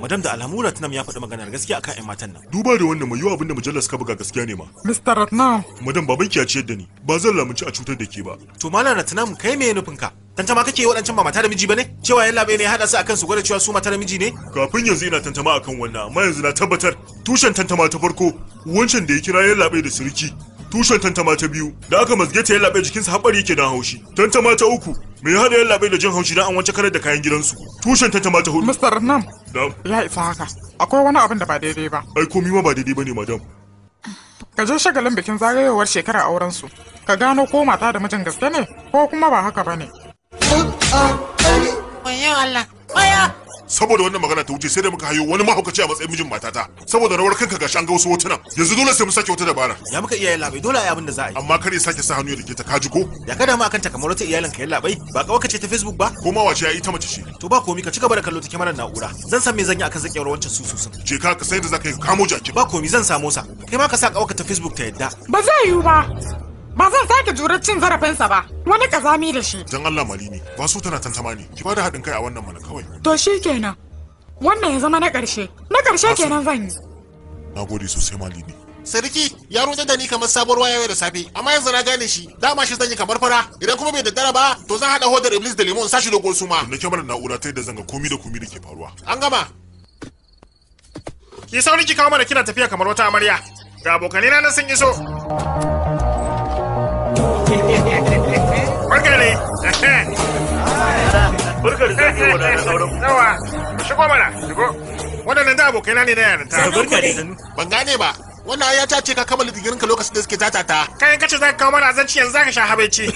madam da alhamu ratnam ya faɗi maganar gaskiya akan ƴan matan nan duba da wannan mai yiwa abinda mujallar suka buga gaskiya ne ma mr ratnam madam baban ki ya ciyar da ni ba zan lamunci a cutar da ke ba to malam ratnam kai me nufin ka tantama kake waɗancan ba mata da miji bane cewa yan labe ne ya haɗa su akan su gwada cewa su mata da miji ne kafin yanzu ina tantama akan wannan amma yanzu na tabbatar tushen tantama ta farko wancan da ya kira yan labe da sirki tushen tantama ta biyu da aka mazge ta yallaɓe jikinsa haɓari yake dan haushi tantama ta uku mai hada yallaɓe da jin haushi dan an wance karar da kayan gidansu tushen tantama ta hudu Mr. Nam ya isa haka akwai wani abin da ba daidai ba ai komi ma ba daidai bane madam ka je shagalin bikin zagayowar shekara auren su ka gano ko mata da mijin gaske ne ko kuma ba haka bane Wayo Allah, saboda wannan magana ta wuce sai da muka hayo wani mahaukaci a matsayin mijin matata saboda rawar kanka ga shan wasu hotuna yanzu dole sai mu sake wata dabara ya muka iyaye labai dole a yi abin da za a yi amma kar ya sake sa hannu ya rike ta kaji ko ya kada mu akan takamar wata iyalin ka labai ba kawai ce ta facebook ba ko ma wace ya ita mace ce to ba komi ka gaba da kallo ta kyamarar na'ura zan san me zan yi akan zakiyar wancan su je ka ka sai da zaka yi kamo jaki ba komi zan samo sa kai ma ka sa kawaka ta facebook ta yadda ba zai yi ba Ba zan sake jure cin zarafinsa ba. Wani kazami da shi. Dan Allah Malini, ba su tana tantama ne. Ki bada haɗin kai a wannan mana kawai. To shi kenan. Wannan ya zama na ƙarshe. Na ƙarshe kenan zan yi. Na gode sosai Malini. Sarki ya rutsa da ni kamar sabuwar waya da safe, amma yanzu na gane shi. Dama shi zan yi kamar fara. Idan kuma bai daddara ba, to zan haɗa hodar Iblis da lemon sashi da suma. Na kyamar na'ura ta yadda zanga komi da komi da ke faruwa. An gama. Ki sauri ki kawo mana kina tafiya kamar wata amarya. Ga abokanina na sun iso. Barka ne. zai yi wa da sauran. shigo mana, shigo. Waɗannan da abokaina ne na yarinta. Barka Ban gane ba. wannan ya ta ce ka kammala digirinka lokacin da suke tata ta kai kace zaka kawo mana azanci yanzu zaka sha habaici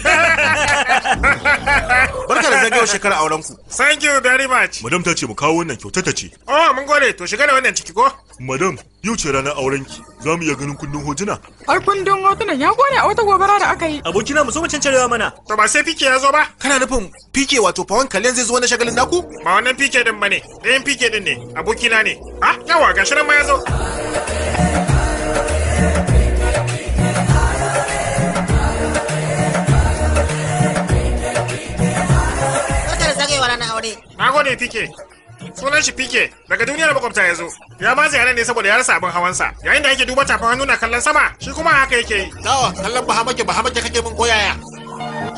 barka da zagayowar shekarar auren ku thank you very much madam ta ce mu kawo wannan kyauta ta ce oh mun gode to shiga da wannan ciki ko madam yau ce ranar aurenki za mu iya ganin kundin hotuna ai kundin hotunan ya gone a wata gobara da aka yi abokina mu so mu cancarewa mana to ba sai fike ya zo ba kana nufin fike wato fawon kallen zai zo wani shagalin naku ba wannan fike din bane ɗayan fike din ne abokina ne A, yawa gashi nan ma ya zo Na gode fike. sunan shi pike daga duniyar makwabta ya zo ya ba zai ne saboda ya rasa abin hawansa yayin da yake duba tafin hannu na kallon sama shi kuma haka yake yi dawa kallon bahamake bahamake kake min koyaya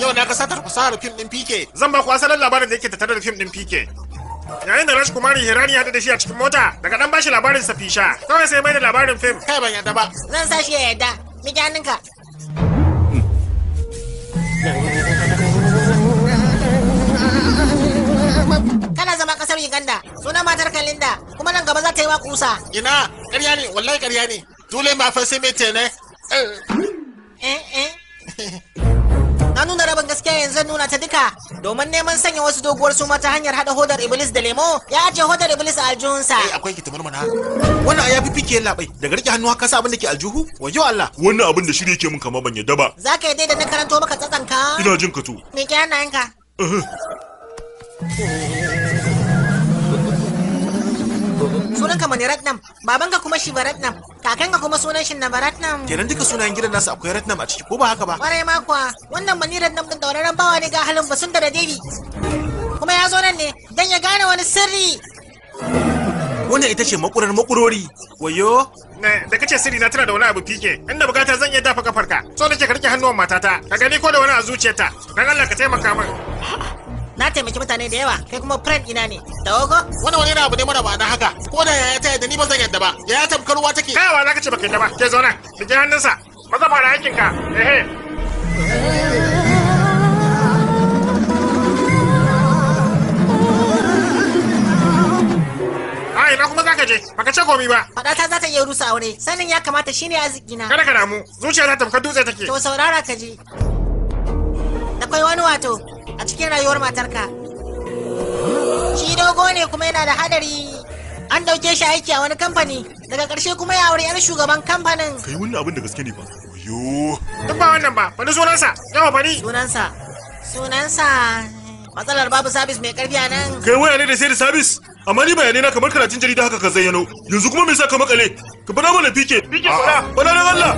yau na ka satar da fim din pike zan ba ku asalin labarin da yake tattare da fim din pike yayin da Rash Kumari Hirani ya da shi a cikin mota daga dan bashi labarin sa fisha kawai sai mai da labarin fim kai ban yadda ba zan sa shi ya yadda mi zama kasar Uganda sunan matar Kalinda kuma nan gaba za ta yi wa kusa. Ina ƙarya ne wallahi ƙarya ne dole ma fa sai mece ne. Eh eh. Na nuna rabin gaskiya yanzu nuna ta duka domin neman sanya wasu doguwar suma ta hanyar hada hodar iblis da lemo ya ajiye hodar iblis a aljihunsa. Eh akwai kitamar mana. Wannan ya fi fike labai daga rike hannu haka sa abin da ke aljihu waje Allah. Wannan abin da shirye ke min kama ban yadda ba. Za ka yi da na karanto maka tsatsanka. Ina jin ka to. Me ke hannayenka? Uh -huh. sunanka baban babanka kuma kakan kakanka kuma sunan shi Navaratnam. Kenan duka sunayen gidan nasu akwai Ratnam a ciki ko ba haka ba? Kwarai ma kuwa, wannan Maniratnam din dauraren bawa ne ga halin Basunda da Devi. Kuma ya zo nan ne don ya gane wani sirri. Wannan ita ce makurar makurori. Wayo, da kace sirri na tana da wani abu fike inda bukata zan iya dafa kafarka so nake ka rike hannuwan matata ka gani ko da wani a zuciyarta dan Allah ka taimaka min na taimaki mutane da yawa kai kuma friend ina ne da wannan wani abu ne mara ba na haka ko da ya ta yadda ni ba zan yadda ba ya tamkar ruwa take kawa zaka ce baka yadda ba ke zauna ki hannunsa maza fara aikinka ehe ina kuma zaka je baka ce komi ba fada ta za ta iya rusa aure sanin ya kamata shine arziki na kada ka damu zuciya za ta tamkar dutse take to saurara ka ji da kai wani wato a cikin rayuwar matarka shi dogo ne kuma yana da hadari an dauke shi aiki a wani kamfani daga karshe kuma ya aure yar shugaban kamfanin kai wannan abin da gaske ne ba yo duk ba wannan ba Fani sunansa yawa fani. sunansa sunansa matsalar babu sabis mai karfi a nan kai waya ne da sai da sabis amma ni bayanai na kamar karatun jarida haka ka zayyano yanzu kuma me yasa ka makale ka bada mana fike fike fara bada da Allah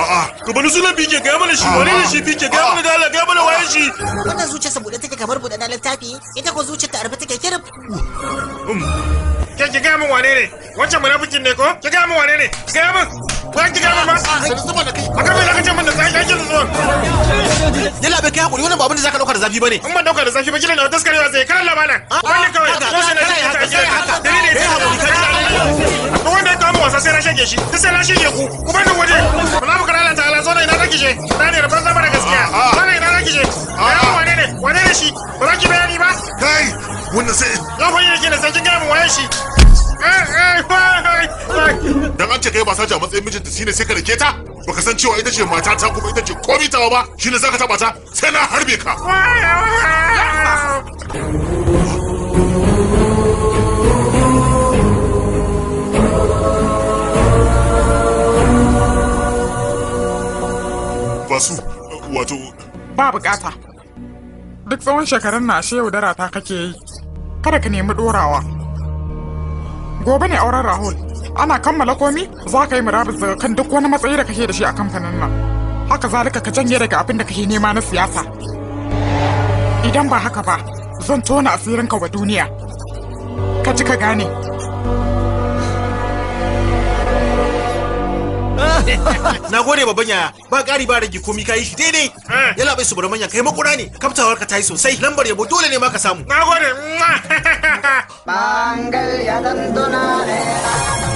a'a ka bada sunan fike ga mana shi wani ne shi fike ga mana dala ga mana waye shi wannan zuciya saboda take kamar buɗe na littafi ita ko zuciya ta arba take kirif um. ke ki ga mun wane ne wancan munafikin ne ko ki ga mun wane ne ga mun Wai ki gama ma? Sai zuma da kai. ce min da sai yake zuwa? Yalla bai kai hakuri wannan babun da zaka dauka da zafi bane. In ban dauka da zafi ba gidan da taskarewa sai kana labalan. Ah, wannan kawai. Ko sai na ji haka sai haka. Dare ne sai hakuri kai. Ko wanda ya kama wasa sai na shege shi. Sai na shege ku. Ku bani waje. Mulamu karala ta ala zona ina kake je. Na ne da ban zama da gaskiya. Ah, ah. Zona ina kake je. Ai wane ne? Wane ne shi? Ba za ki bayani ba? Kai. Wannan sai. Na fahimci ne sai kin ga mu waye shi. Dan an ce kai ba sace a matsayin mijinta shine sai ka rake ta? Baka san cewa ita ce mata ta kuma ita ce komai tawa ba shine zaka taba ta sai na harbe ka. Basu wato ba bukata. Duk tsawon shekarun na ashe yaudara ta kake yi. Kada ka nemi dorawa. gobe ne auren rahul ana kammala komi za ka yi murabus daga kan duk wani matsayi da kake da shi a kamfanin nan haka zalika ka janye daga abin da kake nema na siyasa idan ba haka ba zan tona asirinka wa duniya ka ci ka gane na gode babban yaya ba ƙari ba rage komi kayi shi daidai eh. yala bai manyan kai makura ne kaftawar ka ta yi sosai lambar yabo dole ne ma ka samu na gode bangal ya dandona eh.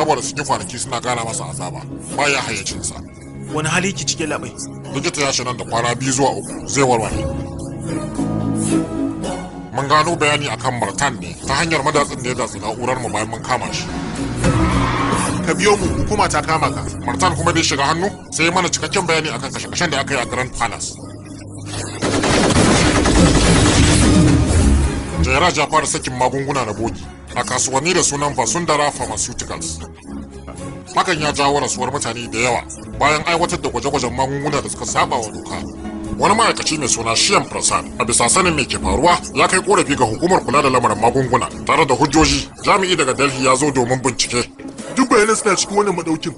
saboda cikin kwanaki suna gana masa azaba ba baya hayyacinsa wani hali ki cike labai likita ya shi nan da kwana biyu zuwa uku zai warware mun gano bayani akan martan ne ta hanyar madatsin da ya datsi na'urar mu bayan mun kama shi ka biyo mu hukuma ta kama ka martan kuma dai shiga hannu sai mana cikakken bayani akan kashe-kashen da aka yi a grand palace jera ya fara sakin magunguna na bogi a kasuwanni da sunan Vasundara Pharmaceuticals. Hakan ya jawo rasuwar mutane da yawa bayan aiwatar da gwaje-gwajen magunguna da suka saba wa doka. Wani ma'aikaci mai suna Shiyan Prasad a bisa sanin mai ke faruwa ya kai korafi ga hukumar kula da lamarin magunguna tare da hujjoji jami'i daga Delhi ya zo domin bincike. Duk bayanan suna cikin wannan madaukin.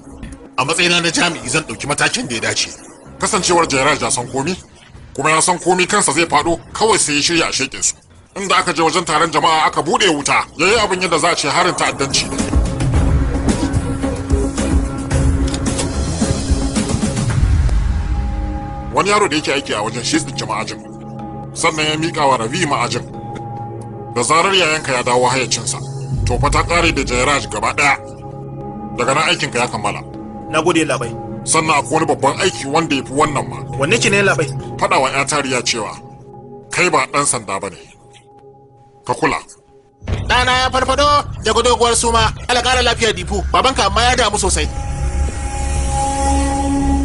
A matsayina na jami'i zan ɗauki matakin da ya dace. Kasancewar Jairaj ya san komi kuma ya san komi kansa zai faɗo kawai sai ya shirya a su inda aka je wajen taron jama'a aka bude wuta yayi abin yadda za a ce harin ta'addanci ne wani yaro da yake aiki a wajen shi jama'a ma'ajin, sannan ya miƙa wa ravi ma'ajin da zarar yayanka ya dawo hayyacinsa, to fa ta ƙare da jairaj gaba ɗaya daga nan aikinka ya kammala na gode labai sannan akwai wani babban aiki wanda ya fi wannan ma wanne ki ne labai faɗa wa 'ya tariya cewa kai ba ɗan sanda ba ne ka kula ɗana ya farfado daga doguwar suma ala ƙara lafiyar difu babanka amma ya damu sosai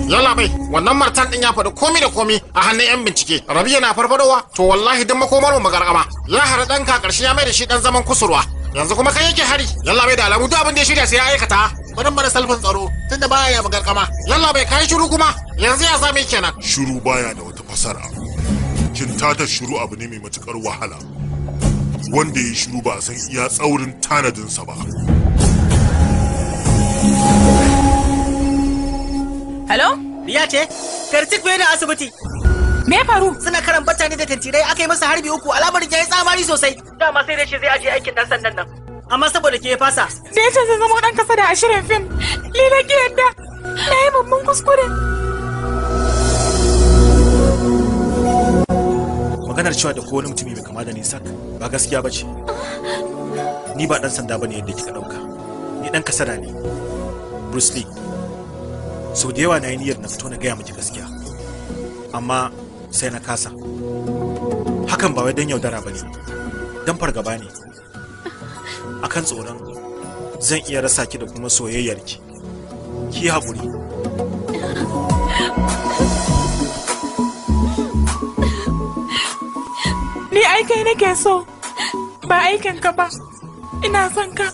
yalla bai wannan martan din ya faɗi komi da komi a hannun yan bincike rabi yana farfadowa to wallahi dan makomar mu magargama ya hara ɗanka ƙarshe ya mai da shi ɗan zaman kusurwa yanzu kuma kai yake hari yalla bai da alamu duk abin da ya shirya sai ya aikata bari mana salfin tsaro tunda baya ya magargama yalla bai kai shiru kuma yanzu ya sami kenan shiru baya da wata fasara kinta tata shiru abu ne mai matukar wahala wanda ya shiru ba san iya tsaurin tanadinsa ba Hello? Riya ce? Kartik bai da asibiti. Me ya faru? Suna karan ne da tantirai aka yi masa harbi uku alamar ya yi tsamari sosai. Dama sai da shi zai ajiye aikin ɗan sandan nan. Amma saboda ke fasa. Da ya zama ɗan kasa da ashirin fim. Lila ki yadda. Na yi mummun kuskure. maganar cewa da kowane mutumi mai kama da ni ba gaskiya ba ce ni ba dan sanda ba ne yadda kika dauka ni dan kasara ne Bruce Lee sau da yawa na yi niyyar na fito na gaya miki gaskiya amma sai na kasa hakan ba wai dan yaudara ba ne. dan fargaba ne akan tsoron zan iya rasa ki da kuma soyayyar ki haƙuri aikai nake so ba aikin ka ba ina son ka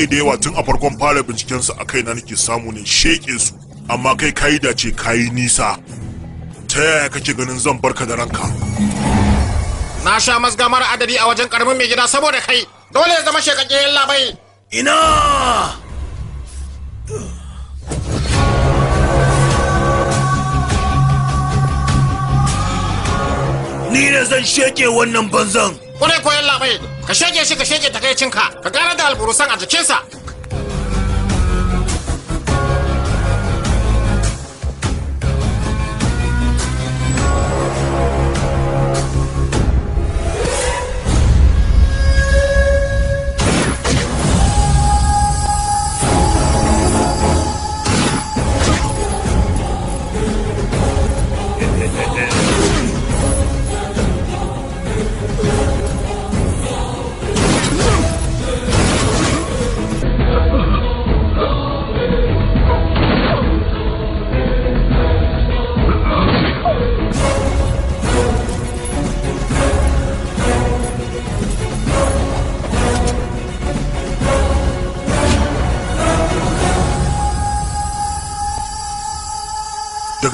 yi da yawa tun a farkon fara binciken sa akai na nake samu ne sheke su amma kai kayi dace kayi nisa ta yaya kake ganin zan barka da ranka na sha masga mara adadi a wajen karamin mai gida saboda kai dole ya zama shekakiyar labai ina ni ne zan sheke wannan banzan kwarai koyon labai ka shege shi ka shege takaicinka ka gara da alburusan a jikinsa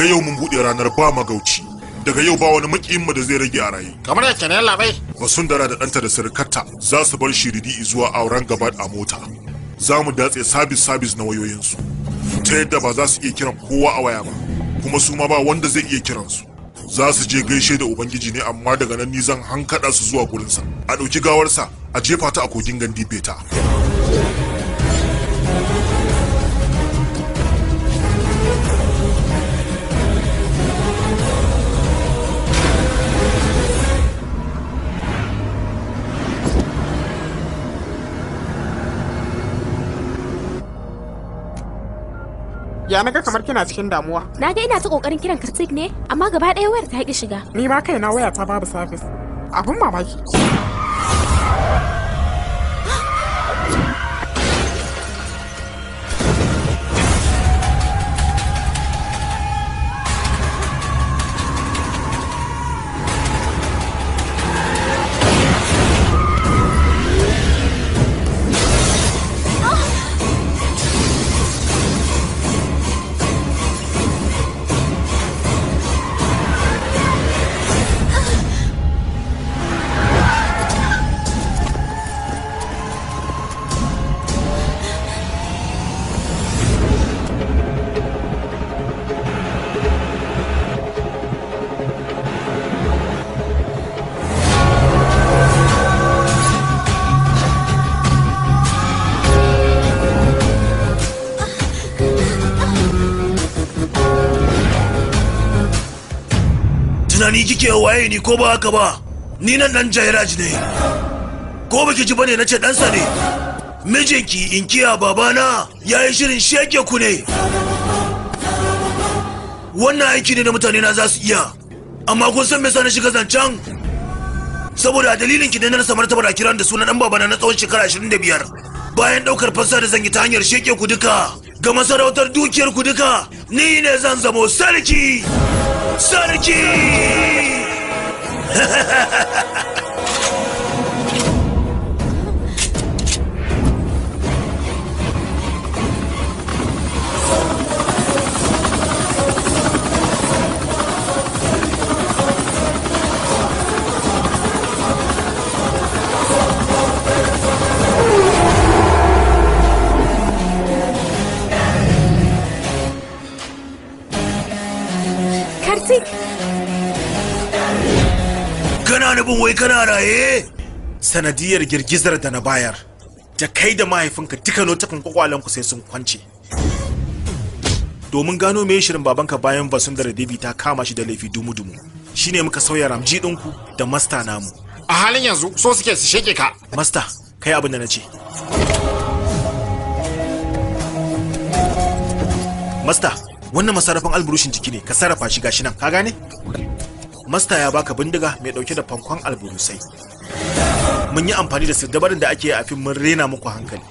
daga yau mun buɗe ranar ba magauci daga yau ba wani makiyin mu da zai rage a raye kamar da kenan labai dara da ɗanta da sirkarta za su bar shiridi zuwa auren gaba a mota za mu datse sabis sabis na wayoyinsu ta yadda ba za su iya kiran kowa a waya ba kuma su ma ba wanda zai iya kiransu za su je gaishe da ubangiji ne amma daga nan ni zan hankada su zuwa gurinsa a ɗauki gawarsa a jefa ta a kogin gandi beta Ya naga kamar kina cikin damuwa. Na ga ina ta kokarin kiran ka ne, amma gaba ɗaya wayar ta ki shiga. Ni ma kaina waya ta babu sabis. Abun mamaki. kike waye ni ko ba haka ba ni nan dan jairaj ne ko baki ji bane nace ɗansa ne mijinki inkiya babana ya yi shirin sheke ku ne wannan aiki ne da mutane na za su iya amma kun san me sa na shiga zancen saboda dalilin ki ne na samar tabar kiran da sunan dan babana na tsawon shekara 25 bayan daukar fasa da zangi ta hanyar sheke ku duka ga masarautar dukiyar ku duka ni ne zan zamo sarki Strategy! kana nufin wai kana raye sanadiyar girgizar da na bayar da kai da mahaifinka duka notukan kwakwalenku sai sun kwance domin gano me shirin babanka bayan basun da devi ta kama shi da laifi dumu-dumu shine muka sauya ramji ɗinku da masta namu a halin yanzu so suke su sheke ka masta kai abin da na ce masta wannan masarafin alburushin jiki ne ka sarrafa shi gashi nan ka gane masta ya baka bindiga mai dauke da fankon alburusai mun yi amfani da sirdabarin da ake a fim mun rena muku hankali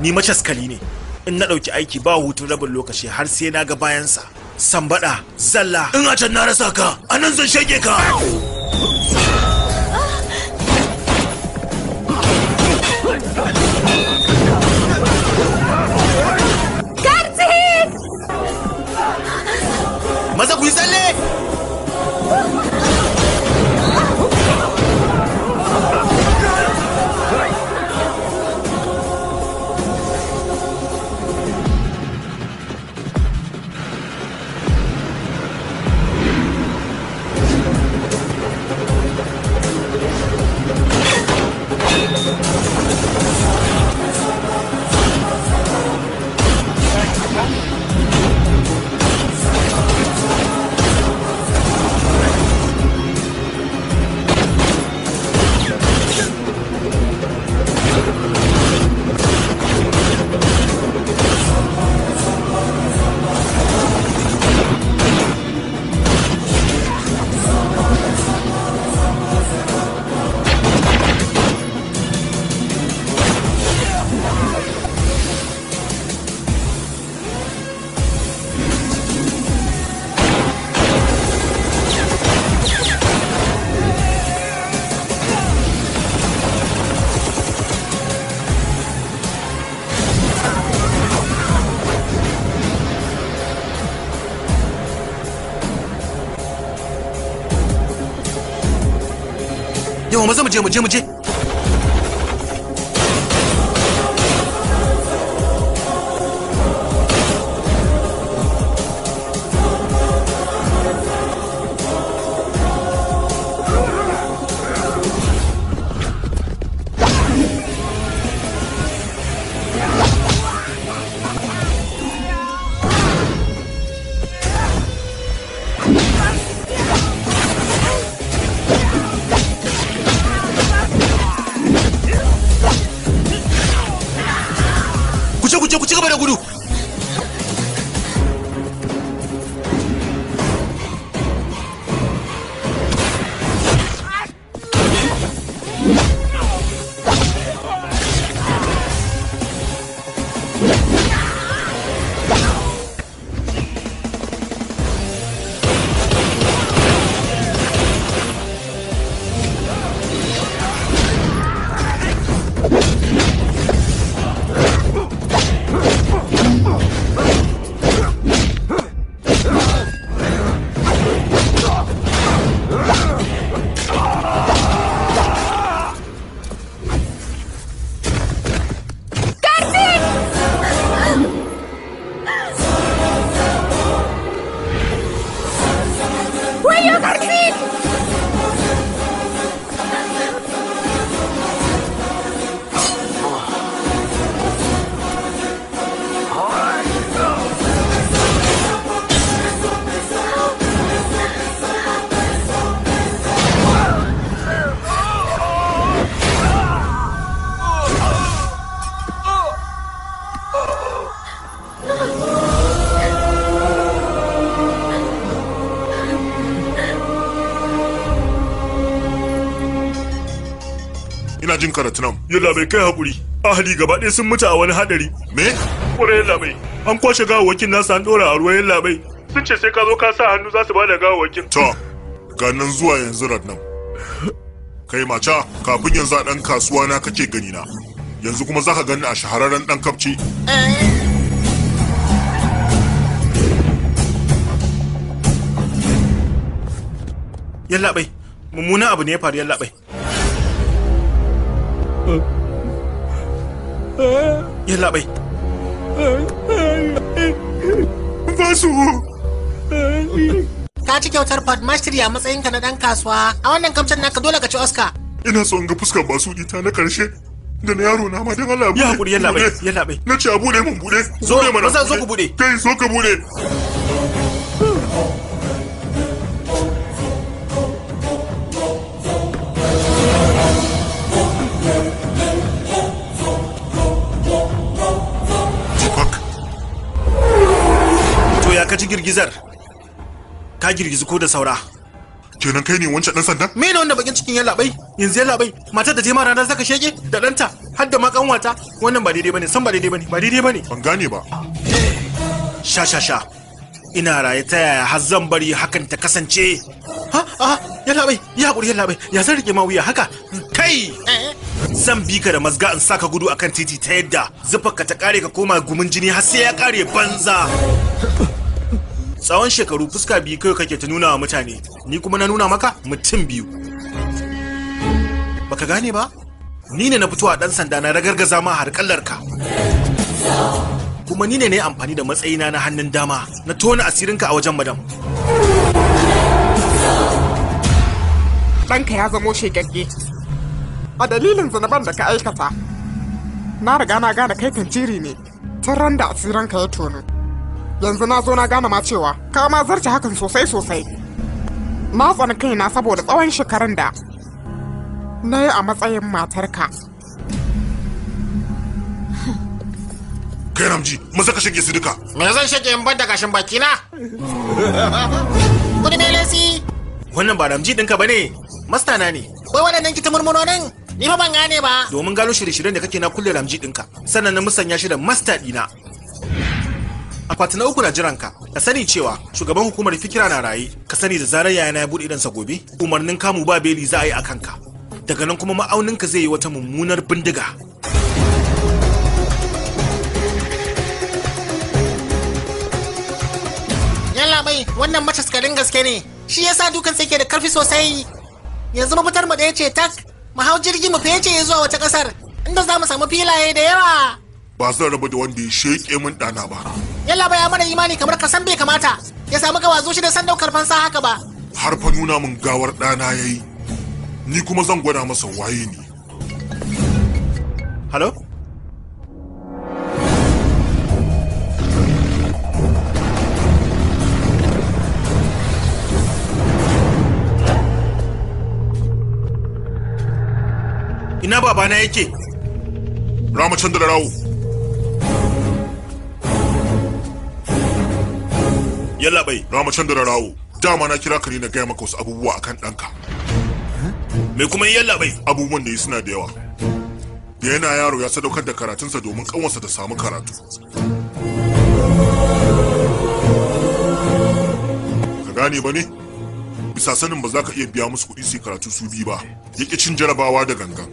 ni macaskali ne in na dauki aiki ba hutun rabin lokaci har sai na ga bayansa sambada zalla in a can na rasa ka anan zan shege ka 这么近，怎么接？怎么近？jin nan. Yalla bai kai hakuri. Ahli gaba ɗaya sun mutu a wani hadari. Me? Kure yalla bai. An kwashe gawawwakin nasa an ɗora a ruwa yalla bai. Sun ce sai ka zo ka sa hannu za su bada gawawwakin. To, ganin zuwa yanzu nan. Kai maca, kafin yanzu a ɗan kasuwa na kake gani na. Yanzu kuma za ka gani a shahararren ɗan kafci. Yalla bai, mummunan abu ne ya faru yalla bai. yalla bai fasu ka ci kyautar podmastery a matsayinka na dan kasuwa a wannan kamcin naka dole ka ci oscar ina son ga fuskar basu ita na karshe da na yaro na ma dan Allah ya hakuri yalla bai yalla bai na ci abu ne mun bude zo mana zo ku bude kai zo ka bude girgizar ka girgizi ko da saura kenan kai ne wancan dan sandan me ne wanda bakin cikin ya labai yanzu ya labai matar da je ma ranar zaka sheke da danta har da ma kanwata wannan ba daidai bane san ba daidai bane ba daidai bane ban gane ba sha sha sha ina raye ta yaya har zan bari hakan ta kasance ha ha ya labai ya hakuri ya labai ya san rike ma wuya haka kai zan bi ka da mazga in saka gudu akan titi ta yadda zufarka ta kare ka koma gumin jini har sai ya kare banza tsawon shekaru fuska biyu kai kake ta nuna wa mutane ni kuma na nuna maka mutum biyu baka gane ba ni ne na fito a dan sanda na ragargaza ma har ka kuma ni ne na yi amfani da matsayina na hannun dama na tona asirinka a wajen madam ɗanka ya zamo shegagge a dalilin zanaban da ka aikata na riga na gane kai kan jiri ne tun ran da asiranka ya tono yanzu na zo na gane ma cewa ka ma zarce hakan sosai sosai na tsani kaina saboda tsawon shekarun da na yi a matsayin matarka kai ramji maza ka shige su duka me zan shige in bar da gashin baki na kudi ne lesi wannan ba ramji ɗinka ba ne masta na ne wai waɗannan kita murmuro nan ni fa ban gane ba domin gano shirye-shiryen da kake na kulle ramji ɗinka sannan na musanya shi da masta ɗina akwati na uku na jiran ka sani cewa shugaban hukumar fikira na raye ka sani da zarar yayana ya bude idansa gobe umarnin kamu ba beli za a yi a kanka daga nan kuma ma'aunin ka zai yi wata mummunar bindiga yalla bai wannan mataskarin gaske ne shi yasa dukan sai ke da karfi sosai yanzu mafitar mu ɗaya ce tak mu hau jirgi mu fece ya zuwa wata kasar inda za mu samu filaye da yawa ba zan raba da wanda ya sheƙe min ɗana ba yalla ya mana imani kamar ka san bai kamata ya samu wazo shi da san daukar fansa haka ba har fa nuna min gawar ɗana yayi ni kuma zan gwada masa waye ne ina babana yake ramacin da rawu. yalla bai na da rawo dama na kira ka ne na gaya maka wasu abubuwa akan ɗanka me kuma yalla bai abubuwan da yi suna da yawa da yana yaro ya sadaukar da karatunsa domin kanwarsa ta samu karatu ka gane ba ne bisa sanin ba za ka iya biya musu kuɗi su karatu su bi ba ya cin jarabawa da gangan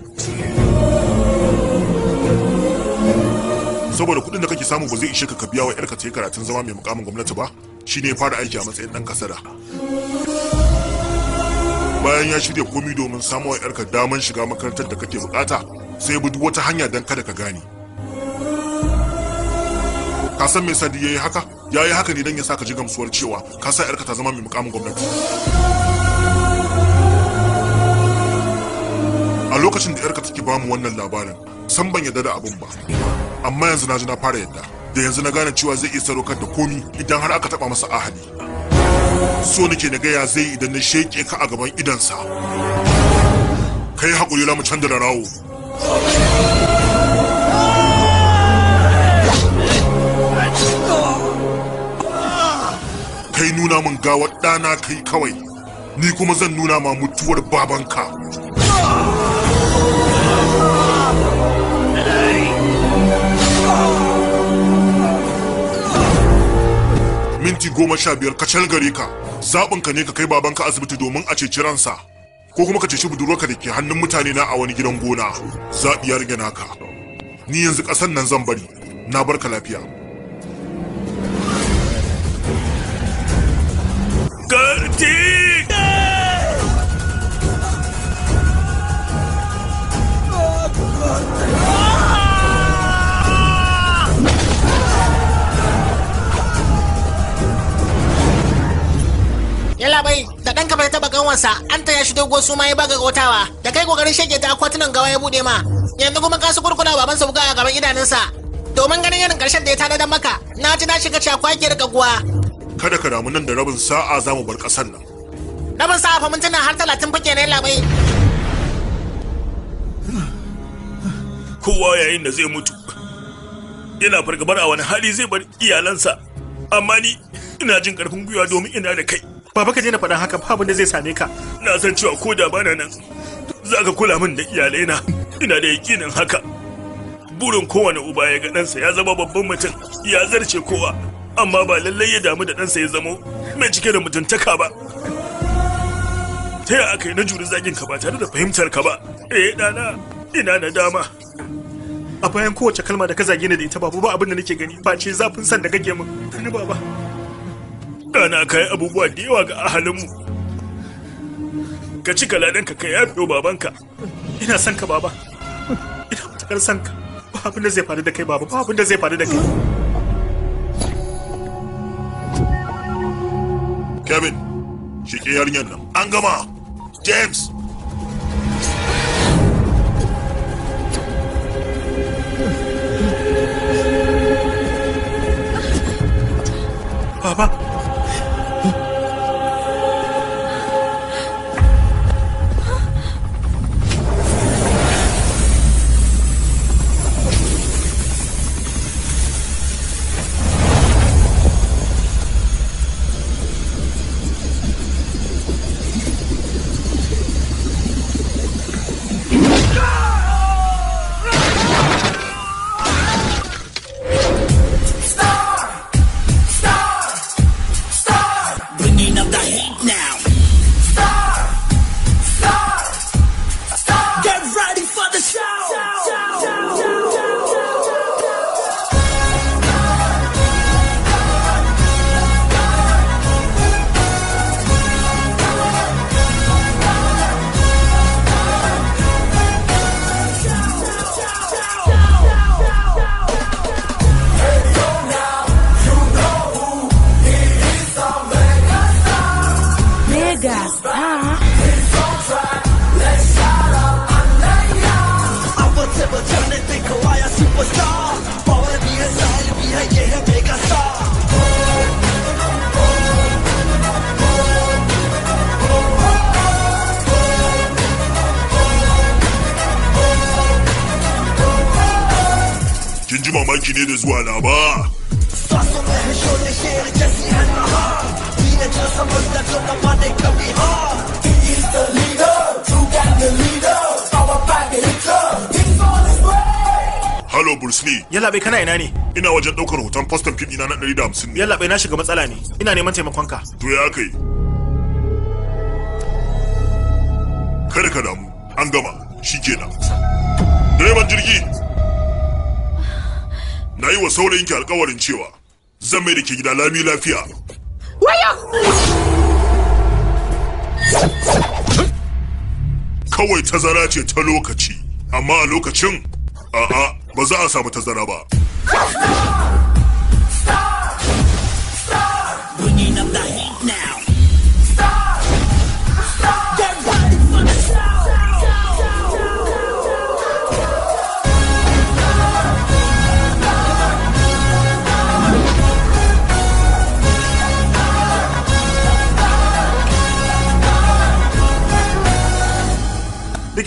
saboda kuɗin da kake samu ba zai ishe ka ka biya wa 'yarka ta yi karatun zama mai mukamin gwamnati ba shine ya fara aiki a matsayin ɗan kasada bayan ya shirya komi domin samun wa yarka damar shiga makarantar da kake bukata sai bi wata hanya dan kada ka gane ka san me sadi yayi haka yayi haka ne don ya saka ji gamsuwar cewa ka sa yarka ta zama mai mukamin gwamnati a lokacin da yarka take bamu wannan labarin san ban yadda da abun ba amma yanzu na ji na fara yadda da yanzu na gane cewa zai iya sadaukar da komi idan har aka taba masa ahali so nake na gaya zai idan na sheke ka a gaban idansa kai hakuri lamu canza da rawo kai nuna min gawar ɗana kai kawai ni kuma zan nuna ma mutuwar babanka minti goma sha biyar ka gare ka zaɓin ka ne ka kai babanka asibiti domin a ceci ransa ko kuma ka ceci budurwarka da ke hannun mutane na a wani gidan gona zaɓi ya rage naka ni yanzu ƙasan nan zan bari na bar ka lafiya Gertie! yalla bai da dan kamar taba kanwansa an taya shi dogo su ma ya baga gotawa da kai kokarin shege ta akwatunan gawa ya bude ma yanzu kuma kasu kurkuna baban sa buga a gaban idanunsa domin ganin irin karshen da ya tada maka na ji na shiga cewa ke da guwa kada ka damu nan da rabin sa'a zamu bar kasar nan rabin sa'a fa mintuna har talatin fa ne yalla bai kowa yayin da zai mutu yana fargabar a wani hali zai bar iyalansa amma ni ina jin karfin gwiwa domin ina da kai baba ka je na faɗan haka babu da zai same ka na san cewa ko da bana nan za ka kula min da iyalaina ina da yakinin haka burin kowane uba ya ga ɗansa ya zama babban mutum ya zarce kowa amma ba lallai ya damu da ɗansa ya zamo mai cike da mutuntaka ba ta yaya aka yi na juri zagin ka ba tare da fahimtar ka ba eh ɗana ina na dama a bayan kowace kalma da ka zage ni da ita babu ba abin da nake gani face zafin san da kake min ni baba dana ka yi abubuwa da yawa ga ahalinmu ka ci galadanka ka ya wa babanka ina son ka baba ina mutakar son ka ba abin da zai faru da kai baba ba abin da zai faru da kai kevin shi ke yarinyar nan an gama james Baba, ina ne ina wajen daukar hoton fostan fim ina na 150 ne yalla bai na shiga matsala ne ina neman taimakon ka to ya kai kada ka damu an gama shikenan direban jirgi na yi wa saurayinki alkawarin cewa zan mai da ke gida lami lafiya waya kawai tazara ce ta lokaci amma a lokacin a'a ba za a samu tazara ba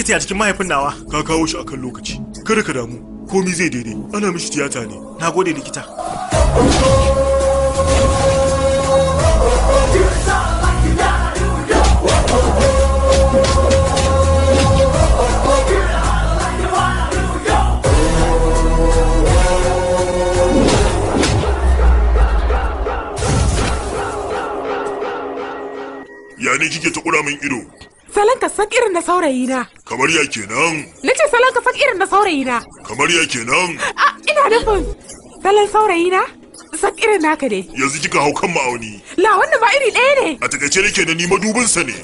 sai a cikin mahaifin nawa ka kawo shi akan lokaci kada ka damu komi zai daidai ana mishi tiyata ne na gode likita Ya ne kike ta kura min ido? salon ka sak irin na saurayi na kamar ya kenan ce salon ka sak irin na saurayi na kamar ya kenan a ina nufin salon saurayi na sak irin naka ne yanzu kika hau kan ma'auni la wannan ba iri ɗaya ne a takaice nake da ni madubinsa ne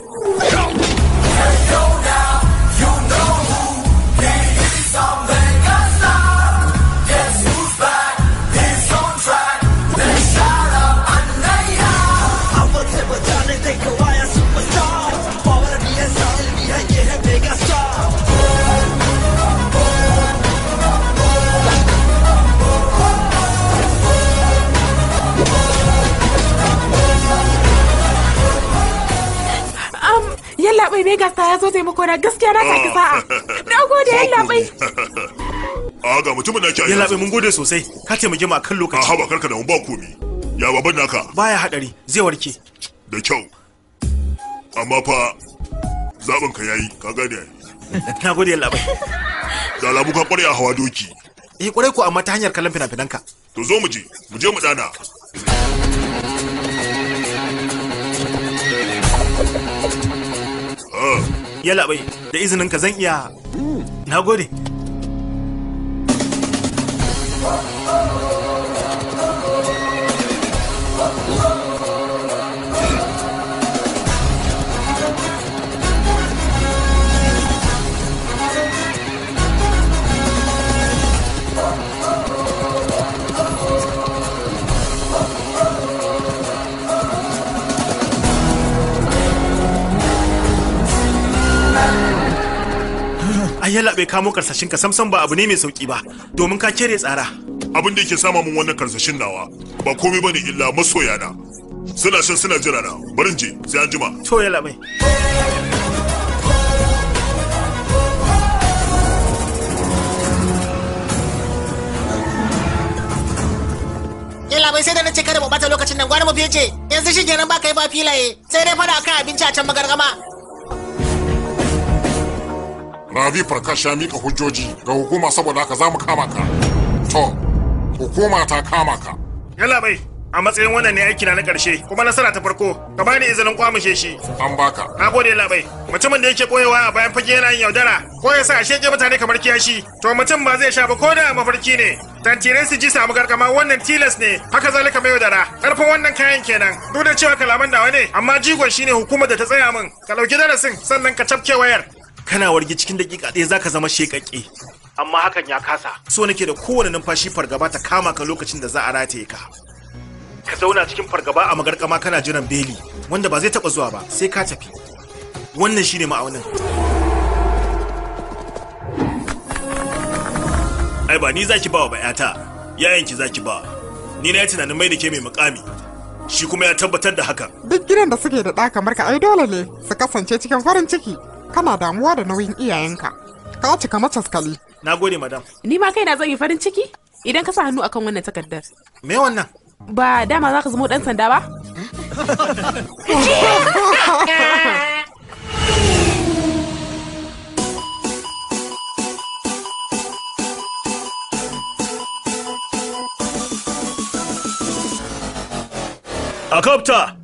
Legas ta yazo taimako na gaskiya na saki sa'a. Ah. Na gode ya labai. A ga mutumin na kiyaye. Ya labai mun gode sosai. Ka ce mu a kan lokaci. A haba karka da mun ba komi. Ya baban naka. Baya hadari zai warke. Da kyau. Amma fa zaben ka yayi ka gane. Na gode ya labai. Da labu ka kware a hawa doki. Eh kwarai ko amma ta hanyar kallon fina-finanka. To zo mu je, mu je mu dana. yala da izinin ka zan iya hmm. na gode ai yalla bai kamo karsashin ka samsam ba abu ne mai sauki ba domin ka kere tsara abin da yake sama min wannan karsashin nawa ba komai bane illa masoya na suna shan suna jira na barin je sai an jima to yalla bai yalla bai sai da na ce kada mu bata lokacin nan gwani mu fice yanzu shi kenan ba kai ba filaye sai dai fada akan abinci a can magargama rabi prakash ya mika hujjoji ga hukuma saboda haka za kama ka to hukuma ta kama ka yalla bai a matsayin wannan ne aiki na na karshe. kuma nasara ta farko ka bani izinin kwamishe shi an baka na gode labai mutumin da yake koyewa a bayan fage yana yin yaudara ko ya sa shege mutane kamar kiyashi to mutum ba zai sha ba ko da mafarki ne tantirai su ji samu garkama wannan tilas ne haka zalika mai yaudara karfin wannan kayan kenan duk da cewa kalaman dawa ne amma jigon shine hukumar da ta tsaya min ka ɗauki darasin sannan ka cafke wayar kana warge cikin dakika ɗaya zaka zama shekakke amma hakan ya kasa so nake da kowane numfashi fargaba ta kama ka lokacin da za a rataye ka ka zauna cikin fargaba a magarkama kana jiran beli wanda ba zai taba zuwa ba sai ka tafi wannan shine ma'aunin ai ba ni zaki bawa ba yata ki zaki ba ni na yi tunanin mai da ke mai mukami shi kuma ya tabbatar da haka duk gidan da suke da ɗa kamar ka ai dole ne su kasance cikin farin ciki kana damuwa da nauyin iyayenka ka cika mataskali na gode madam ni ma kaina zan yi farin ciki idan ka sa hannu akan wannan takardar me wannan ba dama za ka zama dan sanda ba A